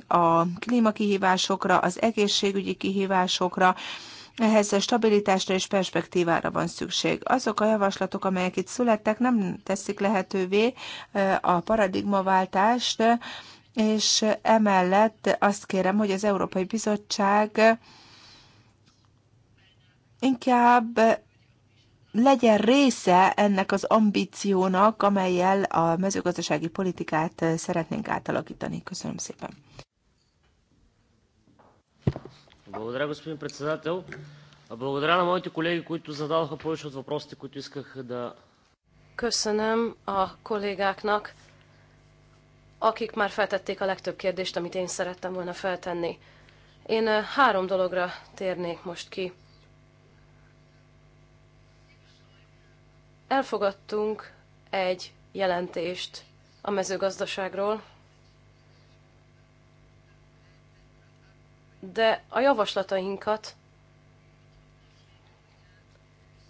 a klímakihívásokra, az egészségügyi kihívásokra, ehhez stabilitásra és perspektívára van szükség. Azok a javaslatok, amelyek itt születtek, nem teszik lehetővé e, a paradigmaváltást, és emellett azt kérem, hogy az Európai Bizottság inkább legyen része ennek az ambíciónak, amelyel a mezőgazdasági politikát szeretnénk átalakítani. Köszönöm szépen. Благодаря, господин председател. Благодаря на моите колеги, които зададоха повече от въпросите, които исках да... Köszönöm a kollégáknak, akik már feltették a legtöbb kérdést, amit én szerettem volna feltenni. Én három dologra térnék most ki. Elfogadtunk egy jelentést a mezőgazdaságról, de a javaslatainkat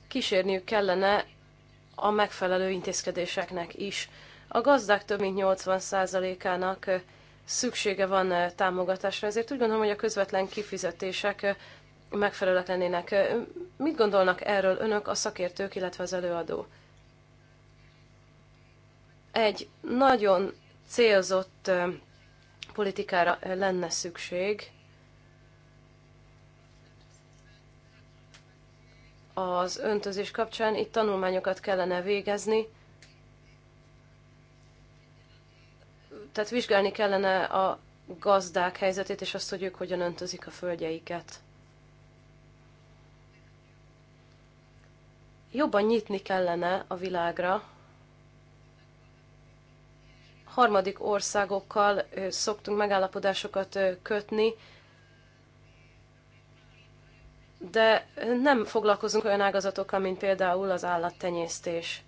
kísérniük kellene a megfelelő intézkedéseknek is. A gazdák több mint 80%-ának szüksége van támogatásra, ezért úgy gondolom, hogy a közvetlen kifizetések megfelelőek lennének. Mit gondolnak erről önök, a szakértők, illetve az előadó? Egy nagyon célzott politikára lenne szükség az öntözés kapcsán. Itt tanulmányokat kellene végezni, tehát vizsgálni kellene a gazdák helyzetét, és azt, hogy ők hogyan öntözik a földjeiket. jobban nyitni kellene a világra. Harmadik országokkal szoktunk megállapodásokat kötni, de nem foglalkozunk olyan ágazatokkal, mint például az állattenyésztés.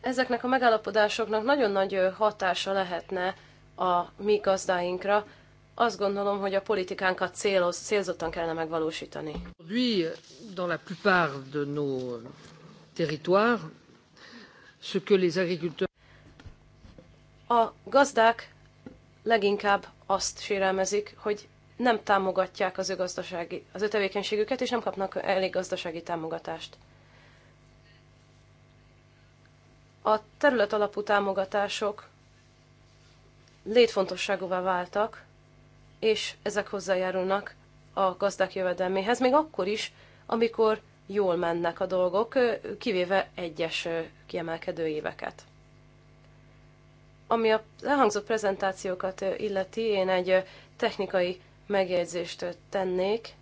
Ezeknek a megállapodásoknak nagyon nagy hatása lehetne a mi gazdáinkra, azt gondolom, hogy a politikánkat céloz, célzottan kellene megvalósítani. Aujourd'hui, dans la plupart de nos territoires, ce que les agriculteurs... A gazdák leginkább azt sérelmezik, hogy nem támogatják az ő, gazdasági, az ő tevékenységüket, és nem kapnak elég gazdasági támogatást. A terület alapú támogatások létfontosságúvá váltak, és ezek hozzájárulnak a gazdák jövedelméhez, még akkor is, amikor jól mennek a dolgok, kivéve egyes kiemelkedő éveket. Ami a elhangzott prezentációkat illeti, én egy technikai megjegyzést tennék.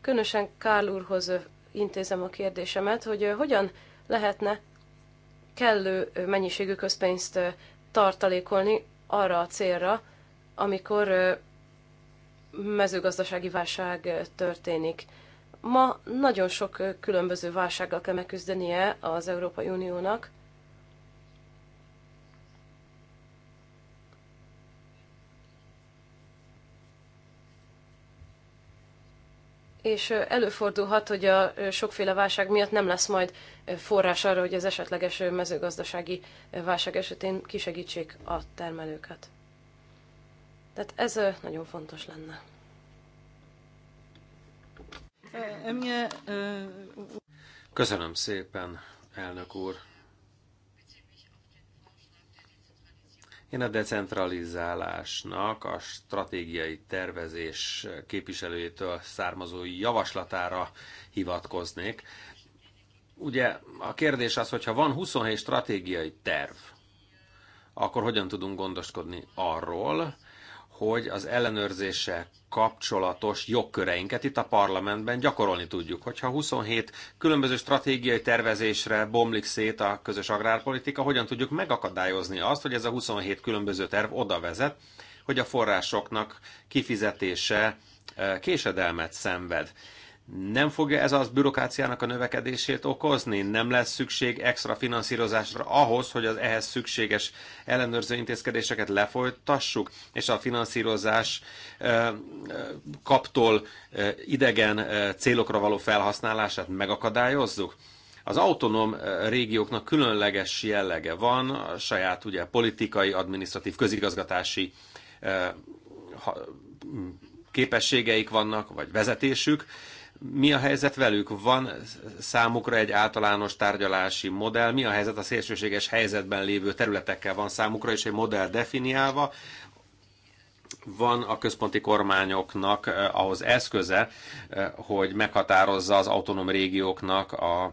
Különösen Kárl úrhoz intézem a kérdésemet, hogy hogyan lehetne kellő mennyiségű közpénzt tartalékolni arra a célra, amikor mezőgazdasági válság történik. Ma nagyon sok különböző válsággal kell megküzdenie az Európai Uniónak. És előfordulhat, hogy a sokféle válság miatt nem lesz majd forrás arra, hogy az esetleges mezőgazdasági válság esetén kisegítsék a termelőket. Tehát ez nagyon fontos lenne. Köszönöm szépen, elnök úr. Én a decentralizálásnak a stratégiai tervezés képviselőjétől származó javaslatára hivatkoznék. Ugye a kérdés az, hogyha van 27 stratégiai terv, akkor hogyan tudunk gondoskodni arról, hogy az ellenőrzése kapcsolatos jogköreinket itt a parlamentben gyakorolni tudjuk. Hogyha 27 különböző stratégiai tervezésre bomlik szét a közös agrárpolitika, hogyan tudjuk megakadályozni azt, hogy ez a 27 különböző terv oda vezet, hogy a forrásoknak kifizetése eh, késedelmet szenved nem fogja ez az bürokráciának a növekedését okozni? Nem lesz szükség extra finanszírozásra ahhoz, hogy az ehhez szükséges ellenőrző intézkedéseket lefolytassuk, és a finanszírozás kaptól idegen célokra való felhasználását megakadályozzuk? Az autonóm régióknak különleges jellege van, a saját ugye politikai, adminisztratív, közigazgatási képességeik vannak, vagy vezetésük, mi a helyzet velük? Van számukra egy általános tárgyalási modell? Mi a helyzet a szélsőséges helyzetben lévő területekkel? Van számukra is egy modell definiálva? Van a központi kormányoknak eh, ahhoz eszköze, eh, hogy meghatározza az autonóm régióknak a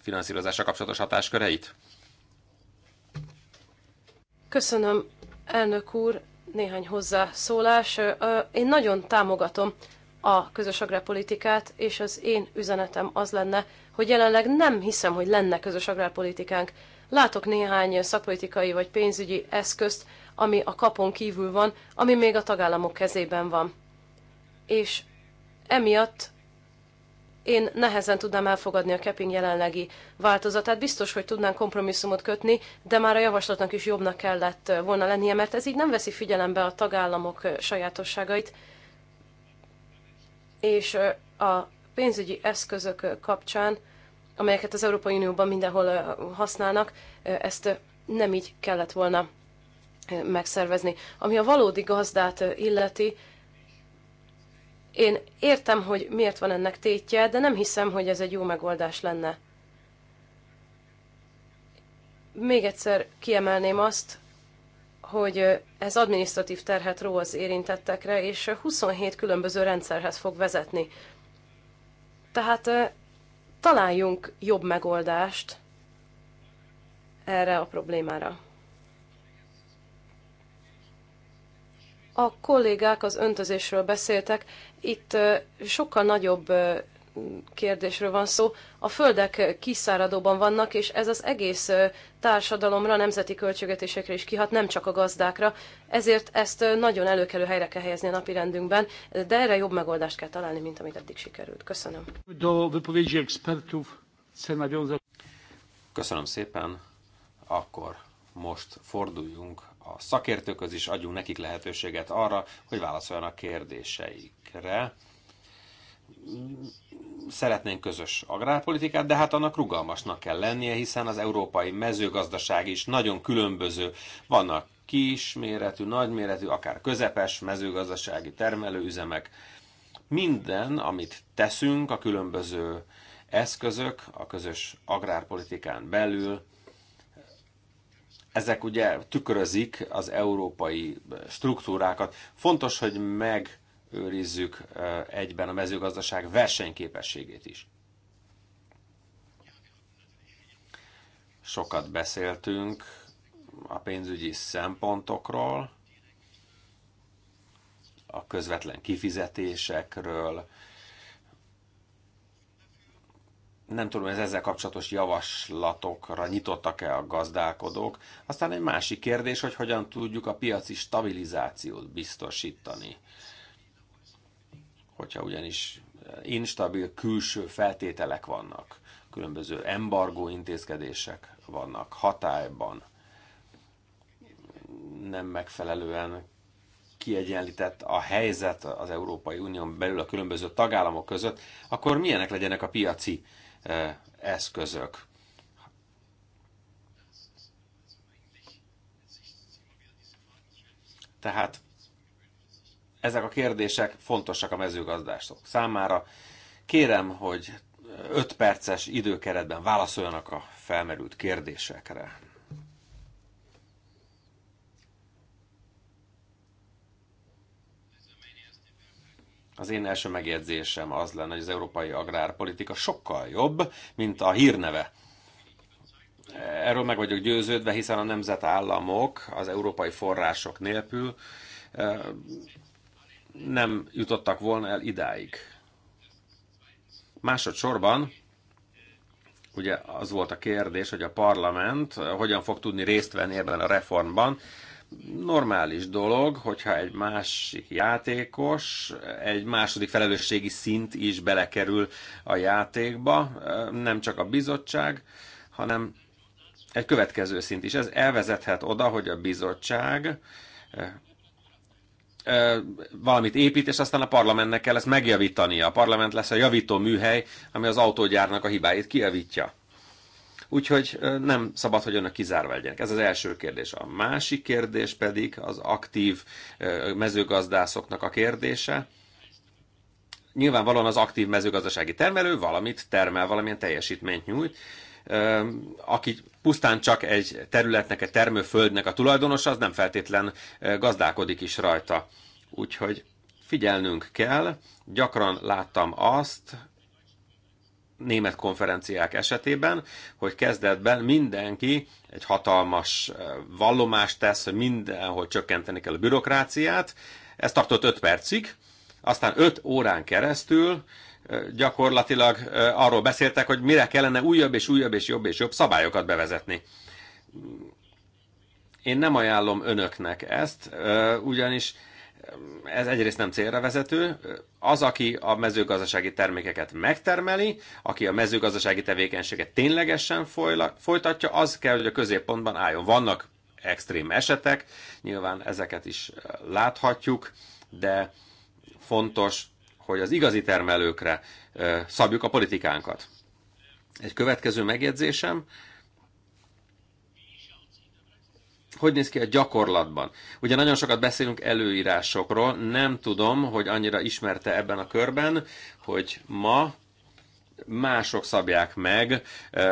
finanszírozásra kapcsolatos hatásköreit? Köszönöm, elnök úr, néhány hozzászólás. Én nagyon támogatom a közös agrárpolitikát, és az én üzenetem az lenne, hogy jelenleg nem hiszem, hogy lenne közös agrárpolitikánk. Látok néhány szakpolitikai vagy pénzügyi eszközt, ami a kapon kívül van, ami még a tagállamok kezében van. És emiatt én nehezen tudnám elfogadni a capping jelenlegi változatát. Biztos, hogy tudnánk kompromisszumot kötni, de már a javaslatnak is jobbnak kellett volna lennie, mert ez így nem veszi figyelembe a tagállamok sajátosságait, és a pénzügyi eszközök kapcsán, amelyeket az Európai Unióban mindenhol használnak, ezt nem így kellett volna megszervezni. Ami a valódi gazdát illeti, én értem, hogy miért van ennek tétje, de nem hiszem, hogy ez egy jó megoldás lenne. Még egyszer kiemelném azt, hogy ez adminisztratív terhet ró az érintettekre, és 27 különböző rendszerhez fog vezetni. Tehát találjunk jobb megoldást erre a problémára. A kollégák az öntözésről beszéltek, itt sokkal nagyobb kérdésről van szó. A földek kiszáradóban vannak, és ez az egész társadalomra, nemzeti költségvetésekre is kihat, nem csak a gazdákra. Ezért ezt nagyon előkelő helyre kell helyezni a napi rendünkben, de erre jobb megoldást kell találni, mint amit eddig sikerült. Köszönöm. Köszönöm szépen. Akkor most forduljunk a szakértőköz is, adjunk nekik lehetőséget arra, hogy válaszoljanak kérdéseikre szeretnénk közös agrárpolitikát, de hát annak rugalmasnak kell lennie, hiszen az európai mezőgazdaság is nagyon különböző. Vannak kisméretű, nagyméretű, akár közepes mezőgazdasági termelőüzemek. Minden, amit teszünk, a különböző eszközök a közös agrárpolitikán belül, ezek ugye tükrözik az európai struktúrákat. Fontos, hogy meg őrizzük egyben a mezőgazdaság versenyképességét is. Sokat beszéltünk a pénzügyi szempontokról, a közvetlen kifizetésekről. Nem tudom, ez ezzel kapcsolatos javaslatokra nyitottak-e a gazdálkodók. Aztán egy másik kérdés, hogy hogyan tudjuk a piaci stabilizációt biztosítani hogyha ugyanis instabil külső feltételek vannak, különböző embargó intézkedések vannak hatályban, nem megfelelően kiegyenlített a helyzet az Európai Unión belül a különböző tagállamok között, akkor milyenek legyenek a piaci eh, eszközök? Tehát ezek a kérdések fontosak a mezőgazdások számára. Kérem, hogy 5 perces időkeretben válaszoljanak a felmerült kérdésekre. Az én első megjegyzésem az lenne, hogy az európai agrárpolitika sokkal jobb, mint a hírneve. Erről meg vagyok győződve, hiszen a nemzetállamok az európai források nélkül eh, nem jutottak volna el idáig. Másodszorban ugye az volt a kérdés, hogy a parlament hogyan fog tudni részt venni ebben a reformban. Normális dolog, hogyha egy másik játékos, egy második felelősségi szint is belekerül a játékba, nem csak a bizottság, hanem egy következő szint is. Ez elvezethet oda, hogy a bizottság valamit épít, és aztán a parlamentnek kell ezt megjavítania. A parlament lesz a javító műhely, ami az autógyárnak a hibáit kijavítja. Úgyhogy nem szabad, hogy önök kizárva legyenek. Ez az első kérdés. A másik kérdés pedig az aktív mezőgazdászoknak a kérdése. Nyilvánvalóan az aktív mezőgazdasági termelő valamit termel, valamilyen teljesítményt nyújt, aki pusztán csak egy területnek, egy termőföldnek a tulajdonosa, az nem feltétlen gazdálkodik is rajta. Úgyhogy figyelnünk kell. Gyakran láttam azt, német konferenciák esetében, hogy kezdetben mindenki egy hatalmas vallomást tesz, hogy mindenhol csökkenteni kell a bürokráciát. Ez tartott 5 percig, aztán 5 órán keresztül gyakorlatilag arról beszéltek, hogy mire kellene újabb és újabb és jobb és jobb szabályokat bevezetni. Én nem ajánlom önöknek ezt, ugyanis ez egyrészt nem célra vezető. Az, aki a mezőgazdasági termékeket megtermeli, aki a mezőgazdasági tevékenységet ténylegesen folytatja, az kell, hogy a középpontban álljon. Vannak extrém esetek, nyilván ezeket is láthatjuk, de fontos hogy az igazi termelőkre szabjuk a politikánkat. Egy következő megjegyzésem, hogy néz ki a gyakorlatban? Ugye nagyon sokat beszélünk előírásokról, nem tudom, hogy annyira ismerte ebben a körben, hogy ma mások szabják meg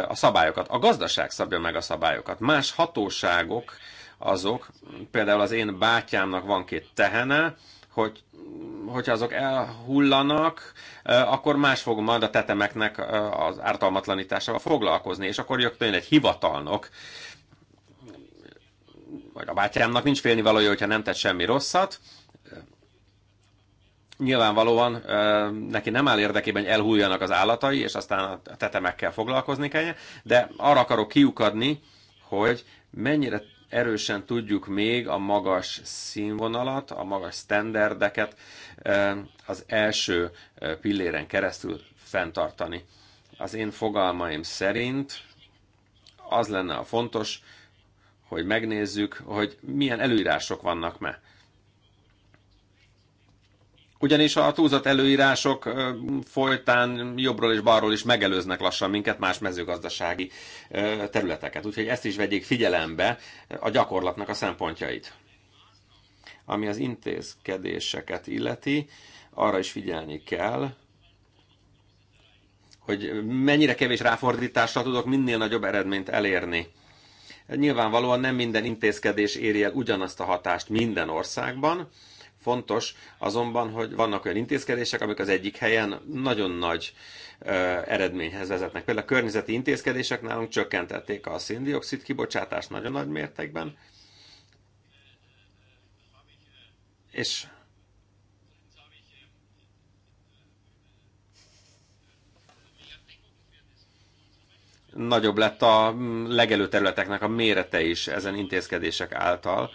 a szabályokat. A gazdaság szabja meg a szabályokat. Más hatóságok azok, például az én bátyámnak van két tehene, hogy hogyha azok elhullanak, akkor más fog majd a tetemeknek az ártalmatlanításával foglalkozni, és akkor jön egy hivatalnok, vagy a bátyámnak nincs félnivalója, hogyha nem tett semmi rosszat, nyilvánvalóan neki nem áll érdekében, hogy elhulljanak az állatai, és aztán a tetemekkel foglalkozni kell, de arra akarok kiukadni, hogy mennyire erősen tudjuk még a magas színvonalat, a magas standardeket az első pilléren keresztül fenntartani. Az én fogalmaim szerint az lenne a fontos, hogy megnézzük, hogy milyen előírások vannak meg. Ugyanis a túlzott előírások folytán jobbról és balról is megelőznek lassan minket más mezőgazdasági területeket. Úgyhogy ezt is vegyék figyelembe a gyakorlatnak a szempontjait. Ami az intézkedéseket illeti, arra is figyelni kell, hogy mennyire kevés ráfordítással tudok minél nagyobb eredményt elérni. Nyilvánvalóan nem minden intézkedés éri el ugyanazt a hatást minden országban, Fontos azonban, hogy vannak olyan intézkedések, amik az egyik helyen nagyon nagy ö, eredményhez vezetnek. Például a környezeti intézkedések nálunk csökkentették a széndiokszid kibocsátást nagyon nagy mértékben, és nagyobb lett a mm, legelőterületeknek a mérete is ezen intézkedések által,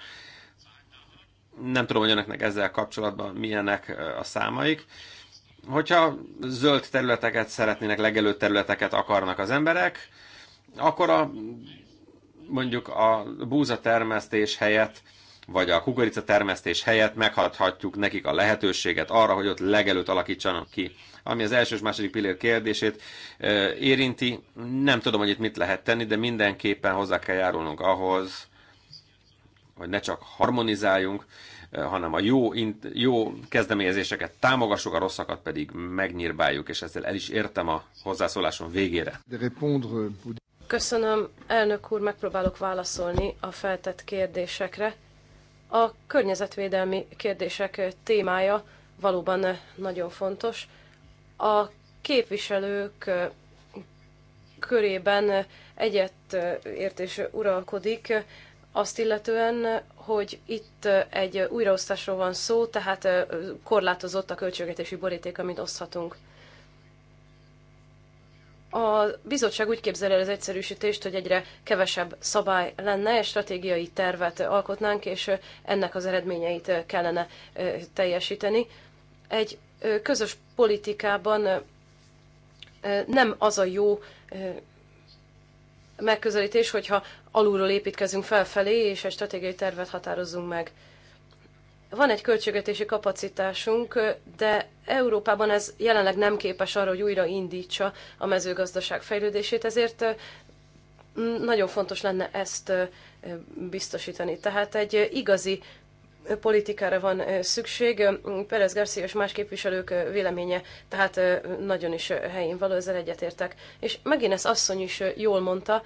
nem tudom, hogy önöknek ezzel kapcsolatban milyenek a számaik. Hogyha zöld területeket szeretnének, legelő területeket akarnak az emberek, akkor a, mondjuk a búza termesztés helyett vagy a kukorica termesztés helyett meghagyhatjuk nekik a lehetőséget arra, hogy ott legelőtt alakítsanak ki. Ami az első és második pillér kérdését érinti, nem tudom, hogy itt mit lehet tenni, de mindenképpen hozzá kell járulnunk ahhoz, hogy ne csak harmonizáljunk, eh, hanem a jó, jó kezdeményezéseket támogassuk, a rosszakat pedig megnyírbáljuk, és ezzel el is értem a hozzászólásom végére. Köszönöm, elnök úr, megpróbálok válaszolni a feltett kérdésekre. A környezetvédelmi kérdések témája valóban nagyon fontos. A képviselők eh, körében egyet eh, értés uralkodik azt illetően, hogy itt egy újraosztásról van szó, tehát korlátozott a költségvetési boríték, amit oszthatunk. A bizottság úgy képzel el az egyszerűsítést, hogy egyre kevesebb szabály lenne, és stratégiai tervet alkotnánk, és ennek az eredményeit kellene teljesíteni. Egy közös politikában nem az a jó megközelítés, hogyha alulról építkezünk felfelé, és egy stratégiai tervet határozzunk meg. Van egy költségvetési kapacitásunk, de Európában ez jelenleg nem képes arra, hogy újra indítsa a mezőgazdaság fejlődését, ezért nagyon fontos lenne ezt biztosítani. Tehát egy igazi politikára van eh, szükség. Perez Garcia és más képviselők eh, véleménye, tehát eh, nagyon is helyén való, ezzel egyetértek. És megint ezt asszony is jól mondta,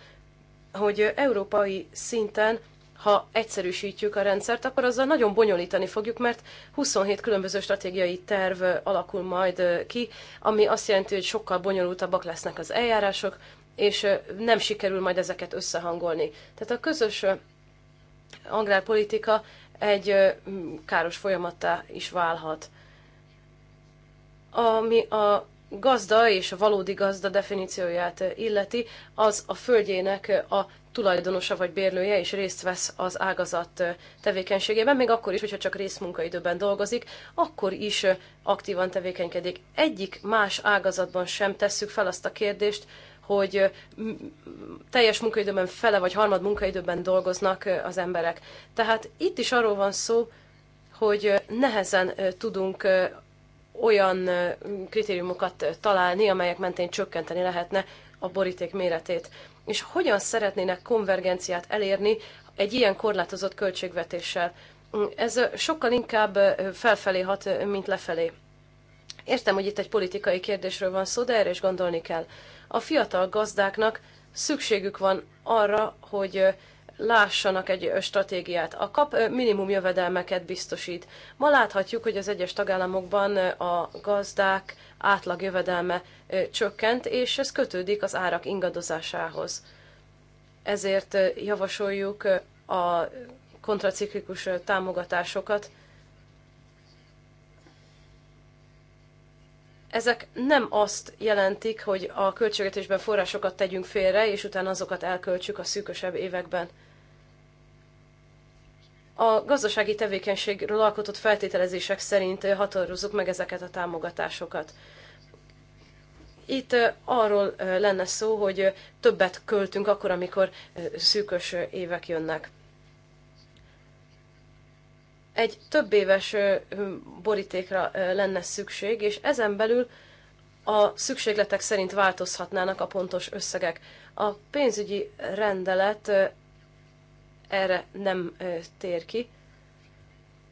hogy európai szinten ha egyszerűsítjük a rendszert, akkor azzal nagyon bonyolítani fogjuk, mert 27 különböző stratégiai terv alakul majd ki, ami azt jelenti, hogy sokkal bonyolultabbak lesznek az eljárások, és nem sikerül majd ezeket összehangolni. Tehát a közös agrárpolitika egy káros folyamattá is válhat. Ami a gazda és a valódi gazda definícióját illeti, az a földjének a tulajdonosa vagy bérlője, és részt vesz az ágazat tevékenységében, még akkor is, hogyha csak részmunkaidőben dolgozik, akkor is aktívan tevékenykedik. Egyik más ágazatban sem tesszük fel azt a kérdést, hogy teljes munkaidőben fele vagy harmad munkaidőben dolgoznak az emberek. Tehát itt is arról van szó, hogy nehezen tudunk olyan kritériumokat találni, amelyek mentén csökkenteni lehetne a boríték méretét. És hogyan szeretnének konvergenciát elérni egy ilyen korlátozott költségvetéssel? Hm, ez sokkal inkább felfelé hat, mint lefelé. Értem, hogy itt egy politikai kérdésről van szó, de erre is gondolni kell. A fiatal gazdáknak szükségük van arra, hogy lássanak egy stratégiát. A kap minimum jövedelmeket biztosít. Ma láthatjuk, hogy az egyes tagállamokban a gazdák átlag jövedelme csökkent, és ez kötődik az árak ingadozásához. Ezért javasoljuk a kontraciklikus támogatásokat, ezek nem azt jelentik, hogy a költségvetésben forrásokat tegyünk félre, és utána azokat elköltsük a szűkösebb években. A gazdasági tevékenységről alkotott feltételezések szerint határozzuk meg ezeket a támogatásokat. Itt arról lenne szó, hogy többet költünk akkor, amikor szűkös évek jönnek egy több éves borítékra lenne szükség, és ezen belül a szükségletek szerint változhatnának a pontos összegek. A pénzügyi rendelet erre nem tér ki.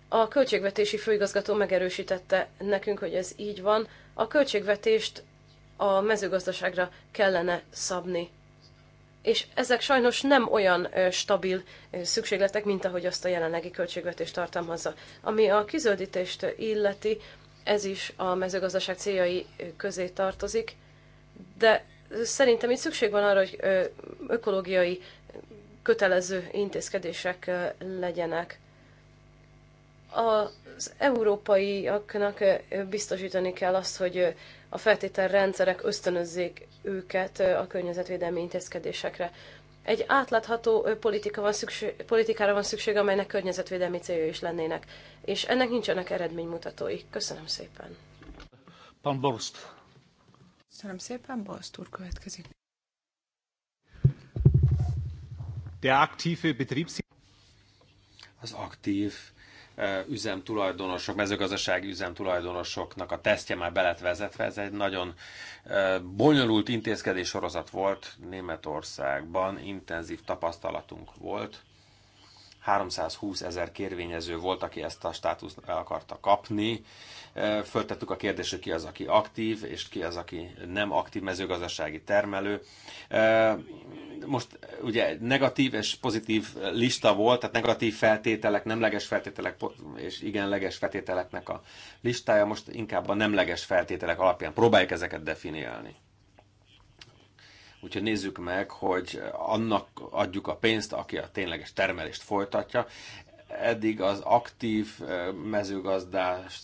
A költségvetési főigazgató megerősítette nekünk, hogy ez így van. A költségvetést a mezőgazdaságra kellene szabni és ezek sajnos nem olyan stabil szükségletek, mint ahogy azt a jelenlegi költségvetés tartalmazza. Ami a kizöldítést illeti, ez is a mezőgazdaság céljai közé tartozik, de szerintem itt szükség van arra, hogy ökológiai kötelező intézkedések legyenek. Az európaiaknak biztosítani kell azt, hogy a feltételrendszerek ösztönözzék őket a környezetvédelmi intézkedésekre. Egy átlátható politika van szükség, politikára van szükség, amelynek környezetvédelmi célja is lennének, és ennek nincsenek eredménymutatói. Köszönöm szépen. Pan Borst. Köszönöm szépen, Borst úr következik. Der aktive Betriebs az aktív üzemtulajdonosok, mezőgazdasági üzemtulajdonosoknak a tesztje már belet vezetve. Ez egy nagyon bonyolult intézkedés sorozat volt Németországban, intenzív tapasztalatunk volt 320 ezer kérvényező volt, aki ezt a státuszt el akarta kapni. Föltettük a kérdést, hogy ki az, aki aktív, és ki az, aki nem aktív mezőgazdasági termelő. Most ugye negatív és pozitív lista volt, tehát negatív feltételek, nemleges feltételek és igenleges feltételeknek a listája. Most inkább a nemleges feltételek alapján próbáljuk ezeket definiálni. Úgyhogy nézzük meg, hogy annak adjuk a pénzt, aki a tényleges termelést folytatja. Eddig az aktív eh, mezőgazdás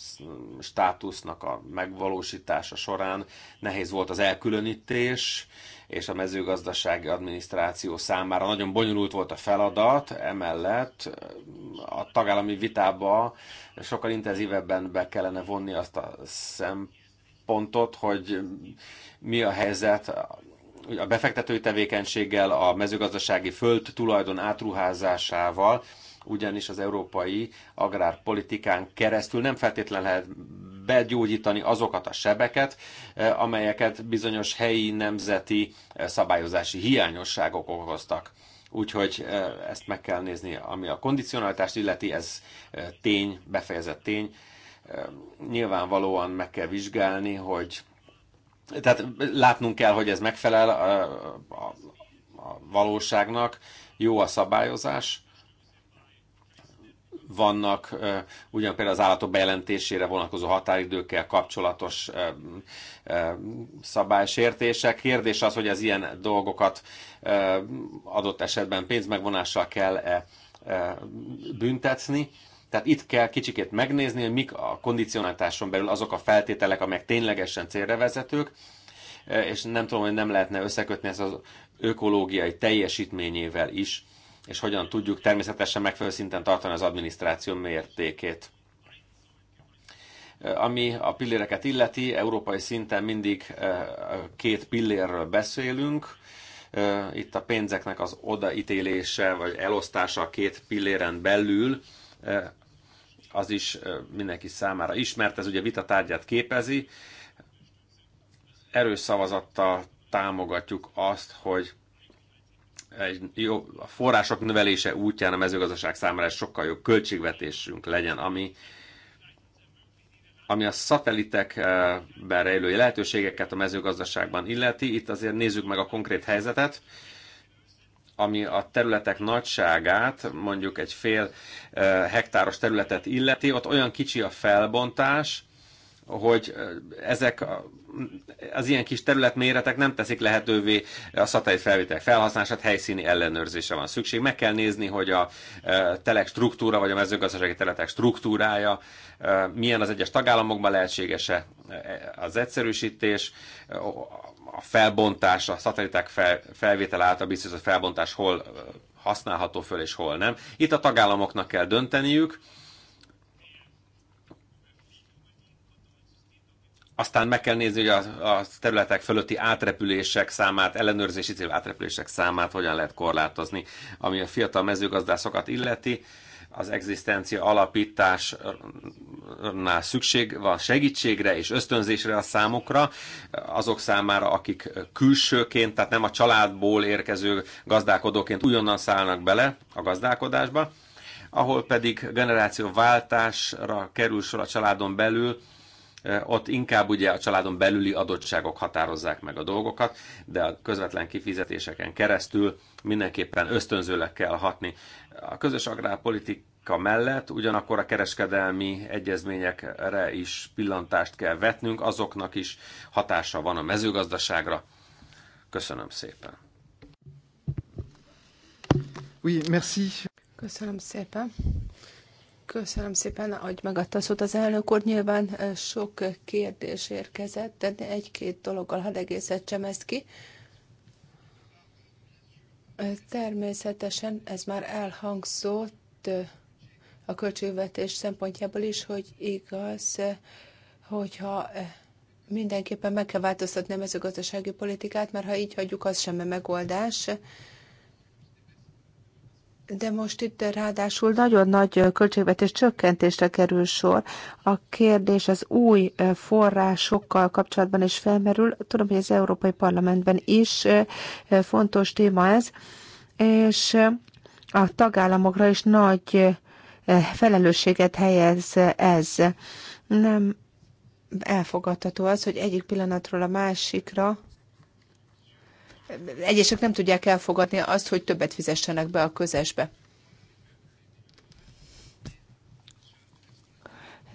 státusznak a megvalósítása során nehéz volt az elkülönítés, és a mezőgazdasági adminisztráció számára nagyon bonyolult volt a feladat, emellett eh, a tagállami vitába sokkal intenzívebben be kellene vonni azt a szempontot, hogy mi a helyzet a befektetői tevékenységgel, a mezőgazdasági föld tulajdon átruházásával, ugyanis az európai agrárpolitikán keresztül nem feltétlenül lehet begyógyítani azokat a sebeket, eh, amelyeket bizonyos helyi nemzeti eh, szabályozási hiányosságok okoztak. Úgyhogy eh, ezt meg kell nézni, ami a kondicionalitást illeti, ez tény, befejezett tény. Nyilvánvalóan meg kell vizsgálni, hogy tehát látnunk kell, hogy ez megfelel a, a, a valóságnak, jó a szabályozás, vannak ugyan például az állatok bejelentésére vonatkozó határidőkkel kapcsolatos szabálysértések. Kérdés az, hogy az ilyen dolgokat adott esetben pénzmegvonással kell -e büntetni. Tehát itt kell kicsikét megnézni, hogy mik a kondicionáltáson belül azok a feltételek, amelyek ténylegesen célra vezetők, e, és nem tudom, hogy nem lehetne összekötni ezt az ökológiai teljesítményével is, és hogyan tudjuk természetesen megfelelő szinten tartani az adminisztráció mértékét. E, ami a pilléreket illeti, európai szinten mindig e, két pillérről beszélünk, itt a pénzeknek az odaítélése vagy elosztása a két pilléren belül, az is mindenki számára ismert, ez ugye vita tárgyát képezi. Erős szavazattal támogatjuk azt, hogy egy jó, a források növelése útján a mezőgazdaság számára egy sokkal jobb költségvetésünk legyen, ami, ami a szatelitekben rejlő lehetőségeket a mezőgazdaságban illeti. Itt azért nézzük meg a konkrét helyzetet ami a területek nagyságát, mondjuk egy fél eh, hektáros területet illeti, ott olyan kicsi a felbontás, hogy eh, ezek az ilyen kis területméretek nem teszik lehetővé a szatellit felvételek felhasználását, helyszíni ellenőrzése van szükség. Meg kell nézni, hogy a eh, telek struktúra, vagy a mezőgazdasági területek struktúrája, milyen az egyes tagállamokban lehetséges-e az egyszerűsítés, a felbontás, a szatelliták fel, felvétel által a felbontás hol használható föl és hol nem. Itt a tagállamoknak kell dönteniük, aztán meg kell nézni, hogy a, a területek fölötti átrepülések számát, ellenőrzési cél átrepülések számát hogyan lehet korlátozni, ami a fiatal mezőgazdászokat illeti. Uh, az egzisztencia alapításnál szükség van segítségre és ösztönzésre a számukra, azok számára, akik külsőként, tehát nem a családból érkező gazdálkodóként újonnan szállnak bele a gazdálkodásba, ahol pedig generációváltásra kerül sor a családon belül, ott inkább ugye a családon belüli adottságok határozzák meg a dolgokat, de a közvetlen kifizetéseken keresztül mindenképpen ösztönzőleg kell hatni a közös agrárpolitika mellett ugyanakkor a kereskedelmi egyezményekre is pillantást kell vetnünk, azoknak is hatása van a mezőgazdaságra. Köszönöm szépen. Oui, merci. Köszönöm szépen. Köszönöm szépen, hogy megadta szót az elnök úr. Nyilván eh, sok kérdés érkezett, de egy-két dologgal hadd egészítsem ezt ki. Természetesen ez már elhangzott a költségvetés szempontjából is, hogy igaz, hogyha mindenképpen meg kell változtatni a mezőgazdasági politikát, mert ha így hagyjuk, az sem a megoldás. De most itt ráadásul nagyon nagy költségvetés csökkentésre kerül sor. A kérdés az új forrásokkal kapcsolatban is felmerül. Tudom, hogy az Európai Parlamentben is fontos téma ez, és a tagállamokra is nagy felelősséget helyez ez. Nem elfogadható az, hogy egyik pillanatról a másikra egyesek nem tudják elfogadni azt, hogy többet fizessenek be a közesbe.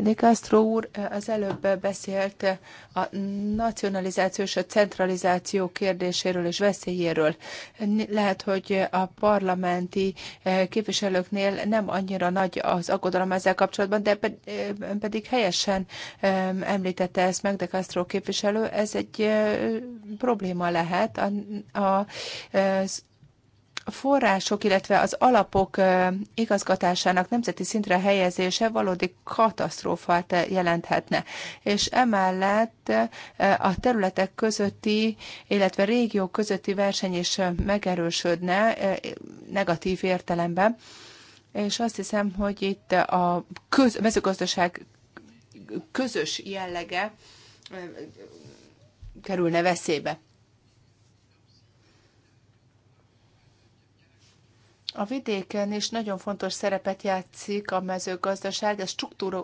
De Castro úr az előbb beszélt a nacionalizáció és a centralizáció kérdéséről és veszélyéről. Lehet, hogy a parlamenti képviselőknél nem annyira nagy az aggodalom ezzel kapcsolatban, de pedig helyesen említette ezt meg de Castro képviselő. Ez egy probléma lehet. A, a, források, illetve az alapok igazgatásának nemzeti szintre helyezése valódi katasztrófát jelenthetne. És emellett a területek közötti, illetve régiók közötti verseny is megerősödne negatív értelemben. És azt hiszem, hogy itt a köz, mezőgazdaság közös jellege kerülne veszélybe. A vidéken is nagyon fontos szerepet játszik a mezőgazdaság, ez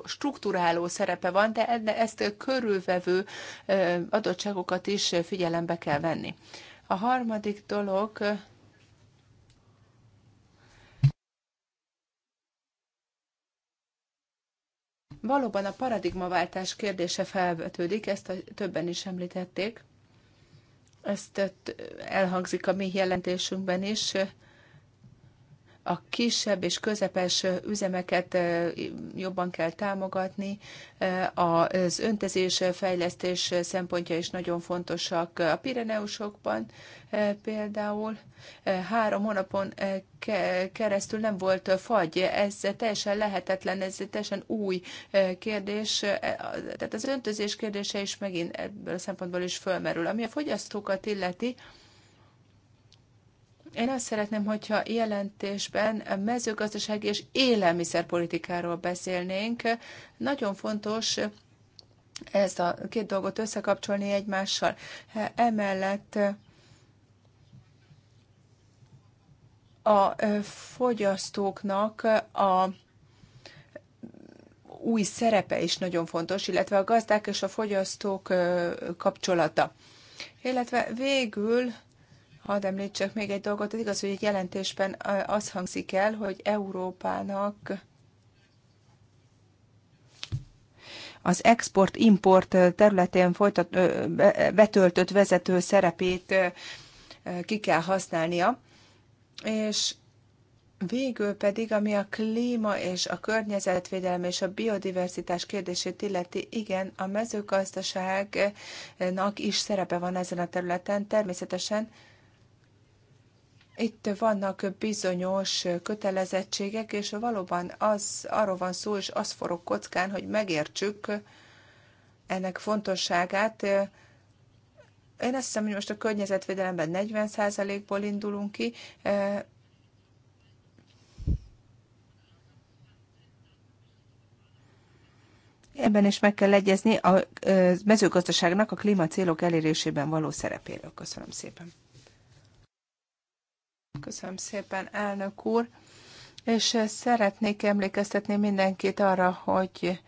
strukturáló szerepe van, de ezt körülvevő adottságokat is figyelembe kell venni. A harmadik dolog, Valóban a paradigmaváltás kérdése felvetődik, ezt a, többen is említették. Ezt elhangzik a mi jelentésünkben is a kisebb és közepes üzemeket jobban kell támogatni. Az öntözés fejlesztés szempontja is nagyon fontosak a Pireneusokban például. Három hónapon keresztül nem volt fagy, ez teljesen lehetetlen, ez teljesen új kérdés. Tehát az öntözés kérdése is megint ebből a szempontból is fölmerül. Ami a fogyasztókat illeti, én azt szeretném, hogyha jelentésben mezőgazdasági és élelmiszerpolitikáról beszélnénk. Nagyon fontos ezt a két dolgot összekapcsolni egymással. Emellett a fogyasztóknak a új szerepe is nagyon fontos, illetve a gazdák és a fogyasztók kapcsolata. Illetve végül Hadd említsek még egy dolgot, az igaz, hogy egy jelentésben az hangzik el, hogy Európának az export-import területén folytat, betöltött vezető szerepét ki kell használnia, és végül pedig, ami a klíma és a környezetvédelem és a biodiverzitás kérdését illeti, igen, a mezőgazdaságnak is szerepe van ezen a területen. Természetesen itt vannak bizonyos kötelezettségek, és valóban az, arról van szó, és az forog kockán, hogy megértsük ennek fontosságát. Én azt hiszem, hogy most a környezetvédelemben 40%-ból indulunk ki, Ebben is meg kell egyezni a mezőgazdaságnak a klímacélok elérésében való szerepéről. Köszönöm szépen. Köszönöm szépen, elnök úr. És szeretnék emlékeztetni mindenkit arra, hogy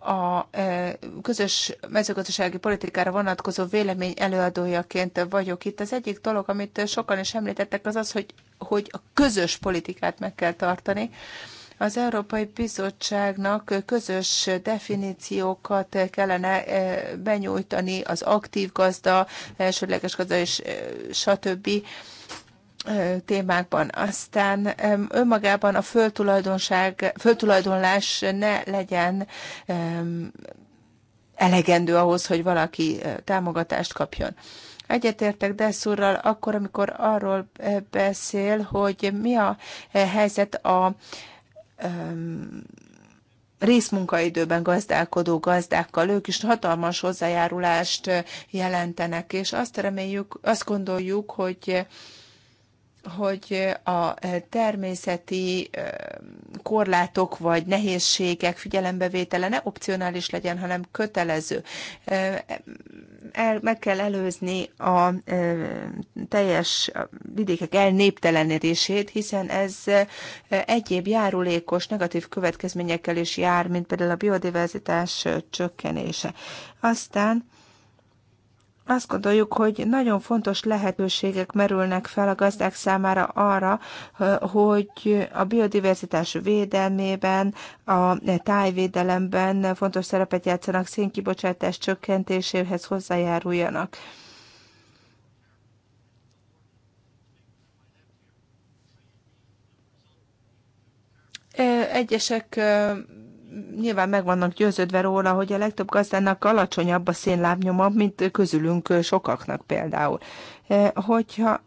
a e, közös mezőgazdasági politikára vonatkozó vélemény előadójaként vagyok itt. Az egyik dolog, amit sokan is említettek, az az, hogy, hogy a közös politikát meg kell tartani. Az Európai Bizottságnak közös definíciókat kellene e, benyújtani az aktív gazda, elsődleges gazda és e, stb témákban. Aztán önmagában a föltulajdonság, föltulajdonlás ne legyen elegendő ahhoz, hogy valaki támogatást kapjon. Egyetértek Desszurral akkor, amikor arról beszél, hogy mi a helyzet a részmunkaidőben gazdálkodó gazdákkal, ők is hatalmas hozzájárulást jelentenek, és azt reméljük, azt gondoljuk, hogy hogy a természeti korlátok vagy nehézségek figyelembevétele ne opcionális legyen, hanem kötelező. El, meg kell előzni a teljes vidékek elnéptelenedését, hiszen ez egyéb járulékos negatív következményekkel is jár, mint például a biodiverzitás csökkenése. Aztán azt gondoljuk, hogy nagyon fontos lehetőségek merülnek fel a gazdák számára arra, hogy a biodiverzitás védelmében, a tájvédelemben fontos szerepet játszanak, szénkibocsátás csökkentéséhez hozzájáruljanak. Egyesek nyilván meg vannak győződve róla, hogy a legtöbb gazdának alacsonyabb a szénlábnyoma, mint közülünk sokaknak például. Eh, hogyha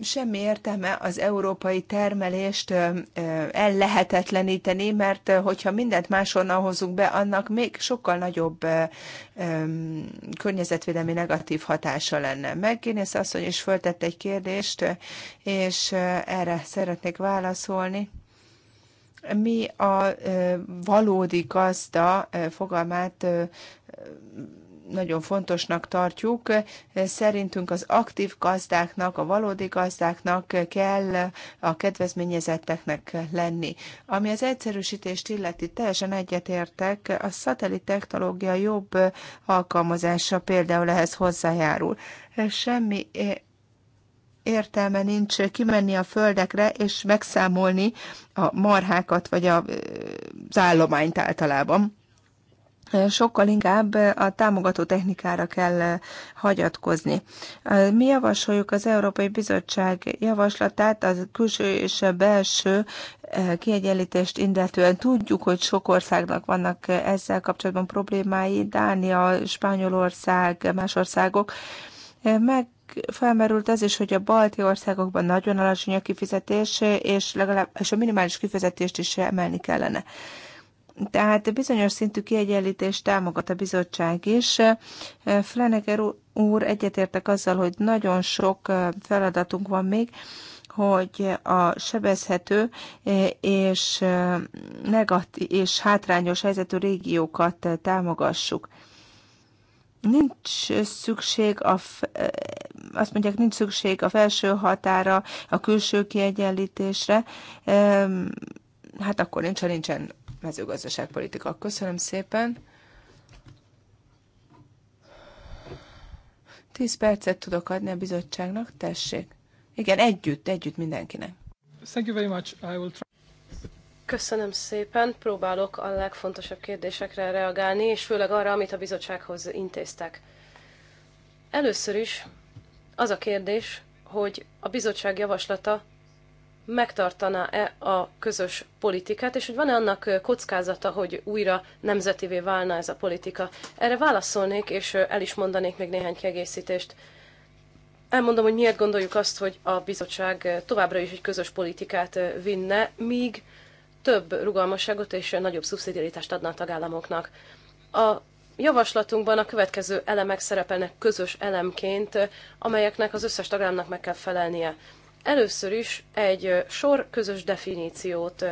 semmi értelme az európai termelést ellehetetleníteni, mert hogyha mindent máshonnan hozunk be, annak még sokkal nagyobb környezetvédelmi negatív hatása lenne. Megkérdez hogy is föltett egy kérdést, és erre szeretnék válaszolni. Mi a valódi gazda fogalmát nagyon fontosnak tartjuk. Szerintünk az aktív gazdáknak, a valódi gazdáknak kell a kedvezményezetteknek lenni. Ami az egyszerűsítést illeti, teljesen egyetértek, a szatellit technológia jobb alkalmazása például ehhez hozzájárul. Semmi értelme nincs kimenni a földekre és megszámolni a marhákat, vagy az állományt általában sokkal inkább a támogató technikára kell eh, hagyatkozni. Mi javasoljuk az Európai Bizottság javaslatát, az külső és belső eh, kiegyenlítést illetően tudjuk, hogy sok országnak vannak eh, ezzel kapcsolatban problémái, Dánia, Spanyolország, más országok. Meg felmerült az is, hogy a balti országokban nagyon alacsony a kifizetés, és legalább és a minimális kifizetést is emelni kellene. Tehát bizonyos szintű kiegyenlítést támogat a bizottság is. Fleneger úr egyetértek azzal, hogy nagyon sok feladatunk van még, hogy a sebezhető és negatív és hátrányos helyzetű régiókat támogassuk. Nincs szükség a, azt mondják, nincs szükség a felső határa, a külső kiegyenlítésre, hát akkor nincsen, nincsen mezőgazdaságpolitika. Köszönöm szépen. Tíz percet tudok adni a bizottságnak, tessék. Igen, együtt, együtt mindenkinek. Thank you very much. I will try. Köszönöm szépen. Próbálok a legfontosabb kérdésekre reagálni, és főleg arra, amit a bizottsághoz intéztek. Először is az a kérdés, hogy a bizottság javaslata megtartaná-e a közös politikát, és hogy van-e annak kockázata, hogy újra nemzetivé válna ez a politika. Erre válaszolnék, és el is mondanék még néhány kiegészítést. Elmondom, hogy miért gondoljuk azt, hogy a bizottság továbbra is egy közös politikát vinne, míg több rugalmasságot és nagyobb szubszidiaritást adna a tagállamoknak. A javaslatunkban a következő elemek szerepelnek közös elemként, amelyeknek az összes tagállamnak meg kell felelnie. Először is egy sor közös definíciót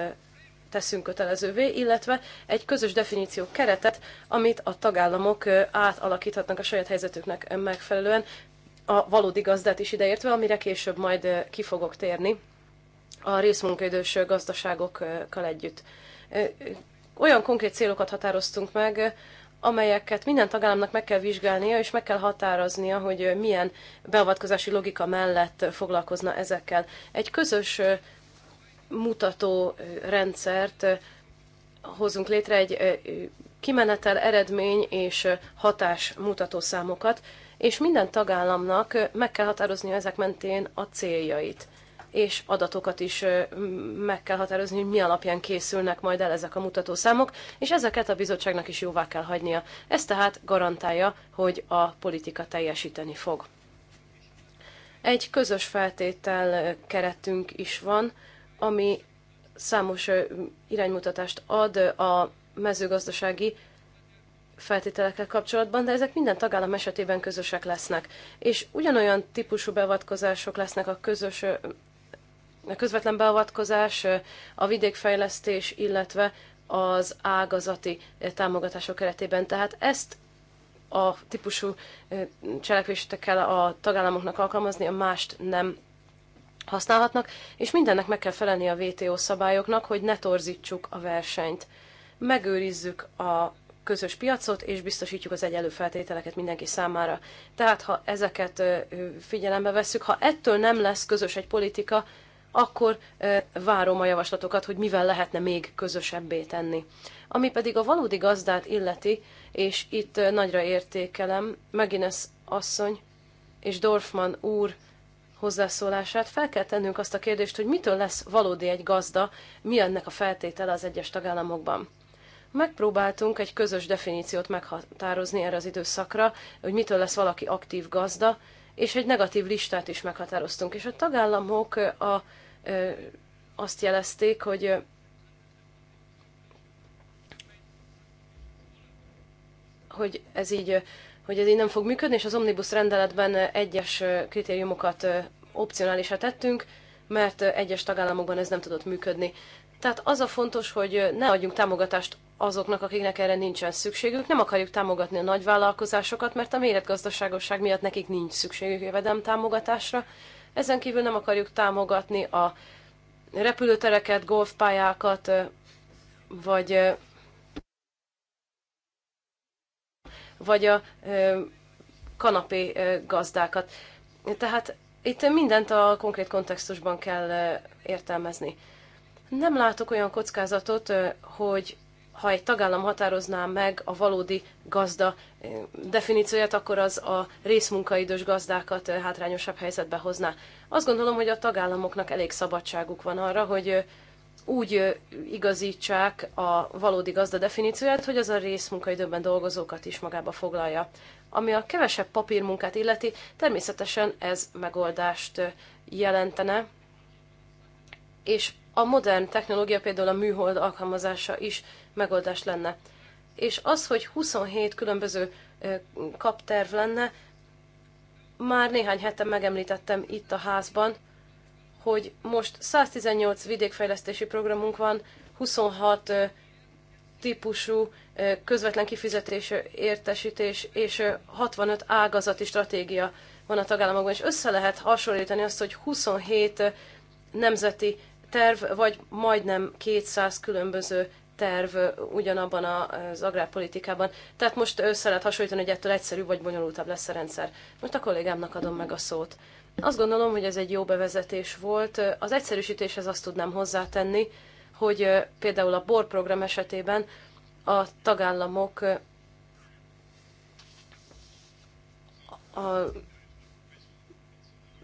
teszünk kötelezővé, illetve egy közös definíció keretet, amit a tagállamok átalakíthatnak a saját helyzetüknek megfelelően, a valódi gazdát is ideértve, amire később majd ki fogok térni a részmunkaidős gazdaságokkal együtt. Olyan konkrét célokat határoztunk meg, amelyeket minden tagállamnak meg kell vizsgálnia, és meg kell határoznia, hogy milyen beavatkozási logika mellett foglalkozna ezekkel. Egy közös mutató rendszert hozunk létre, egy kimenetel, eredmény és hatás mutatószámokat, számokat, és minden tagállamnak meg kell határoznia ezek mentén a céljait és adatokat is meg kell határozni, hogy mi alapján készülnek majd el ezek a mutatószámok, és ezeket a bizottságnak is jóvá kell hagynia. Ez tehát garantálja, hogy a politika teljesíteni fog. Egy közös feltétel keretünk is van, ami számos iránymutatást ad a mezőgazdasági feltételekkel kapcsolatban, de ezek minden tagállam esetében közösek lesznek. És ugyanolyan típusú beavatkozások lesznek a közös közvetlen beavatkozás, a vidékfejlesztés, illetve az ágazati támogatások keretében. Tehát ezt a típusú cselekvést kell a tagállamoknak alkalmazni, a mást nem használhatnak, és mindennek meg kell felelni a WTO szabályoknak, hogy ne torzítsuk a versenyt. Megőrizzük a közös piacot, és biztosítjuk az egyenlő feltételeket mindenki számára. Tehát, ha ezeket figyelembe vesszük, ha ettől nem lesz közös egy politika, akkor várom a javaslatokat, hogy mivel lehetne még közösebbé tenni. Ami pedig a valódi gazdát illeti, és itt nagyra értékelem Megines asszony és Dorfman úr hozzászólását, fel kell tennünk azt a kérdést, hogy mitől lesz valódi egy gazda, mi ennek a feltétele az egyes tagállamokban. Megpróbáltunk egy közös definíciót meghatározni erre az időszakra, hogy mitől lesz valaki aktív gazda, és egy negatív listát is meghatároztunk, és a tagállamok a azt jelezték, hogy hogy ez így, hogy ez így nem fog működni, és az omnibus rendeletben egyes kritériumokat opcionálisra tettünk, mert egyes tagállamokban ez nem tudott működni. Tehát az a fontos, hogy ne adjunk támogatást azoknak, akiknek erre nincsen szükségük. Nem akarjuk támogatni a nagyvállalkozásokat, mert a méretgazdaságosság miatt nekik nincs szükségük jövedem támogatásra, ezen kívül nem akarjuk támogatni a repülőtereket, golfpályákat, vagy, vagy a kanapé gazdákat. Tehát itt mindent a konkrét kontextusban kell értelmezni. Nem látok olyan kockázatot, hogy ha egy tagállam határozná meg a valódi gazda eh, definícióját, akkor az a részmunkaidős gazdákat eh, hátrányosabb helyzetbe hozná. Azt gondolom, hogy a tagállamoknak elég szabadságuk van arra, hogy eh, úgy igazítsák a valódi gazda definícióját, hogy az a részmunkaidőben dolgozókat is magába foglalja. Ami a kevesebb papírmunkát illeti, természetesen ez megoldást jelentene, és a modern technológia, például a műhold alkalmazása is megoldás lenne. És az, hogy 27 különböző kapterv lenne, már néhány hete megemlítettem itt a házban, hogy most 118 vidékfejlesztési programunk van, 26 típusú közvetlen kifizetés értesítés és 65 ágazati stratégia van a tagállamokban, és össze lehet hasonlítani azt, hogy 27 nemzeti terv, vagy majdnem 200 különböző terv ugyanabban az agrárpolitikában. Tehát most össze lehet hasonlítani, hogy ettől egyszerűbb vagy bonyolultabb lesz a rendszer. Most a kollégámnak adom meg a szót. Azt gondolom, hogy ez egy jó bevezetés volt. Az egyszerűsítéshez azt tudnám hozzátenni, hogy például a Bor program esetében a tagállamok a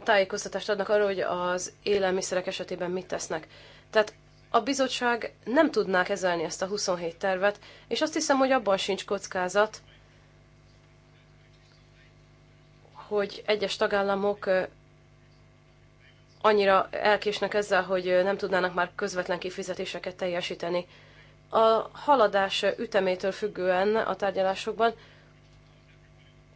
tájékoztatást adnak arról, hogy az élelmiszerek esetében mit tesznek. Tehát a bizottság nem tudná kezelni ezt a 27 tervet, és azt hiszem, hogy abban sincs kockázat, hogy egyes tagállamok annyira elkésnek ezzel, hogy nem tudnának már közvetlen kifizetéseket teljesíteni. A haladás ütemétől függően a tárgyalásokban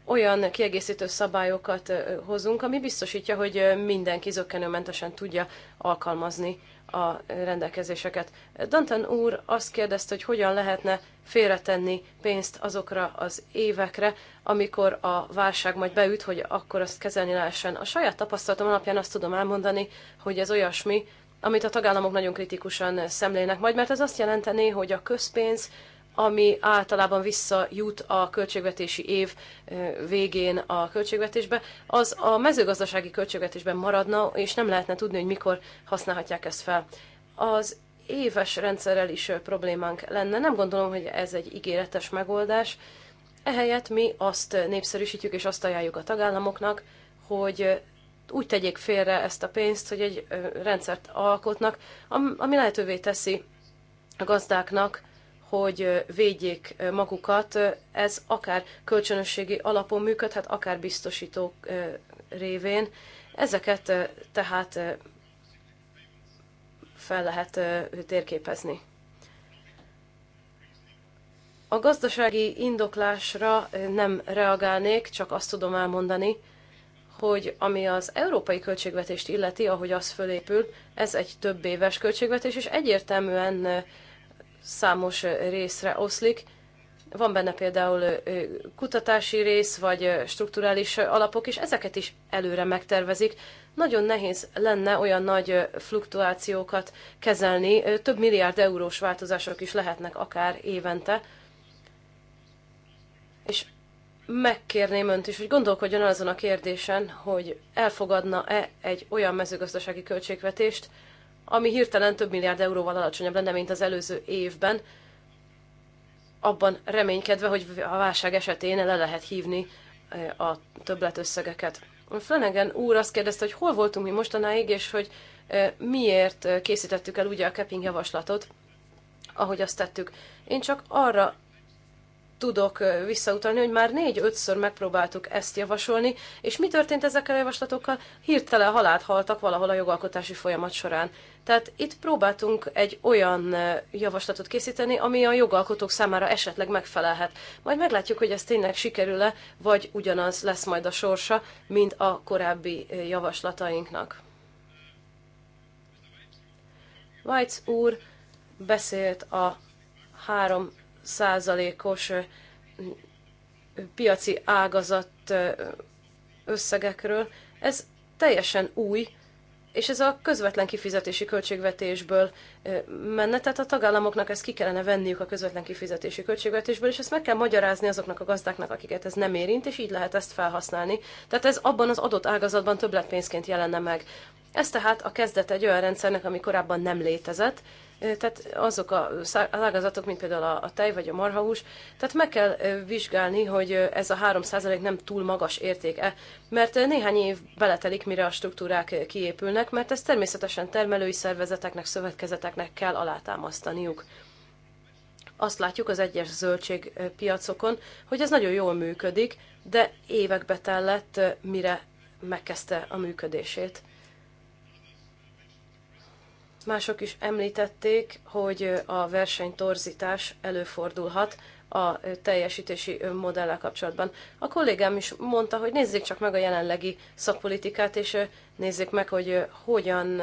olyan kiegészítő szabályokat hozunk, ami biztosítja, hogy mindenki zöggenőmentesen tudja alkalmazni a rendelkezéseket. Danton úr azt kérdezte, hogy hogyan lehetne félretenni pénzt azokra az évekre, amikor a válság majd beüt, hogy akkor azt kezelni lehessen. A saját tapasztalatom alapján azt tudom elmondani, hogy ez olyasmi, amit a tagállamok nagyon kritikusan szemlélnek majd, mert ez azt jelenteni, hogy a közpénz ami általában visszajut a költségvetési év végén a költségvetésbe, az a mezőgazdasági költségvetésben maradna, és nem lehetne tudni, hogy mikor használhatják ezt fel. Az éves rendszerrel is problémánk lenne. Nem gondolom, hogy ez egy ígéretes megoldás. Ehelyett mi azt népszerűsítjük és azt ajánljuk a tagállamoknak, hogy úgy tegyék félre ezt a pénzt, hogy egy rendszert alkotnak, ami lehetővé teszi a gazdáknak, hogy védjék magukat. Ez akár kölcsönösségi alapon működhet, akár biztosítók révén. Ezeket tehát fel lehet térképezni. A gazdasági indoklásra nem reagálnék, csak azt tudom elmondani, hogy ami az európai költségvetést illeti, ahogy az fölépül, ez egy több éves költségvetés, és egyértelműen számos részre oszlik. Van benne például kutatási rész, vagy strukturális alapok, és ezeket is előre megtervezik. Nagyon nehéz lenne olyan nagy fluktuációkat kezelni, több milliárd eurós változások is lehetnek akár évente. És megkérném önt is, hogy gondolkodjon azon a kérdésen, hogy elfogadna-e egy olyan mezőgazdasági költségvetést, ami hirtelen több milliárd euróval alacsonyabb lenne, mint az előző évben, abban reménykedve, hogy a válság esetén le lehet hívni eh, a többletösszegeket. Flanagan úr azt kérdezte, hogy hol voltunk mi mostanáig, és hogy eh, miért eh, készítettük el ugye a capping javaslatot, ahogy azt tettük. Én csak arra tudok visszautalni, hogy már négy-ötször megpróbáltuk ezt javasolni, és mi történt ezekkel a javaslatokkal? Hirtelen halált haltak valahol a jogalkotási folyamat során. Tehát itt próbáltunk egy olyan javaslatot készíteni, ami a jogalkotók számára esetleg megfelelhet. Majd meglátjuk, hogy ez tényleg sikerül-e, vagy ugyanaz lesz majd a sorsa, mint a korábbi javaslatainknak. Weitz úr beszélt a három százalékos piaci ágazat összegekről. Ez teljesen új, és ez a közvetlen kifizetési költségvetésből menne, tehát a tagállamoknak ezt ki kellene venniük a közvetlen kifizetési költségvetésből, és ezt meg kell magyarázni azoknak a gazdáknak, akiket ez nem érint, és így lehet ezt felhasználni. Tehát ez abban az adott ágazatban többletpénzként jelenne meg. Ez tehát a kezdet egy olyan rendszernek, ami korábban nem létezett, tehát azok a az ágazatok, mint például a tej vagy a marhahús, tehát meg kell vizsgálni, hogy ez a 3% nem túl magas értéke, mert néhány év beletelik, mire a struktúrák kiépülnek, mert ezt természetesen termelői szervezeteknek, szövetkezeteknek kell alátámasztaniuk. Azt látjuk az egyes zöldségpiacokon, hogy ez nagyon jól működik, de évekbe tellett, mire megkezdte a működését. Mások is említették, hogy a versenytorzítás előfordulhat a teljesítési modellel kapcsolatban. A kollégám is mondta, hogy nézzék csak meg a jelenlegi szakpolitikát, és nézzék meg, hogy hogyan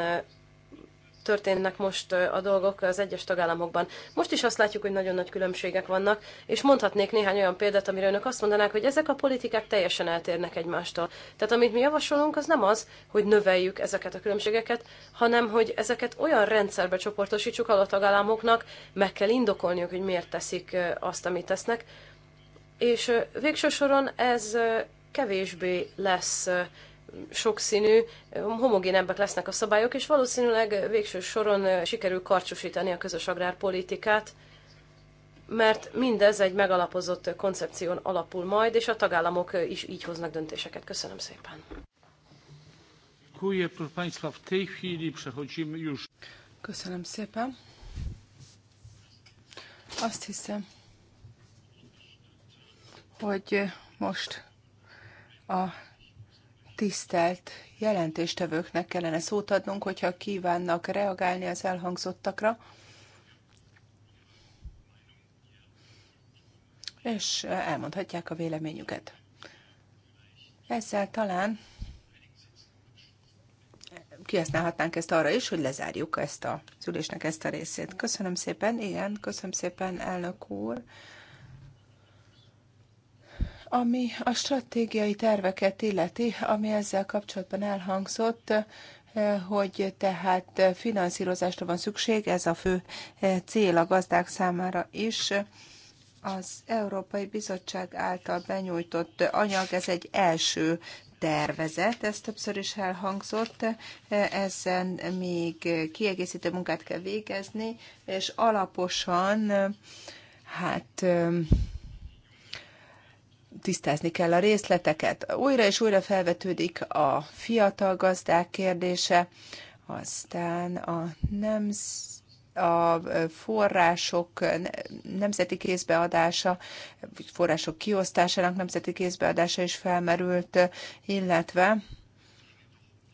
történnek most a dolgok az egyes tagállamokban. Most is azt látjuk, hogy nagyon nagy különbségek vannak, és mondhatnék néhány olyan példát, amire önök azt mondanák, hogy ezek a politikák teljesen eltérnek egymástól. Tehát amit mi javasolunk, az nem az, hogy növeljük ezeket a különbségeket, hanem hogy ezeket olyan rendszerbe csoportosítsuk, ahol a tagállamoknak meg kell indokolniuk, hogy miért teszik azt, amit tesznek. És végső soron ez kevésbé lesz sokszínű, homogénebbek lesznek a szabályok, és valószínűleg végső soron sikerül karcsúsítani a közös agrárpolitikát, mert mindez egy megalapozott koncepción alapul majd, és a tagállamok is így hoznak döntéseket. Köszönöm szépen. Köszönöm szépen. Azt hiszem, hogy most a tisztelt jelentéstevőknek kellene szót adnunk, hogyha kívánnak reagálni az elhangzottakra. És elmondhatják a véleményüket. Ezzel talán kihasználhatnánk ezt arra is, hogy lezárjuk ezt a szülésnek ezt a részét. Köszönöm szépen, igen, köszönöm szépen, elnök úr. Ami a stratégiai terveket illeti, ami ezzel kapcsolatban elhangzott, hogy tehát finanszírozásra van szükség, ez a fő cél a gazdák számára is. Az Európai Bizottság által benyújtott anyag, ez egy első tervezet, ez többször is elhangzott, ezen még kiegészítő munkát kell végezni, és alaposan hát tisztázni kell a részleteket. Újra és újra felvetődik a fiatal gazdák kérdése, aztán a nemz, a források nemzeti kézbeadása, vagy források kiosztásának nemzeti kézbeadása is felmerült, illetve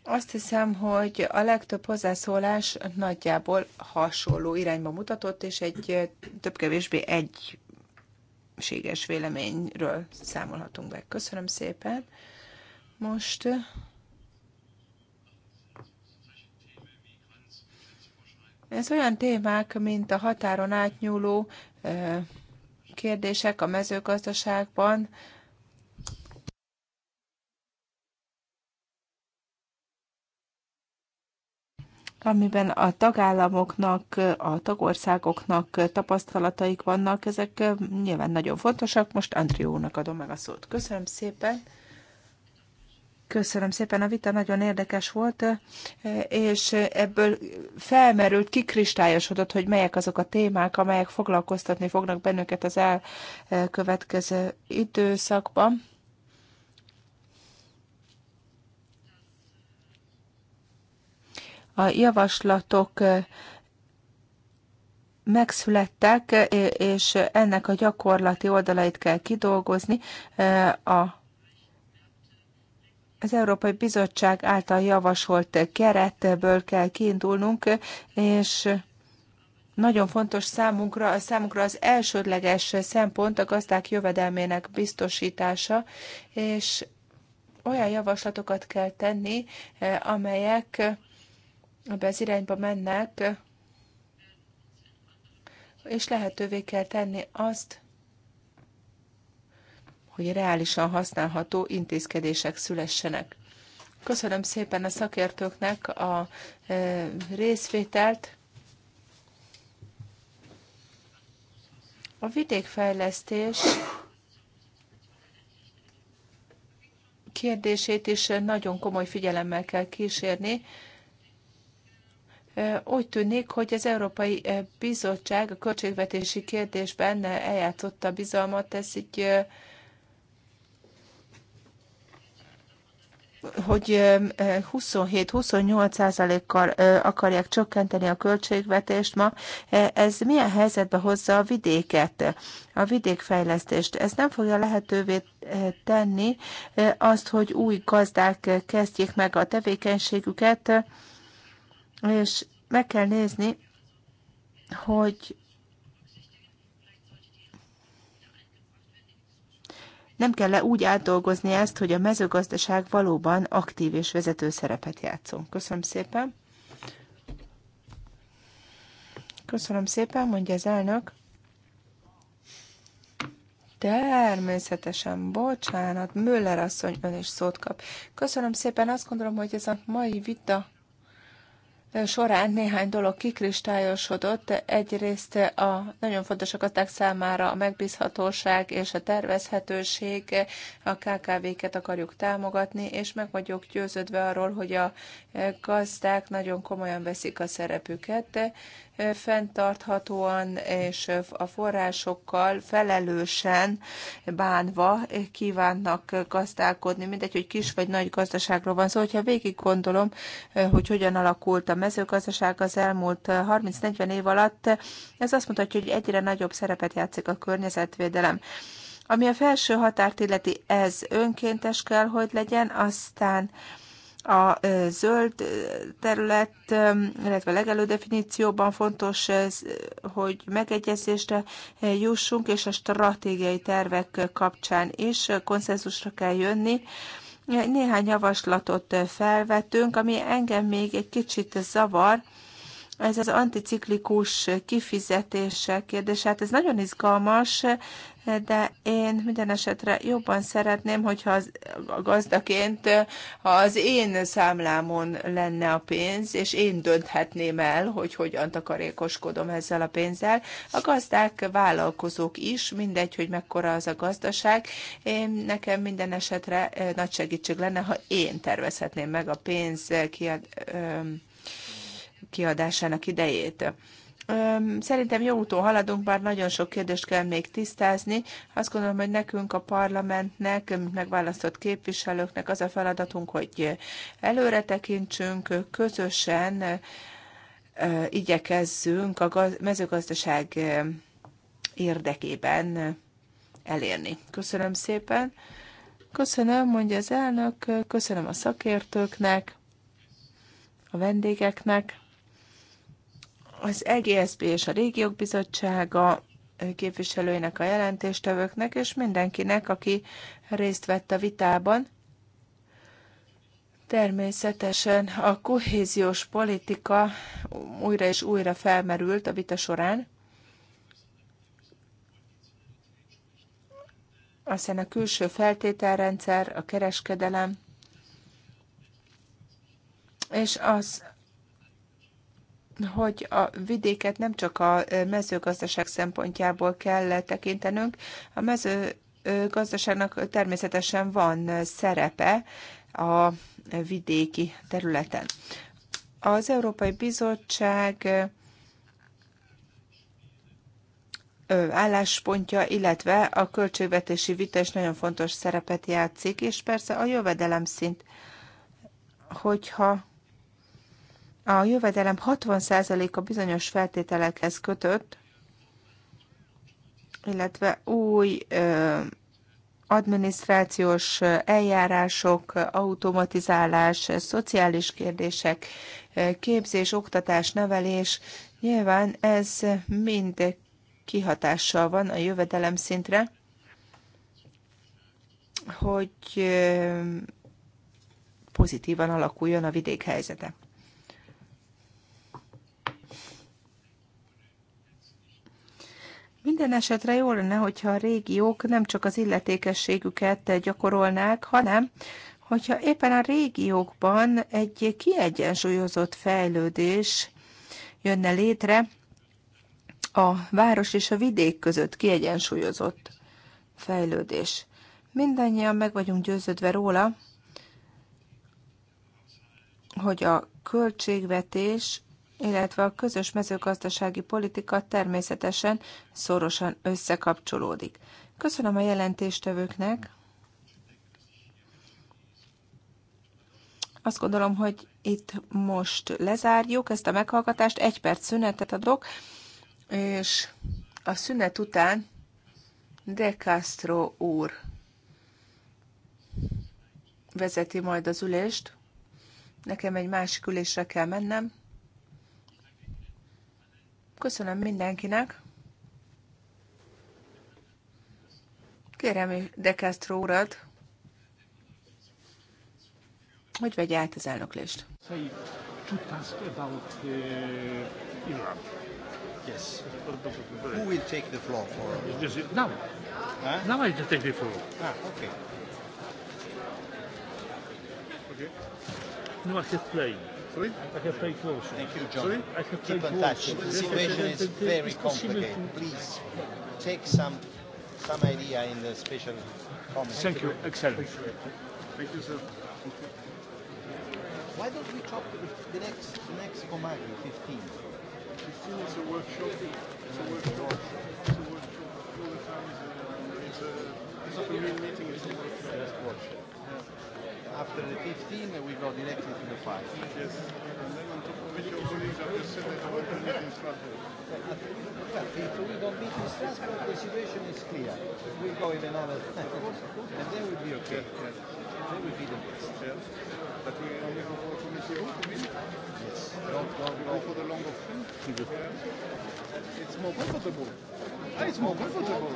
azt hiszem, hogy a legtöbb hozzászólás nagyjából hasonló irányba mutatott, és egy több-kevésbé egy egységes véleményről számolhatunk be. Köszönöm szépen. Most ez olyan témák, mint a határon átnyúló kérdések a mezőgazdaságban, amiben a tagállamoknak, a tagországoknak tapasztalataik vannak, ezek nyilván nagyon fontosak. Most Andriónak adom meg a szót. Köszönöm szépen. Köszönöm szépen, a vita nagyon érdekes volt, és ebből felmerült, kikristályosodott, hogy melyek azok a témák, amelyek foglalkoztatni fognak bennünket az elkövetkező időszakban. a javaslatok megszülettek, és ennek a gyakorlati oldalait kell kidolgozni. A, az Európai Bizottság által javasolt keretből kell kiindulnunk, és nagyon fontos számunkra, számunkra az elsődleges szempont a gazdák jövedelmének biztosítása, és olyan javaslatokat kell tenni, amelyek ebbe az irányba mennek, és lehetővé kell tenni azt, hogy reálisan használható intézkedések szülessenek. Köszönöm szépen a szakértőknek a e, részvételt. A vidékfejlesztés kérdését is nagyon komoly figyelemmel kell kísérni. Úgy tűnik, hogy az Európai Bizottság a költségvetési kérdésben eljátszotta a bizalmat, ez így hogy 27-28 százalékkal akarják csökkenteni a költségvetést ma, ez milyen helyzetbe hozza a vidéket, a vidékfejlesztést? Ez nem fogja lehetővé tenni azt, hogy új gazdák kezdjék meg a tevékenységüket, és meg kell nézni, hogy nem kell -e úgy átdolgozni ezt, hogy a mezőgazdaság valóban aktív és vezető szerepet játszon. Köszönöm szépen. Köszönöm szépen, mondja az elnök. Természetesen, bocsánat, Müller asszony ön is szót kap. Köszönöm szépen, azt gondolom, hogy ez a mai vita során néhány dolog kikristályosodott. Egyrészt a nagyon fontos a katák számára a megbízhatóság és a tervezhetőség, a KKV-ket akarjuk támogatni, és meg vagyok győződve arról, hogy a gazdák nagyon komolyan veszik a szerepüket, fenntarthatóan és a forrásokkal felelősen bánva kívánnak gazdálkodni. Mindegy, hogy kis vagy nagy gazdaságról van szó. Szóval, hogyha végig gondolom, hogy hogyan alakult a mezőgazdaság az elmúlt 30-40 év alatt, ez azt mutatja, hogy egyre nagyobb szerepet játszik a környezetvédelem. Ami a felső határt illeti, ez önkéntes kell, hogy legyen, aztán a zöld terület, illetve legelő definícióban fontos, hogy megegyezésre jussunk, és a stratégiai tervek kapcsán is konszenzusra kell jönni. Néhány javaslatot felvetünk, ami engem még egy kicsit zavar, ez az anticiklikus kifizetések kérdés, hát ez nagyon izgalmas, de én minden esetre jobban szeretném, hogyha az, a gazdaként, ha az én számlámon lenne a pénz, és én dönthetném el, hogy hogyan takarékoskodom ezzel a pénzzel. A gazdák vállalkozók is, mindegy, hogy mekkora az a gazdaság. Én, nekem minden esetre eh, nagy segítség lenne, ha én tervezhetném meg a pénz eh, kiad, eh, kiadásának idejét. Szerintem jó úton haladunk, bár nagyon sok kérdést kell még tisztázni. Azt gondolom, hogy nekünk a parlamentnek, megválasztott képviselőknek az a feladatunk, hogy előre tekintsünk, közösen igyekezzünk a mezőgazdaság érdekében elérni. Köszönöm szépen. Köszönöm, mondja az elnök, köszönöm a szakértőknek, a vendégeknek az EGSB és a Régiók Bizottsága képviselőinek, a jelentéstevőknek és mindenkinek, aki részt vett a vitában. Természetesen a kohéziós politika újra és újra felmerült a vita során. Aztán a külső feltételrendszer, a kereskedelem, és az hogy a vidéket nem csak a mezőgazdaság szempontjából kell tekintenünk, a mezőgazdaságnak természetesen van szerepe a vidéki területen. Az Európai Bizottság álláspontja, illetve a költségvetési vita is nagyon fontos szerepet játszik, és persze a jövedelem szint, hogyha a jövedelem 60%-a bizonyos feltételekhez kötött, illetve új ö, adminisztrációs eljárások, automatizálás, szociális kérdések, képzés, oktatás, nevelés, nyilván ez mind kihatással van a jövedelem szintre, hogy pozitívan alakuljon a vidék helyzete. Minden esetre jó lenne, hogyha a régiók nem csak az illetékességüket gyakorolnák, hanem hogyha éppen a régiókban egy kiegyensúlyozott fejlődés jönne létre, a város és a vidék között kiegyensúlyozott fejlődés. Mindannyian meg vagyunk győződve róla, hogy a költségvetés illetve a közös mezőgazdasági politika természetesen szorosan összekapcsolódik. Köszönöm a jelentéstevőknek. Azt gondolom, hogy itt most lezárjuk ezt a meghallgatást, egy perc szünetet adok, és a szünet után De Castro úr vezeti majd az ülést. Nekem egy másik ülésre kell mennem. Köszönöm mindenkinek. Kérem De Castro urat, hogy vegye át az elnöklést. Uh, yes. Who will take the floor for? Now. Huh? Now I take the floor. Ah, okay. Okay. No, I just playing. Sorry? I have played close. Thank you, John. Sorry? I have Keep in touch. The situation is very complicated. Please take some some idea in the special comments. Thank you. Excellent. Thank you, sir. Why don't we talk to the, the next the next Comagri, 15? 15 is a workshop. It's a workshop. It's a workshop. All the time is a, it's it's a meeting. It's a workshop after the 15, we go directly to the 5. Yes. if we don't beat in Strasbourg, the situation is clear. We go in another... and then we'll be okay. Yeah, yeah. Then we'll be the best. Yeah. But we only go for committee room, you mean? Yes. Don't, don't, don't. Go for the long option. Yeah. It's more comfortable. it's more comfortable.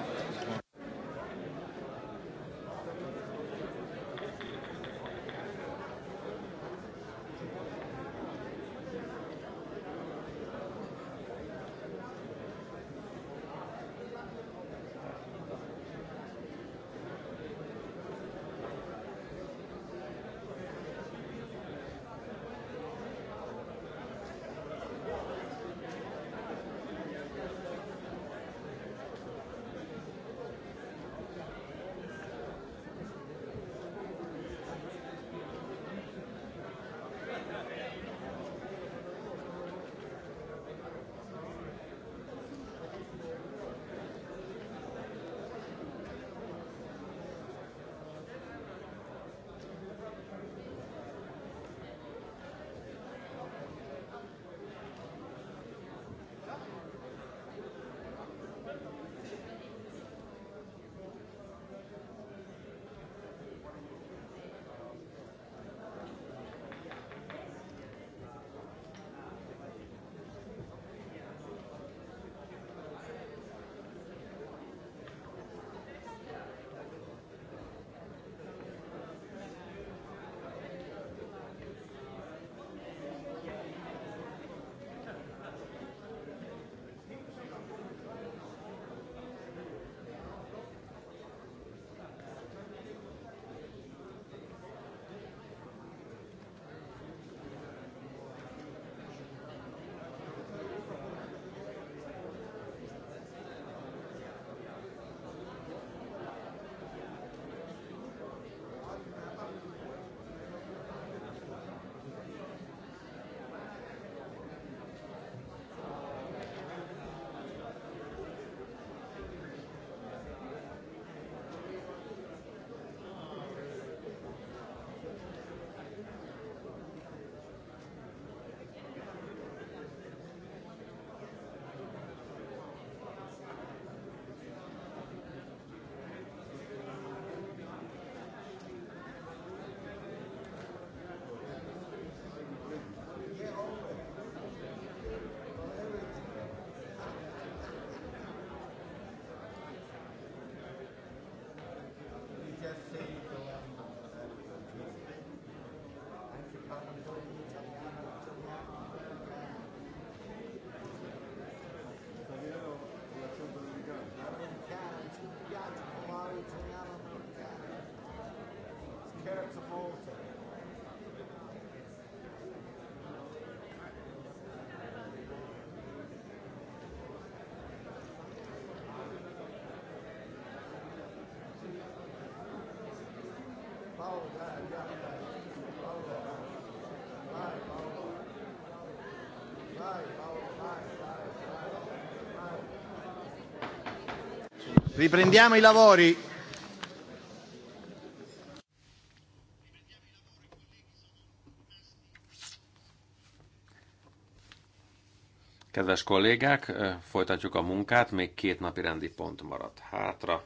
Riprendiamo i lavori. Kedves kollégák, eh, folytatjuk a munkát, még két napi rendi pont maradt hátra.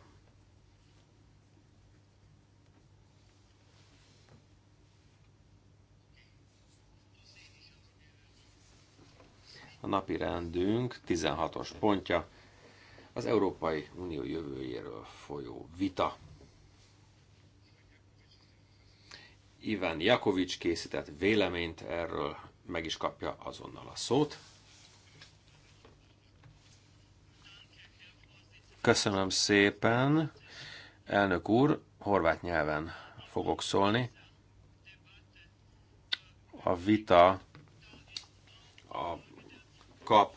A napi rendünk 16-os pontja, az Európai Unió jövőjéről folyó vita. Iván Jakovics készített véleményt erről, meg is kapja azonnal a szót. Köszönöm szépen, elnök úr, horvát nyelven fogok szólni. A vita a kap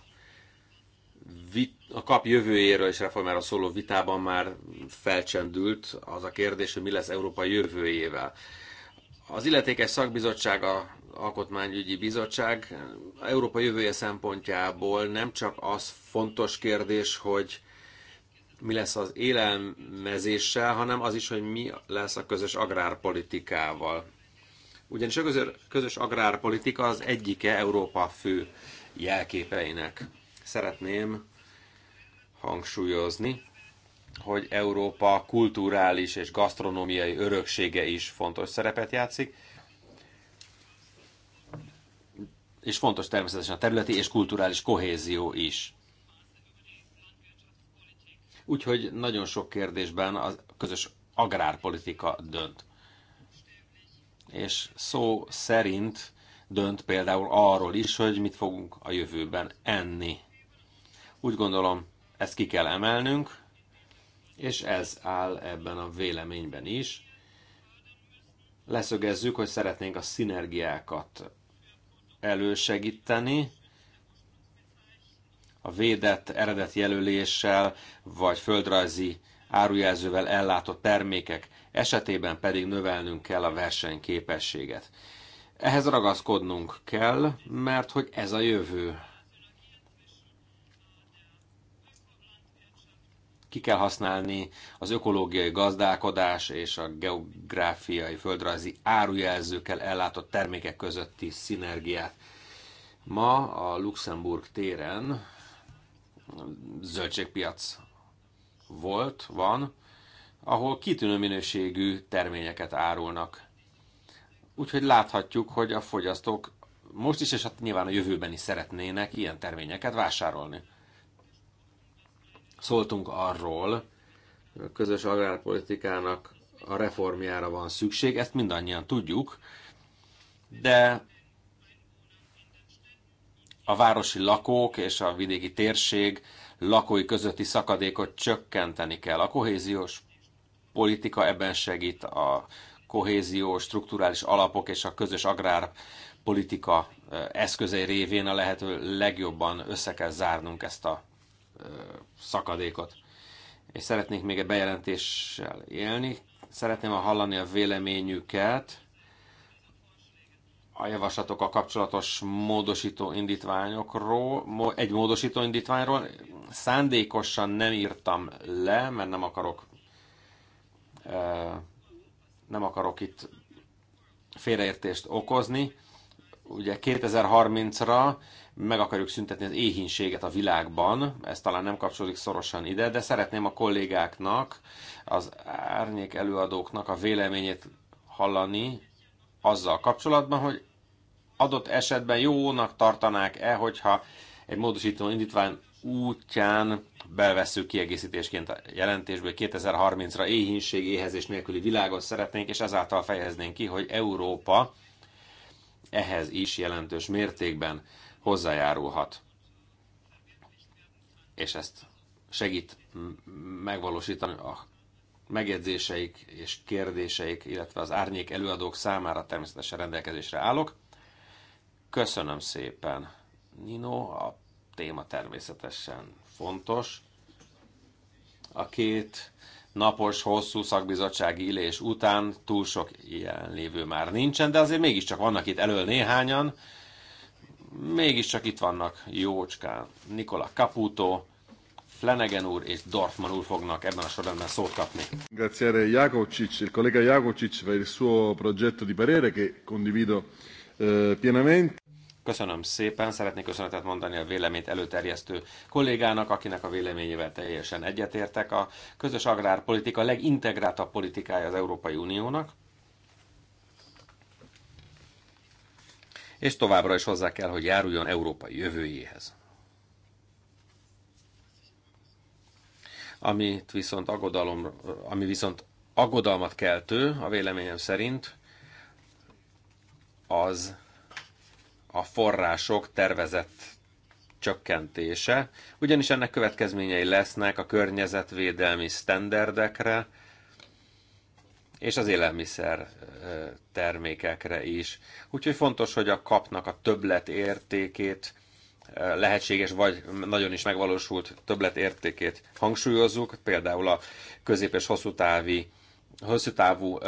a kap jövőjéről és reformára szóló vitában már felcsendült az a kérdés, hogy mi lesz Európa jövőjével. Az illetékes szakbizottság, a Alkotmányügyi Bizottság Európa jövője szempontjából nem csak az fontos kérdés, hogy mi lesz az élelmezéssel, hanem az is, hogy mi lesz a közös agrárpolitikával. Ugyanis a közös agrárpolitika az egyike Európa fő jelképeinek. Szeretném hangsúlyozni, hogy Európa kulturális és gasztronómiai öröksége is fontos szerepet játszik, és fontos természetesen a területi és kulturális kohézió is. Úgyhogy nagyon sok kérdésben a közös agrárpolitika dönt. És szó szerint dönt például arról is, hogy mit fogunk a jövőben enni. Úgy gondolom, ezt ki kell emelnünk, és ez áll ebben a véleményben is. Leszögezzük, hogy szeretnénk a szinergiákat elősegíteni, a védett jelöléssel, vagy földrajzi árujelzővel ellátott termékek esetében pedig növelnünk kell a versenyképességet. Ehhez ragaszkodnunk kell, mert hogy ez a jövő. ki kell használni az ökológiai gazdálkodás és a geográfiai földrajzi árujelzőkkel ellátott termékek közötti szinergiát. Ma a Luxemburg téren zöldségpiac volt, van, ahol kitűnő minőségű terményeket árulnak. Úgyhogy láthatjuk, hogy a fogyasztók most is, és hát nyilván a jövőben is szeretnének ilyen terményeket vásárolni. Szóltunk arról, a közös agrárpolitikának a reformjára van szükség, ezt mindannyian tudjuk, de a városi lakók és a vidéki térség lakói közötti szakadékot csökkenteni kell. A kohéziós politika ebben segít a kohézió, strukturális alapok és a közös agrárpolitika eh, eszközei révén a lehető legjobban össze kell zárnunk ezt a szakadékot. És szeretnék még egy bejelentéssel élni. Szeretném hallani a véleményüket a javaslatok a kapcsolatos módosító indítványokról, egy módosító indítványról. Szándékosan nem írtam le, mert nem akarok nem akarok itt félreértést okozni. Ugye 2030-ra meg akarjuk szüntetni az éhínséget a világban, ez talán nem kapcsolódik szorosan ide, de szeretném a kollégáknak, az árnyék előadóknak a véleményét hallani azzal kapcsolatban, hogy adott esetben jónak tartanák-e, hogyha egy módosító indítvány útján belvesző kiegészítésként a jelentésből 2030-ra éhínség, éhezés nélküli világot szeretnénk, és ezáltal fejeznénk ki, hogy Európa ehhez is jelentős mértékben hozzájárulhat. És ezt segít megvalósítani a megjegyzéseik és kérdéseik, illetve az árnyék előadók számára természetesen rendelkezésre állok. Köszönöm szépen, Nino, a téma természetesen fontos. A két napos, hosszú szakbizottsági ülés után túl sok ilyen lévő már nincsen, de azért mégiscsak vannak itt elől néhányan, mégiscsak itt vannak Jócskán, Nikola Caputo, Flanagan úr és Dorfman úr fognak ebben a sorrendben szót kapni. Grazie a il collega Jakocic per il suo progetto di parere che condivido eh, pienamente. Köszönöm szépen, szeretnék köszönetet mondani a véleményt előterjesztő kollégának, akinek a véleményével teljesen egyetértek. A közös agrárpolitika legintegráltabb politikája az Európai Uniónak és továbbra is hozzá kell, hogy járuljon európai jövőjéhez. Amit viszont agodalom, ami viszont aggodalmat keltő, a véleményem szerint, az a források tervezett csökkentése, ugyanis ennek következményei lesznek a környezetvédelmi sztenderdekre, és az élelmiszer termékekre is. Úgyhogy fontos, hogy a kapnak a többlet értékét, lehetséges vagy nagyon is megvalósult többlet értékét hangsúlyozzuk, például a közép- és hosszú távi hosszú távú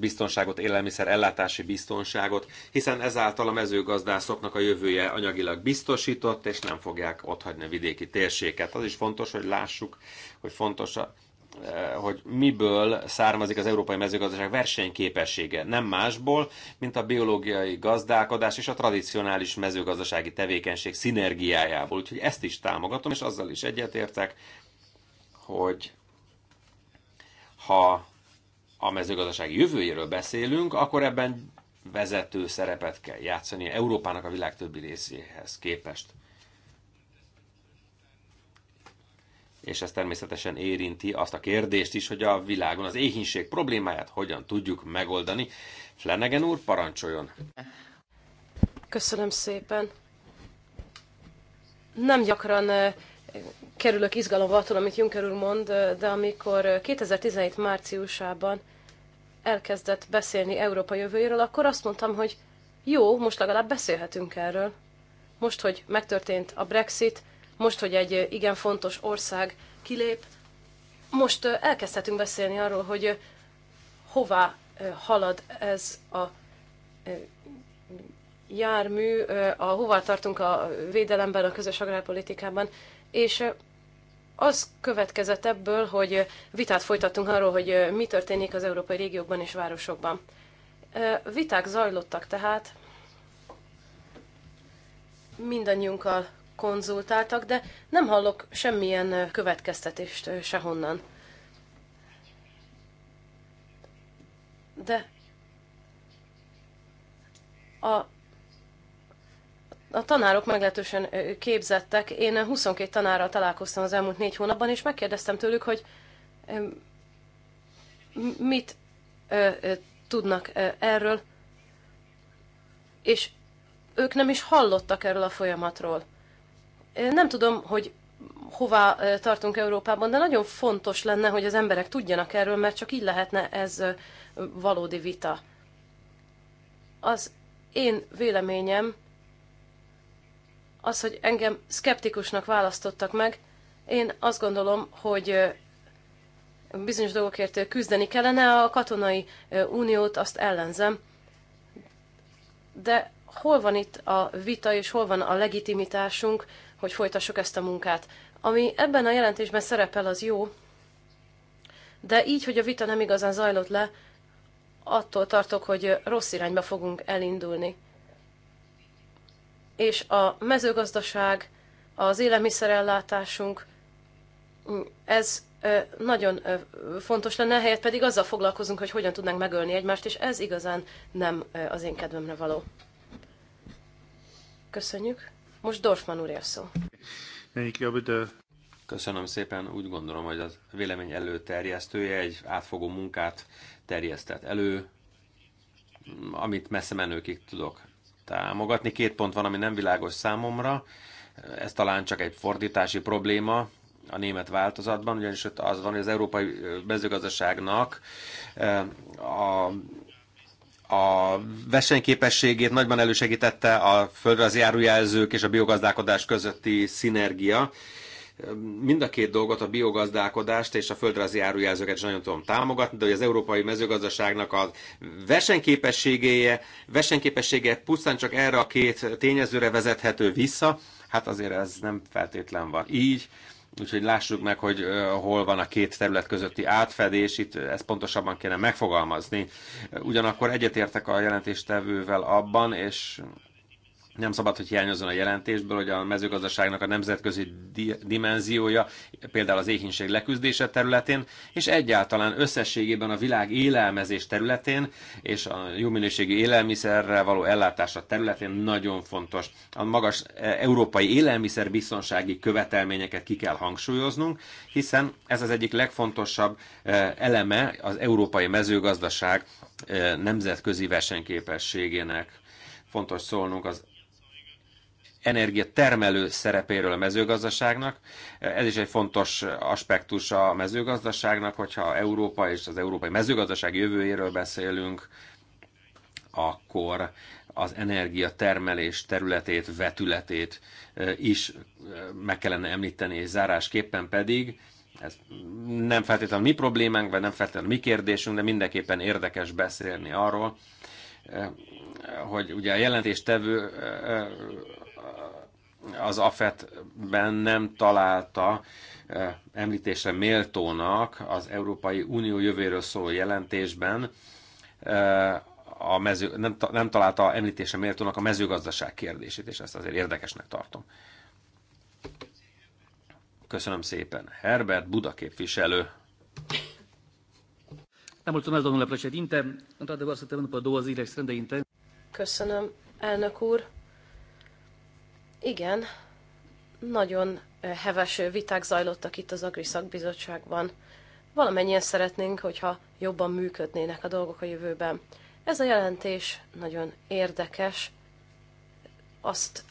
biztonságot, élelmiszer ellátási biztonságot, hiszen ezáltal a mezőgazdászoknak a jövője anyagilag biztosított, és nem fogják otthagyni a vidéki térséget. Az is fontos, hogy lássuk, hogy fontos a Eh, hogy miből származik az európai mezőgazdaság versenyképessége. Nem másból, mint a biológiai gazdálkodás és a tradicionális mezőgazdasági tevékenység szinergiájából. Úgyhogy ezt is támogatom, és azzal is egyetértek, hogy ha a mezőgazdasági jövőjéről beszélünk, akkor ebben vezető szerepet kell játszani Európának a világ többi részéhez képest. és ez természetesen érinti azt a kérdést is, hogy a világon az éhínség problémáját hogyan tudjuk megoldani. Flanagan úr, parancsoljon! Köszönöm szépen! Nem gyakran eh, kerülök izgalomba attól, amit Juncker úr mond, eh, de amikor 2017 eh, márciusában elkezdett beszélni Európa jövőjéről, akkor azt mondtam, hogy jó, most legalább beszélhetünk erről. Most, hogy megtörtént a Brexit, most, hogy egy igen fontos ország kilép, most elkezdhetünk beszélni arról, hogy hová halad ez a jármű, a, hová tartunk a védelemben, a közös agrárpolitikában, és az következett ebből, hogy vitát folytattunk arról, hogy mi történik az európai régiókban és városokban. Viták zajlottak tehát, mindannyiunkkal konzultáltak, de nem hallok semmilyen következtetést sehonnan. De a, a tanárok meglehetősen képzettek. Én 22 tanárral találkoztam az elmúlt négy hónapban, és megkérdeztem tőlük, hogy mit tudnak erről, és ők nem is hallottak erről a folyamatról. Nem tudom, hogy hova tartunk Európában, de nagyon fontos lenne, hogy az emberek tudjanak erről, mert csak így lehetne ez valódi vita. Az én véleményem az, hogy engem szkeptikusnak választottak meg. Én azt gondolom, hogy bizonyos dolgokért küzdeni kellene, a katonai uniót azt ellenzem. De hol van itt a vita, és hol van a legitimitásunk, hogy folytassuk ezt a munkát. Ami ebben a jelentésben szerepel, az jó, de így, hogy a vita nem igazán zajlott le, attól tartok, hogy rossz irányba fogunk elindulni. És a mezőgazdaság, az élelmiszerellátásunk, ez nagyon fontos lenne, helyett pedig azzal foglalkozunk, hogy hogyan tudnánk megölni egymást, és ez igazán nem az én kedvemre való. Köszönjük. Most Dorfman úr szó. Köszönöm szépen. Úgy gondolom, hogy az vélemény előterjesztője egy átfogó munkát terjesztett elő, amit messze menőkig tudok támogatni. Két pont van, ami nem világos számomra. Ez talán csak egy fordítási probléma, a német változatban, ugyanis ott az van, hogy az európai mezőgazdaságnak eh, a a versenyképességét nagyban elősegítette a földrajzi árujelzők és a biogazdálkodás közötti szinergia. Mind a két dolgot, a biogazdálkodást és a földrajzi árujelzőket is nagyon tudom támogatni, de hogy az európai mezőgazdaságnak a versenyképességéje, versenyképessége pusztán csak erre a két tényezőre vezethető vissza, hát azért ez nem feltétlen van így Úgyhogy lássuk meg, hogy hol van a két terület közötti átfedés, itt ezt pontosabban kéne megfogalmazni. Ugyanakkor egyetértek a jelentéstevővel abban, és nem szabad, hogy hiányozzon a jelentésből, hogy a mezőgazdaságnak a nemzetközi di- dimenziója, például az éhínség leküzdése területén, és egyáltalán összességében a világ élelmezés területén és a jó minőségű élelmiszerrel való ellátása területén nagyon fontos. A magas e, európai élelmiszerbiztonsági követelményeket ki kell hangsúlyoznunk, hiszen ez az egyik legfontosabb e, eleme az európai mezőgazdaság e, nemzetközi versenyképességének. Fontos szólnunk az energiatermelő szerepéről a mezőgazdaságnak. Ez is egy fontos aspektus a mezőgazdaságnak, hogyha Európa és az európai mezőgazdaság jövőjéről beszélünk, akkor az energiatermelés területét, vetületét is meg kellene említeni, és zárásképpen pedig ez nem feltétlenül mi problémánk, vagy nem feltétlenül mi kérdésünk, de mindenképpen érdekes beszélni arról, hogy ugye a jelentéstevő az AFET-ben nem találta eh, említése méltónak az Európai Unió jövőről szóló jelentésben eh, a mező, nem, nem találta említése méltónak a mezőgazdaság kérdését, és ezt azért érdekesnek tartom. Köszönöm szépen. Herbert Buda képviselő. Köszönöm, elnök úr. Igen, nagyon heves viták zajlottak itt az Agri Szakbizottságban. Valamennyien szeretnénk, hogyha jobban működnének a dolgok a jövőben. Ez a jelentés nagyon érdekes. Azt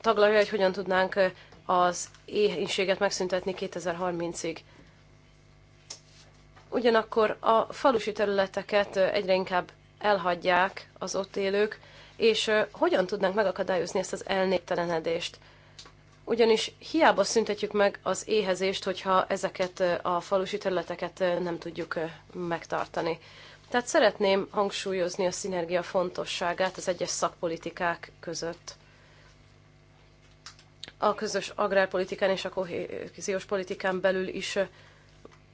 taglalja, hogy hogyan tudnánk az éhénységet megszüntetni 2030-ig. Ugyanakkor a falusi területeket egyre inkább elhagyják az ott élők, és hogyan tudnánk megakadályozni ezt az elnéptelenedést. Ugyanis hiába szüntetjük meg az éhezést, hogyha ezeket a falusi területeket nem tudjuk megtartani. Tehát szeretném hangsúlyozni a szinergia fontosságát az egyes szakpolitikák között. A közös agrárpolitikán és a kohéziós politikán belül is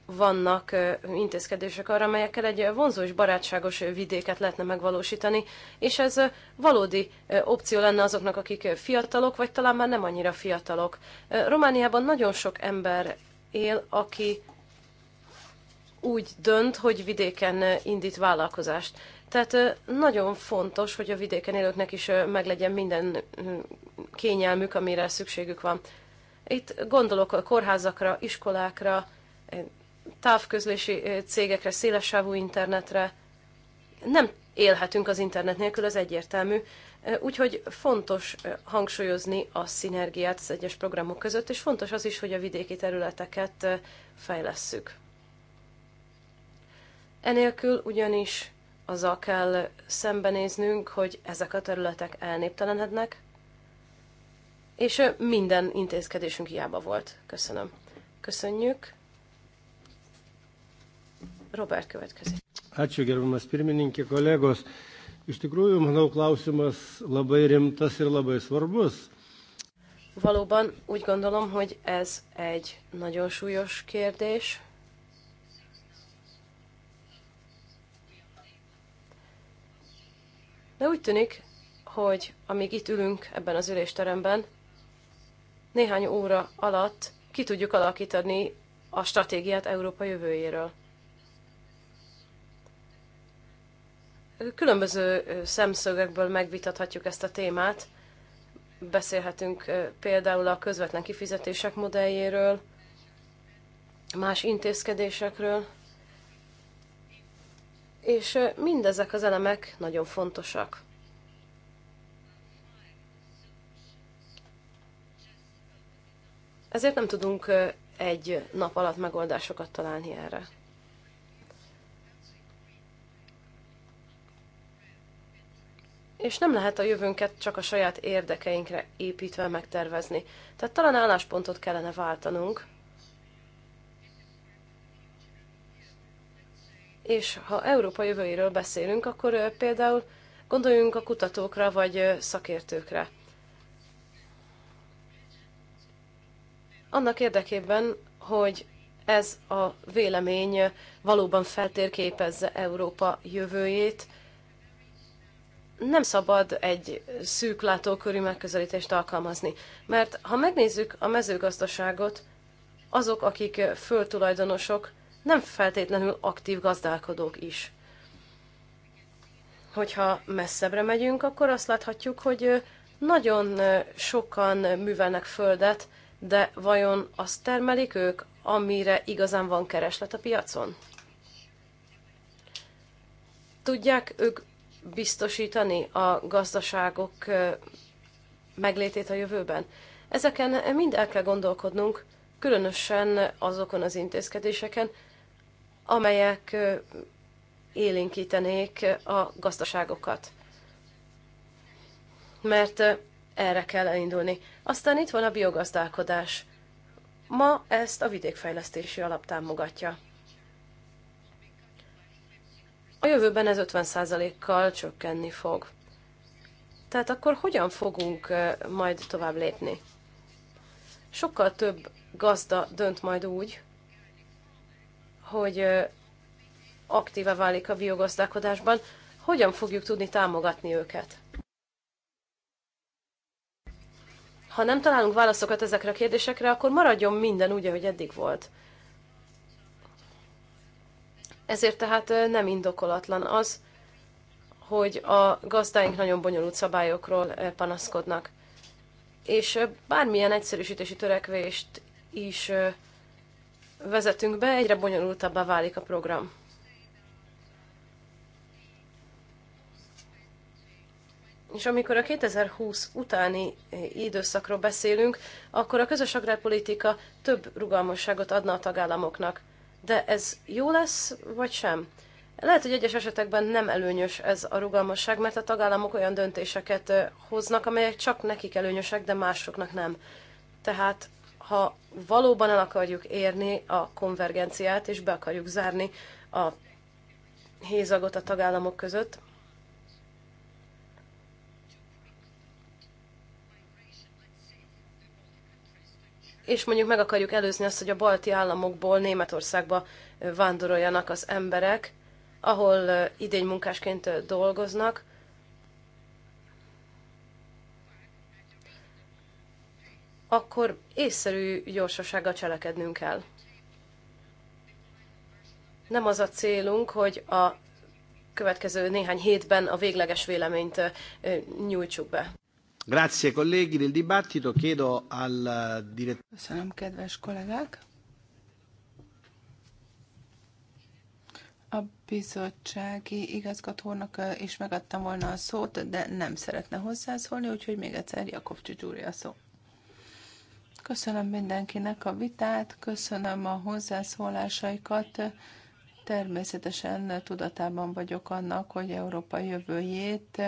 vannak intézkedések arra, amelyekkel egy vonzó és barátságos vidéket lehetne megvalósítani, és ez valódi opció lenne azoknak, akik fiatalok, vagy talán már nem annyira fiatalok. Romániában nagyon sok ember él, aki úgy dönt, hogy vidéken indít vállalkozást. Tehát nagyon fontos, hogy a vidéken élőknek is meglegyen minden kényelmük, amire szükségük van. Itt gondolok a kórházakra, iskolákra, távközlési cégekre, szélessávú internetre. Nem élhetünk az internet nélkül, az egyértelmű. Úgyhogy fontos hangsúlyozni a szinergiát az egyes programok között, és fontos az is, hogy a vidéki területeket fejlesszük. Enélkül ugyanis azzal kell szembenéznünk, hogy ezek a területek elnéptelenednek, és minden intézkedésünk hiába volt. Köszönöm. Köszönjük. Robert következik. Ačiū gerbiamas pirmininkė, kolegos. Iš tikrųjų, manau, klausimas labai rimtas ir labai svarbus. Valóban úgy gondolom, hogy ez egy nagyon súlyos kérdés. De úgy tűnik, hogy amíg itt ülünk ebben az ülésteremben, néhány óra alatt ki tudjuk alakítani a stratégiát Európa jövőjéről. különböző szemszögekből megvitathatjuk ezt a témát. Beszélhetünk például a közvetlen kifizetések modelljéről, más intézkedésekről, és mindezek az elemek nagyon fontosak. Ezért nem tudunk egy nap alatt megoldásokat találni erre. és nem lehet a jövőnket csak a saját érdekeinkre építve megtervezni. Tehát talán álláspontot kellene váltanunk. És ha Európa jövőjéről beszélünk, akkor például gondoljunk a kutatókra vagy szakértőkre. Annak érdekében, hogy ez a vélemény valóban feltérképezze Európa jövőjét, nem szabad egy szűk látókörű megközelítést alkalmazni, mert ha megnézzük a mezőgazdaságot, azok, akik föltulajdonosok, nem feltétlenül aktív gazdálkodók is. Hogyha messzebbre megyünk, akkor azt láthatjuk, hogy nagyon sokan művelnek földet, de vajon azt termelik ők, amire igazán van kereslet a piacon? Tudják ők biztosítani a gazdaságok meglétét a jövőben. Ezeken mind el kell gondolkodnunk, különösen azokon az intézkedéseken, amelyek élénkítenék a gazdaságokat. Mert erre kell elindulni. Aztán itt van a biogazdálkodás. Ma ezt a vidékfejlesztési alap támogatja. A jövőben ez 50%-kal csökkenni fog. Tehát akkor hogyan fogunk majd tovább lépni? Sokkal több gazda dönt majd úgy, hogy aktíve válik a biogazdálkodásban, hogyan fogjuk tudni támogatni őket? Ha nem találunk válaszokat ezekre a kérdésekre, akkor maradjon minden úgy, ahogy eddig volt. Ezért tehát nem indokolatlan az, hogy a gazdáink nagyon bonyolult szabályokról panaszkodnak. És bármilyen egyszerűsítési törekvést is vezetünk be, egyre bonyolultabbá válik a program. És amikor a 2020 utáni időszakról beszélünk, akkor a közös agrárpolitika több rugalmasságot adna a tagállamoknak – de ez jó lesz, vagy sem? Lehet, hogy egyes esetekben nem előnyös ez a rugalmasság, mert a tagállamok olyan döntéseket hoznak, amelyek csak nekik előnyösek, de másoknak nem. Tehát, ha valóban el akarjuk érni a konvergenciát, és be akarjuk zárni a hézagot a tagállamok között, és mondjuk meg akarjuk előzni azt, hogy a balti államokból Németországba vándoroljanak az emberek, ahol idény munkásként dolgoznak, akkor észszerű gyorsasággal cselekednünk kell. Nem az a célunk, hogy a következő néhány hétben a végleges véleményt nyújtsuk be. Grazie colleghi del dibattito, chiedo al eh, direttore. Köszönöm, kedves kollégák. A bizottsági igazgatónak eh, is megadtam volna a szót, de nem szeretne hozzászólni, úgyhogy még egyszer Jakov Csicsúri a szó. Köszönöm mindenkinek a vitát, köszönöm a hozzászólásaikat. Természetesen tudatában vagyok annak, hogy Európa jövőjét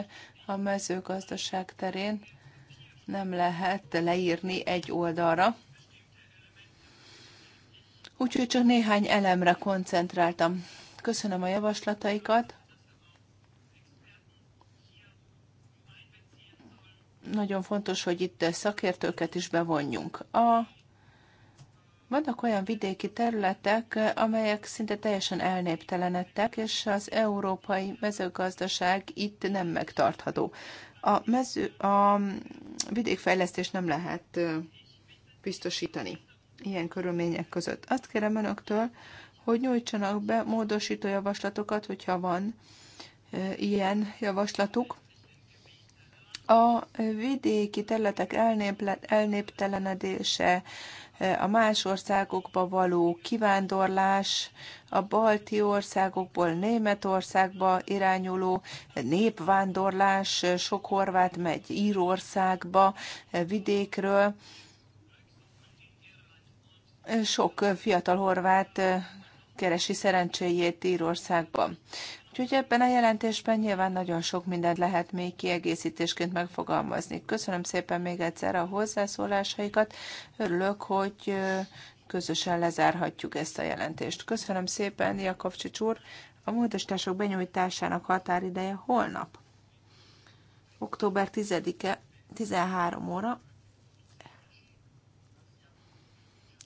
a mezőgazdaság terén nem lehet leírni egy oldalra. Úgyhogy csak néhány elemre koncentráltam. Köszönöm a javaslataikat. Nagyon fontos, hogy itt szakértőket is bevonjunk. A vannak olyan vidéki területek, amelyek szinte teljesen elnéptelenedtek, és az európai mezőgazdaság itt nem megtartható. A, mező, a vidékfejlesztés nem lehet biztosítani ilyen körülmények között. Azt kérem önöktől, hogy nyújtsanak be módosító javaslatokat, hogyha van ilyen javaslatuk. A vidéki területek elnéptelenedése, a más országokba való kivándorlás, a balti országokból Németországba irányuló népvándorlás, sok horvát megy Írországba, vidékről, sok fiatal horvát keresi szerencséjét Írországban. Úgyhogy ebben a jelentésben nyilván nagyon sok mindent lehet még kiegészítésként megfogalmazni. Köszönöm szépen még egyszer a hozzászólásaikat. Örülök, hogy közösen lezárhatjuk ezt a jelentést. Köszönöm szépen, Jakovcsics úr. A módosítások benyújtásának határideje holnap, október 10-e, 13 óra.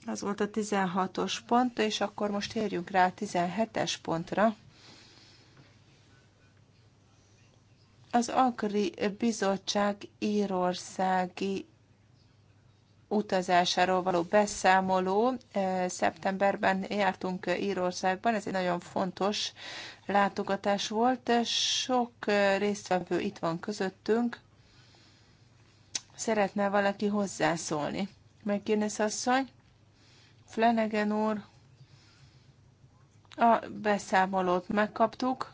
Az volt a 16-os pont, és akkor most térjünk rá a 17-es pontra. Az Agri Bizottság írországi utazásáról való beszámoló. Eh, szeptemberben jártunk Írországban, ez egy nagyon fontos látogatás volt. Sok eh, résztvevő itt van közöttünk. Szeretne valaki hozzászólni? Megkérdez asszony, Flanagan úr, a beszámolót megkaptuk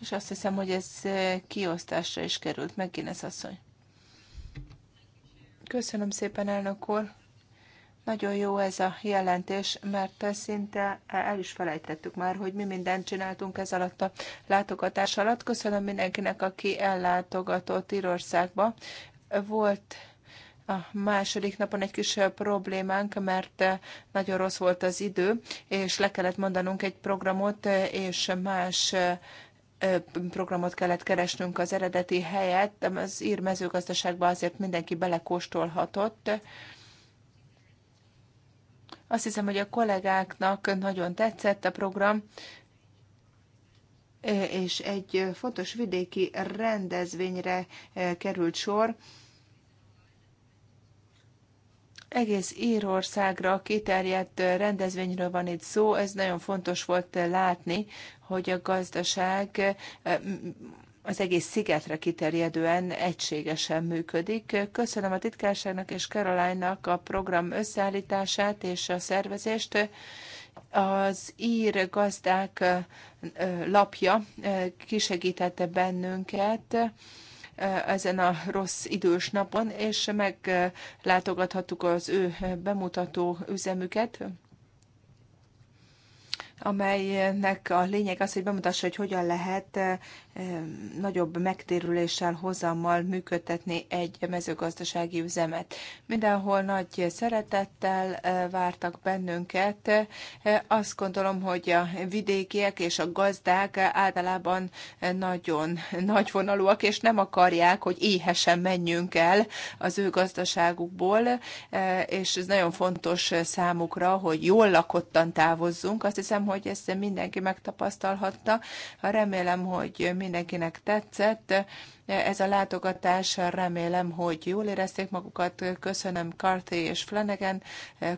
és azt hiszem, hogy ez eh, kiosztásra is került, megint ez asszony. Köszönöm szépen, elnök úr. Nagyon jó ez a jelentés, mert szinte el is felejtettük már, hogy mi mindent csináltunk ez alatt a látogatás alatt. Köszönöm mindenkinek, aki ellátogatott Írországba. Volt a második napon egy kis problémánk, mert nagyon rossz volt az idő, és le kellett mondanunk egy programot, eh, és más eh, programot kellett keresnünk az eredeti helyet, de az ír mezőgazdaságban azért mindenki belekóstolhatott. Azt hiszem, hogy a kollégáknak nagyon tetszett a program, és egy fontos vidéki rendezvényre került sor, egész Írországra kiterjedt rendezvényről van itt szó, ez nagyon fontos volt látni, hogy a gazdaság eh, az egész szigetre kiterjedően egységesen működik. Köszönöm a titkárságnak és Caroline-nak a program összeállítását és a szervezést. Az ír gazdák eh, eh, lapja kisegítette bennünket Eh, ezen a rossz idős napon, és meglátogathattuk az ő bemutató üzemüket amelynek a lényeg az, hogy bemutassa, hogy hogyan lehet eh, nagyobb megtérüléssel, hozammal működtetni egy mezőgazdasági üzemet. Mindenhol nagy szeretettel eh, vártak bennünket. Eh, azt gondolom, hogy a vidékiek és a gazdák általában nagyon nagyvonalúak, és nem akarják, hogy éhesen menjünk el az ő gazdaságukból, és ez nagyon fontos számukra, hogy jól lakottan távozzunk. Azt hiszem, hogy ezt mindenki megtapasztalhatta. Remélem, hogy mindenkinek tetszett. Ez a látogatás, remélem, hogy jól érezték magukat. Köszönöm Carthy és Flanagan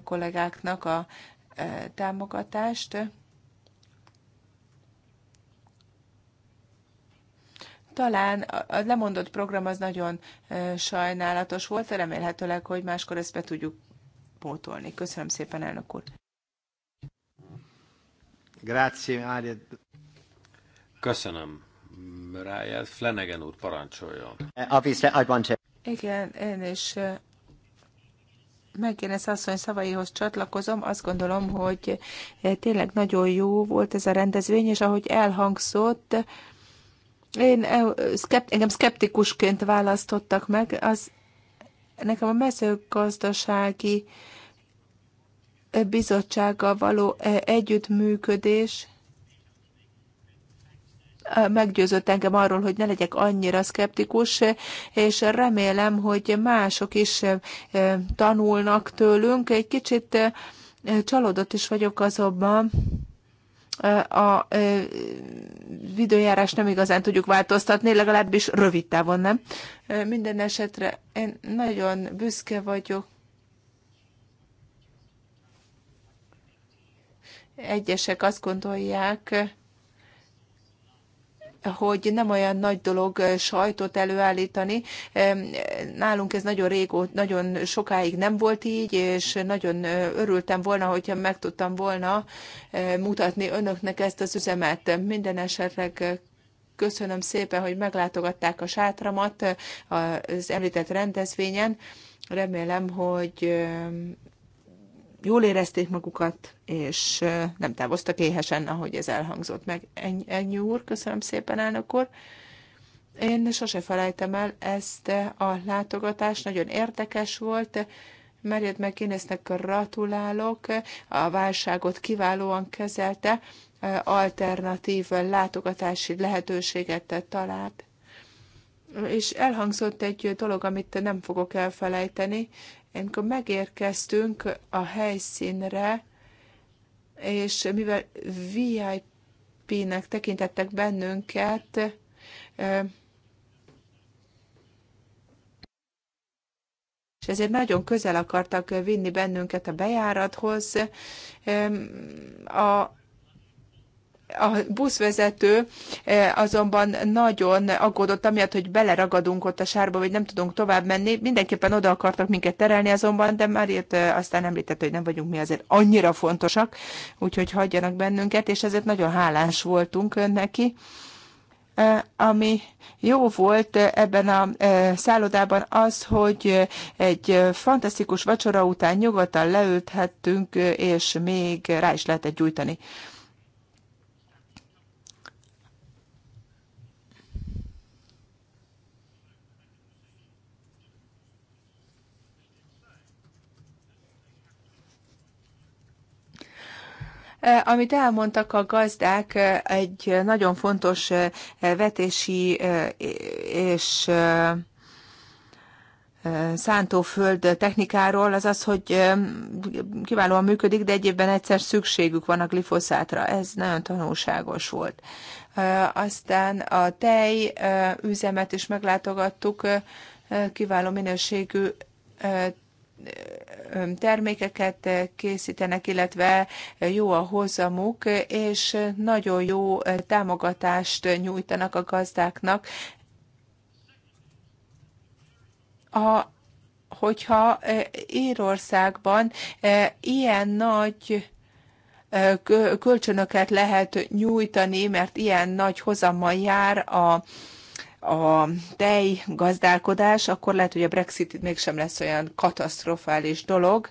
kollégáknak a e, támogatást. talán a lemondott program az nagyon e, sajnálatos volt, remélhetőleg, hogy máskor ezt be tudjuk pótolni. Köszönöm szépen, elnök úr! Grazie, Köszönöm, Ráját. Flanagan úr, parancsoljon. Uh, obviously, I'd want to... Igen, én is uh, Megkérdez asszony szavaihoz csatlakozom, azt gondolom, hogy uh, tényleg nagyon jó volt ez a rendezvény, és ahogy elhangzott, én szkept, engem szkeptikusként választottak meg, az nekem a mezőgazdasági bizottsággal való e, együttműködés e, meggyőzött engem arról, hogy ne legyek annyira szkeptikus, és remélem, hogy mások is e, tanulnak tőlünk. Egy kicsit csalódott is vagyok azonban, a videójárás nem igazán tudjuk változtatni, legalábbis rövid távon nem. Minden esetre én nagyon büszke vagyok Egyesek azt gondolják, hogy nem olyan nagy dolog sajtot előállítani. Nálunk ez nagyon régó, nagyon sokáig nem volt így, és nagyon örültem volna, hogyha meg tudtam volna mutatni önöknek ezt az üzemet. Minden esetleg köszönöm szépen, hogy meglátogatták a sátramat eh, az említett rendezvényen. Remélem, hogy jól érezték magukat, és nem távoztak éhesen, ahogy ez elhangzott meg. Ennyi, ennyi úr, köszönöm szépen, elnök úr. Én sose felejtem el ezt a látogatást, nagyon érdekes volt, Marriott McGuinnessnek gratulálok, a válságot kiválóan kezelte, alternatív látogatási lehetőséget talált. És elhangzott egy dolog, amit nem fogok elfelejteni, amikor megérkeztünk a helyszínre, és mivel VIP-nek tekintettek bennünket, és ezért nagyon közel akartak vinni bennünket a bejárathoz. A a buszvezető eh, azonban nagyon aggódott, amiatt, hogy beleragadunk ott a sárba, vagy nem tudunk tovább menni. Mindenképpen oda akartak minket terelni azonban, de már itt eh, aztán említett, hogy nem vagyunk mi azért annyira fontosak, úgyhogy hagyjanak bennünket, és ezért nagyon hálás voltunk neki eh, ami jó volt ebben a szállodában az, hogy egy fantasztikus vacsora után nyugodtan leülthettünk, és még rá is lehetett gyújtani Amit elmondtak a gazdák, egy nagyon fontos vetési és szántóföld technikáról, az az, hogy kiválóan működik, de egyébben egyszer szükségük van a glifoszátra. Ez nagyon tanulságos volt. Aztán a tej üzemet is meglátogattuk, kiváló minőségű termékeket készítenek, illetve jó a hozamuk, és nagyon jó támogatást nyújtanak a gazdáknak. A, hogyha Írországban ilyen nagy kölcsönöket lehet nyújtani, mert ilyen nagy hozammal jár a a tej gazdálkodás, akkor lehet, hogy a Brexit mégsem lesz olyan katasztrofális dolog.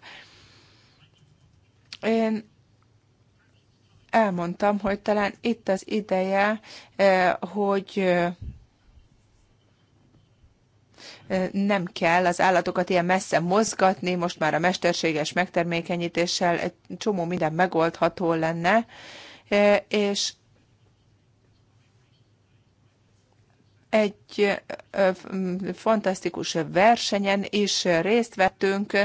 Én elmondtam, hogy talán itt az ideje, eh, hogy eh, nem kell az állatokat ilyen messze mozgatni, most már a mesterséges megtermékenyítéssel egy csomó minden megoldható lenne, eh, és egy fantasztikus versenyen is részt vettünk,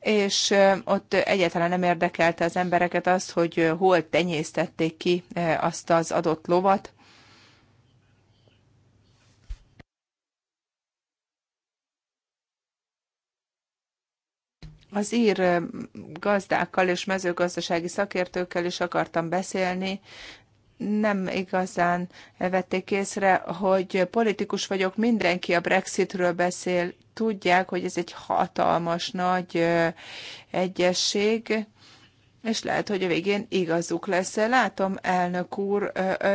és ott egyáltalán nem érdekelte az embereket azt, hogy hol tenyésztették ki azt az adott lovat. Az ír gazdákkal és mezőgazdasági szakértőkkel is akartam beszélni, nem igazán vették észre, hogy politikus vagyok, mindenki a Brexitről beszél, tudják, hogy ez egy hatalmas nagy egyesség, és lehet, hogy a végén igazuk lesz. Látom, elnök úr,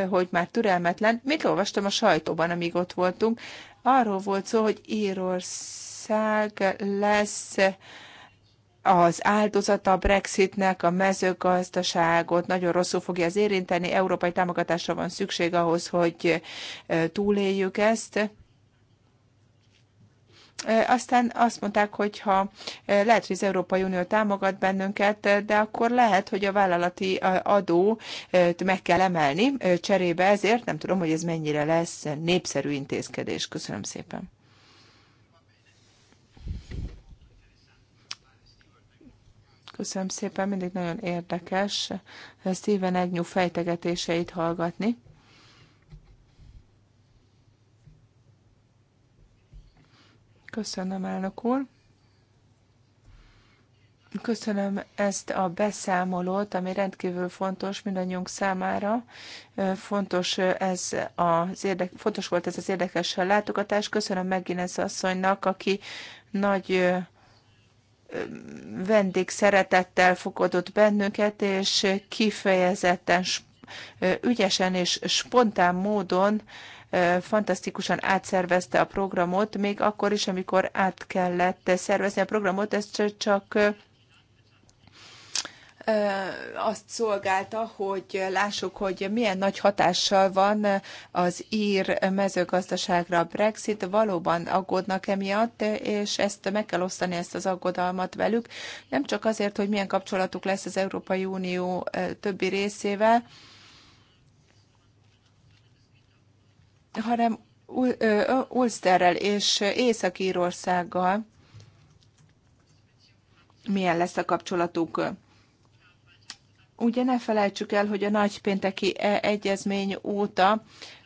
hogy már türelmetlen. Mit olvastam a sajtóban, amíg ott voltunk? Arról volt szó, hogy Írország lesz az áldozata a Brexitnek, a mezőgazdaságot nagyon rosszul fogja ez érinteni, európai támogatásra van szükség ahhoz, hogy túléljük ezt. Aztán azt mondták, hogy ha lehet, hogy az Európai Unió támogat bennünket, de akkor lehet, hogy a vállalati adót meg kell emelni cserébe ezért. Nem tudom, hogy ez mennyire lesz népszerű intézkedés. Köszönöm szépen. Köszönöm szépen, mindig nagyon érdekes eh, Steven Egnyú fejtegetéseit hallgatni. Köszönöm, elnök úr. Köszönöm ezt a beszámolót, ami rendkívül fontos mindannyiunk számára. Eh, fontos, ez az érdek, fontos volt ez az érdekes látogatás. Köszönöm megint ez asszonynak, aki nagy eh, szeretettel fogadott bennünket, és kifejezetten ügyesen és spontán módon fantasztikusan átszervezte a programot, még akkor is, amikor át kellett szervezni a programot, ezt csak azt szolgálta, hogy lássuk, hogy milyen nagy hatással van az ír mezőgazdaságra a Brexit. Valóban aggódnak emiatt, és ezt meg kell osztani ezt az aggodalmat velük. Nem csak azért, hogy milyen kapcsolatuk lesz az Európai Unió többi részével, hanem Ulsterrel és Észak-Írországgal milyen lesz a kapcsolatuk. Ugye ne felejtsük el, hogy a nagypénteki e- egyezmény óta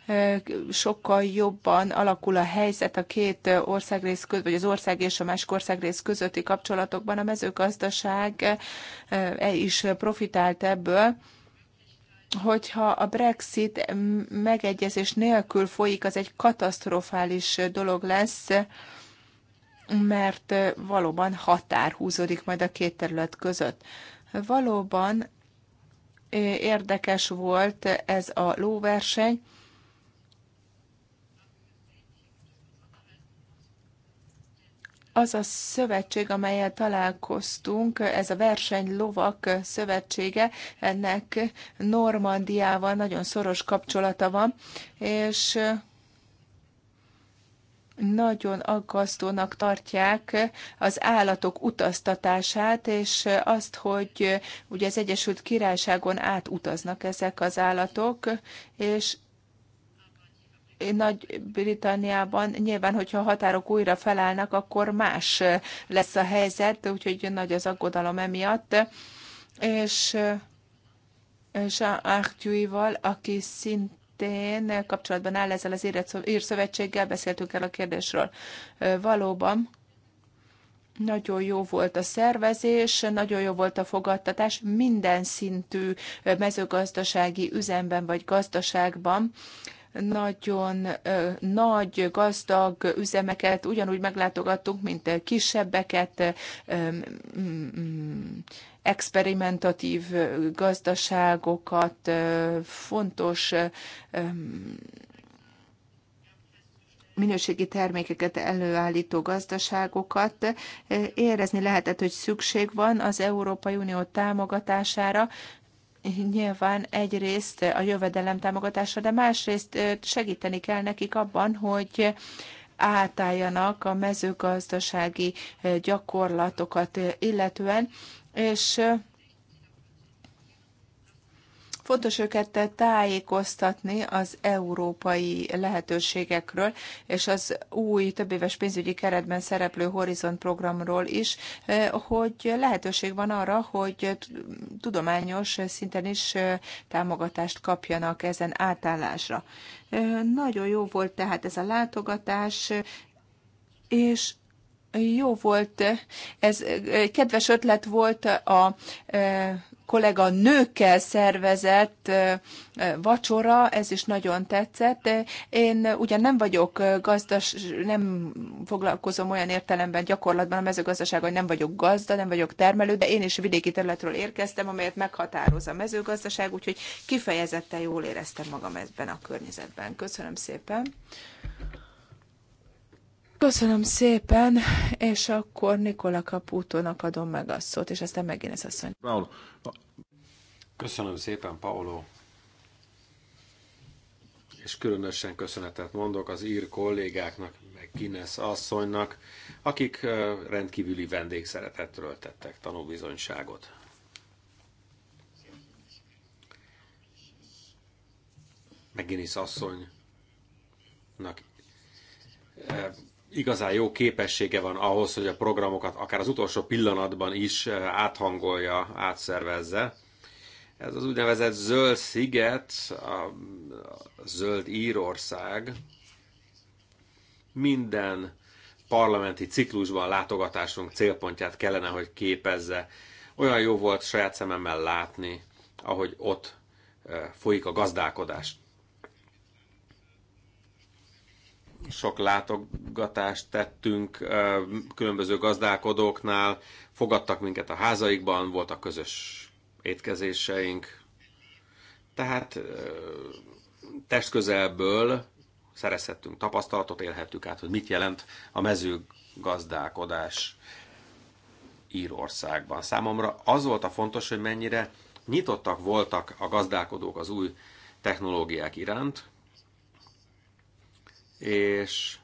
e, sokkal jobban alakul a helyzet a két országrész között, vagy az ország és a másik országrész közötti kapcsolatokban. A mezőgazdaság e, is profitált ebből hogyha a Brexit megegyezés nélkül folyik, az egy katasztrofális dolog lesz, mert valóban határ húzódik majd a két terület között. Valóban érdekes volt ez a lóverseny. az a szövetség, amelyel találkoztunk, ez a verseny lovak szövetsége, ennek Normandiával nagyon szoros kapcsolata van, és nagyon aggasztónak tartják az állatok utaztatását, és azt, hogy ugye az Egyesült Királyságon átutaznak ezek az állatok, és nagy-Britanniában nyilván, hogyha a határok újra felállnak, akkor más lesz a helyzet, úgyhogy nagy az aggodalom emiatt. És Jean Arthurival, aki szint szintén kapcsolatban áll ezzel az írszövetséggel, beszéltünk el a kérdésről. Valóban nagyon jó volt a szervezés, nagyon jó volt a fogadtatás minden szintű mezőgazdasági üzemben vagy gazdaságban nagyon nagy, gazdag üzemeket ugyanúgy meglátogattunk, mint kisebbeket, experimentatív gazdaságokat, fontos minőségi termékeket előállító gazdaságokat. Érezni lehetett, hogy szükség van az Európai Unió támogatására, nyilván egyrészt a jövedelem támogatásra, de másrészt segíteni kell nekik abban, hogy átálljanak a mezőgazdasági gyakorlatokat illetően, és Fontos őket tájékoztatni az európai lehetőségekről, és az új többéves pénzügyi keretben szereplő Horizont programról is, hogy lehetőség van arra, hogy tudományos szinten is támogatást kapjanak ezen átállásra. Nagyon jó volt tehát ez a látogatás, és jó volt, ez egy kedves ötlet volt a kollega nőkkel szervezett vacsora, ez is nagyon tetszett. Én ugyan nem vagyok gazdas, nem foglalkozom olyan értelemben gyakorlatban a mezőgazdaság, hogy nem vagyok gazda, nem vagyok termelő, de én is vidéki területről érkeztem, amelyet meghatároz a mezőgazdaság, úgyhogy kifejezetten jól éreztem magam ebben a környezetben. Köszönöm szépen. Köszönöm szépen, és akkor Nikola Kaputónak adom meg a szót, és aztán megint ez asszony. Paolo. Köszönöm szépen, Paolo. És különösen köszönetet mondok az ír kollégáknak, meg Kines asszonynak, akik rendkívüli vendégszeretetről tettek tanúbizonyságot. Meg Guinness asszonynak igazán jó képessége van ahhoz, hogy a programokat akár az utolsó pillanatban is eh, áthangolja, átszervezze. Ez az úgynevezett zöld sziget, a zöld Írország minden parlamenti ciklusban látogatásunk célpontját kellene, hogy képezze. Olyan jó volt saját szememmel látni, ahogy ott eh, folyik a gazdálkodás. sok látogatást tettünk különböző gazdálkodóknál, fogadtak minket a házaikban, voltak közös étkezéseink. Tehát testközelből szerezhettünk tapasztalatot, élhettük át, hogy mit jelent a mezőgazdálkodás Írországban. Számomra az volt a fontos, hogy mennyire nyitottak voltak a gazdálkodók az új technológiák iránt, és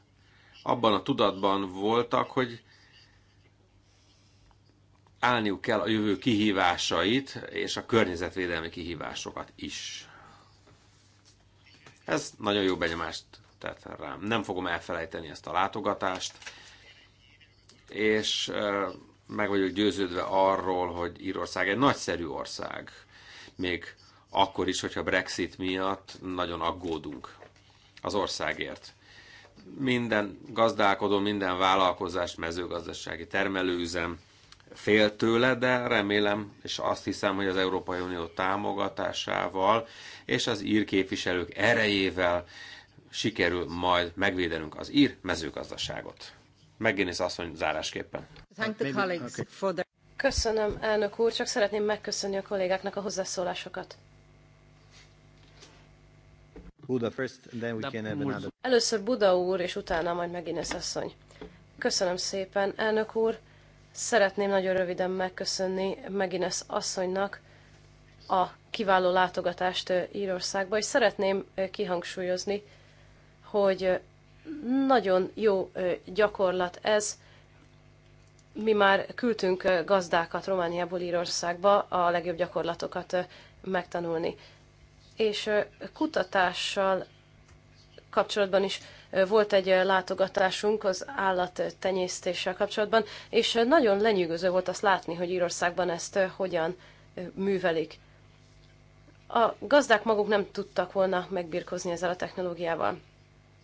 abban a tudatban voltak, hogy állniuk kell a jövő kihívásait és a környezetvédelmi kihívásokat is. Ez nagyon jó benyomást tett rám. Nem fogom elfelejteni ezt a látogatást, és meg vagyok győződve arról, hogy Írország egy nagyszerű ország, még akkor is, hogyha Brexit miatt nagyon aggódunk az országért minden gazdálkodó, minden vállalkozást, mezőgazdasági termelőüzem fél tőle, de remélem, és azt hiszem, hogy az Európai Unió támogatásával és az ír képviselők erejével sikerül majd megvédenünk az ír mezőgazdaságot. Megint asszony zárásképpen. Köszönöm, elnök úr, csak szeretném megköszönni a kollégáknak a hozzászólásokat. Buda first, and then we can have another. Először Buda úr, és utána majd megint ez asszony. Köszönöm szépen, elnök úr. Szeretném nagyon röviden megköszönni Megines asszonynak a kiváló látogatást Írországba, és szeretném kihangsúlyozni, hogy nagyon jó gyakorlat ez. Mi már küldtünk gazdákat Romániából Írországba a legjobb gyakorlatokat megtanulni és kutatással kapcsolatban is volt egy látogatásunk az állattenyésztéssel kapcsolatban, és nagyon lenyűgöző volt azt látni, hogy Írországban ezt hogyan művelik. A gazdák maguk nem tudtak volna megbirkozni ezzel a technológiával.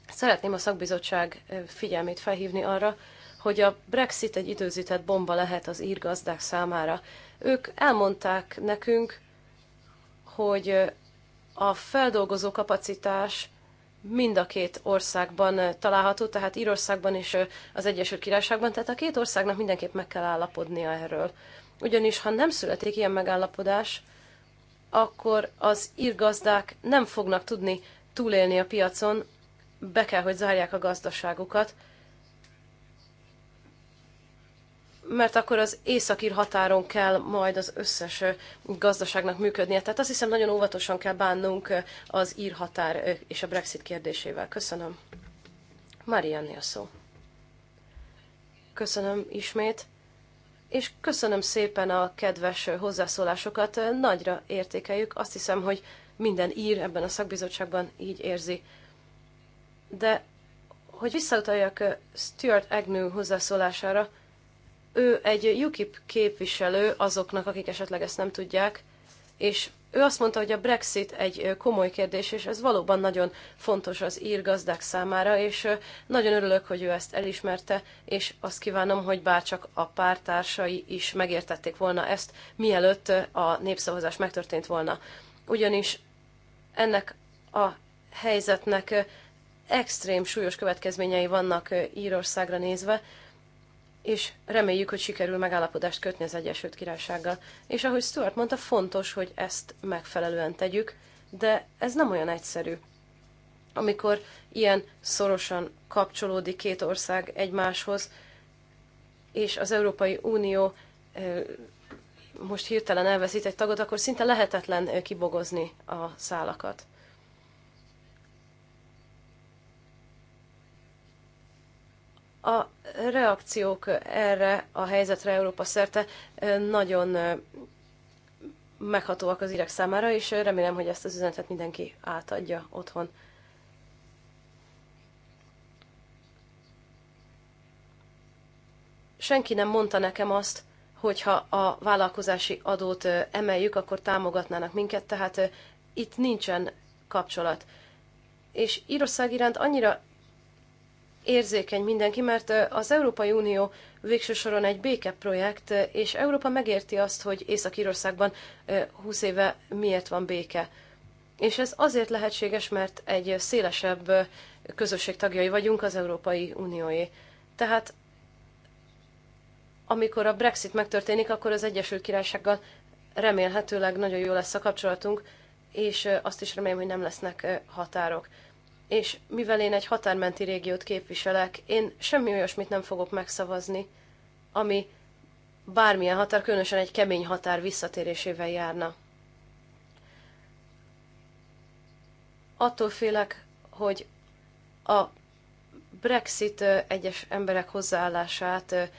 Szeretném a szakbizottság figyelmét felhívni arra, hogy a Brexit egy időzített bomba lehet az ír gazdák számára. Ők elmondták nekünk, hogy a feldolgozó kapacitás mind a két országban eh, található, tehát Írországban és eh, az Egyesült Királyságban, tehát a két országnak mindenképp meg kell állapodnia erről. Ugyanis, ha nem születik ilyen megállapodás, akkor az írgazdák nem fognak tudni túlélni a piacon, be kell, hogy zárják a gazdaságukat, mert akkor az északír határon kell majd az összes gazdaságnak működnie. Tehát azt hiszem, nagyon óvatosan kell bánnunk az ír határ és a Brexit kérdésével. Köszönöm. Marianne a szó. Köszönöm ismét, és köszönöm szépen a kedves hozzászólásokat. Nagyra értékeljük. Azt hiszem, hogy minden ír ebben a szakbizottságban így érzi. De hogy visszautaljak Stuart Agnew hozzászólására, ő egy UKIP képviselő azoknak, akik esetleg ezt nem tudják, és ő azt mondta, hogy a Brexit egy komoly kérdés, és ez valóban nagyon fontos az ír gazdák számára, és nagyon örülök, hogy ő ezt elismerte, és azt kívánom, hogy bárcsak a pártársai is megértették volna ezt, mielőtt a népszavazás megtörtént volna. Ugyanis ennek a helyzetnek extrém súlyos következményei vannak Írországra nézve, és reméljük, hogy sikerül megállapodást kötni az Egyesült Királysággal. És ahogy Stuart mondta, fontos, hogy ezt megfelelően tegyük, de ez nem olyan egyszerű. Amikor ilyen szorosan kapcsolódik két ország egymáshoz, és az Európai Unió most hirtelen elveszít egy tagot, akkor szinte lehetetlen kibogozni a szálakat. A reakciók erre a helyzetre Európa szerte nagyon meghatóak az írek számára, és remélem, hogy ezt az üzenetet mindenki átadja otthon. Senki nem mondta nekem azt, hogyha a vállalkozási adót emeljük, akkor támogatnának minket, tehát itt nincsen kapcsolat. És Írország iránt annyira érzékeny mindenki, mert az Európai Unió végső soron egy békeprojekt, és Európa megérti azt, hogy Észak-Írországban 20 éve miért van béke. És ez azért lehetséges, mert egy szélesebb közösség tagjai vagyunk az Európai Unióé. Tehát amikor a Brexit megtörténik, akkor az Egyesült Királysággal remélhetőleg nagyon jó lesz a kapcsolatunk, és azt is remélem, hogy nem lesznek határok és mivel én egy határmenti régiót képviselek, én semmi olyasmit nem fogok megszavazni, ami bármilyen határ, különösen egy kemény határ visszatérésével járna. Attól félek, hogy a Brexit egyes emberek hozzáállását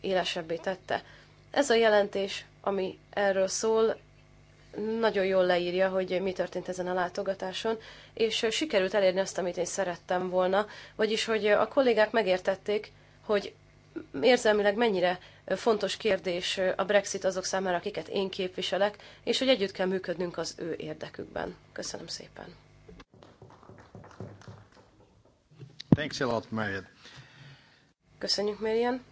élesebbé tette. Ez a jelentés, ami erről szól, nagyon jól leírja, hogy mi történt ezen a látogatáson, és sikerült elérni azt, amit én szerettem volna, vagyis, hogy a kollégák megértették, hogy érzelmileg mennyire fontos kérdés a Brexit azok számára, akiket én képviselek, és hogy együtt kell működnünk az ő érdekükben. Köszönöm szépen. Thanks a lot, Marian. Köszönjük, Marian.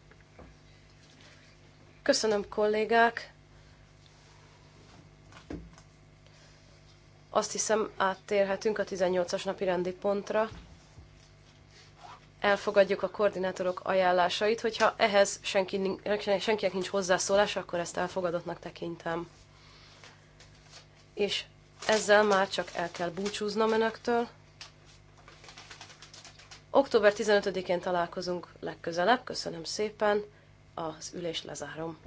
Köszönöm, kollégák. Azt hiszem, áttérhetünk a 18-as napi rendi pontra. Elfogadjuk a koordinátorok ajánlásait, hogyha ehhez senki, senkinek nincs hozzászólása, akkor ezt elfogadottnak tekintem. És ezzel már csak el kell búcsúznom önöktől. Október 15-én találkozunk legközelebb. Köszönöm szépen, az ülést lezárom.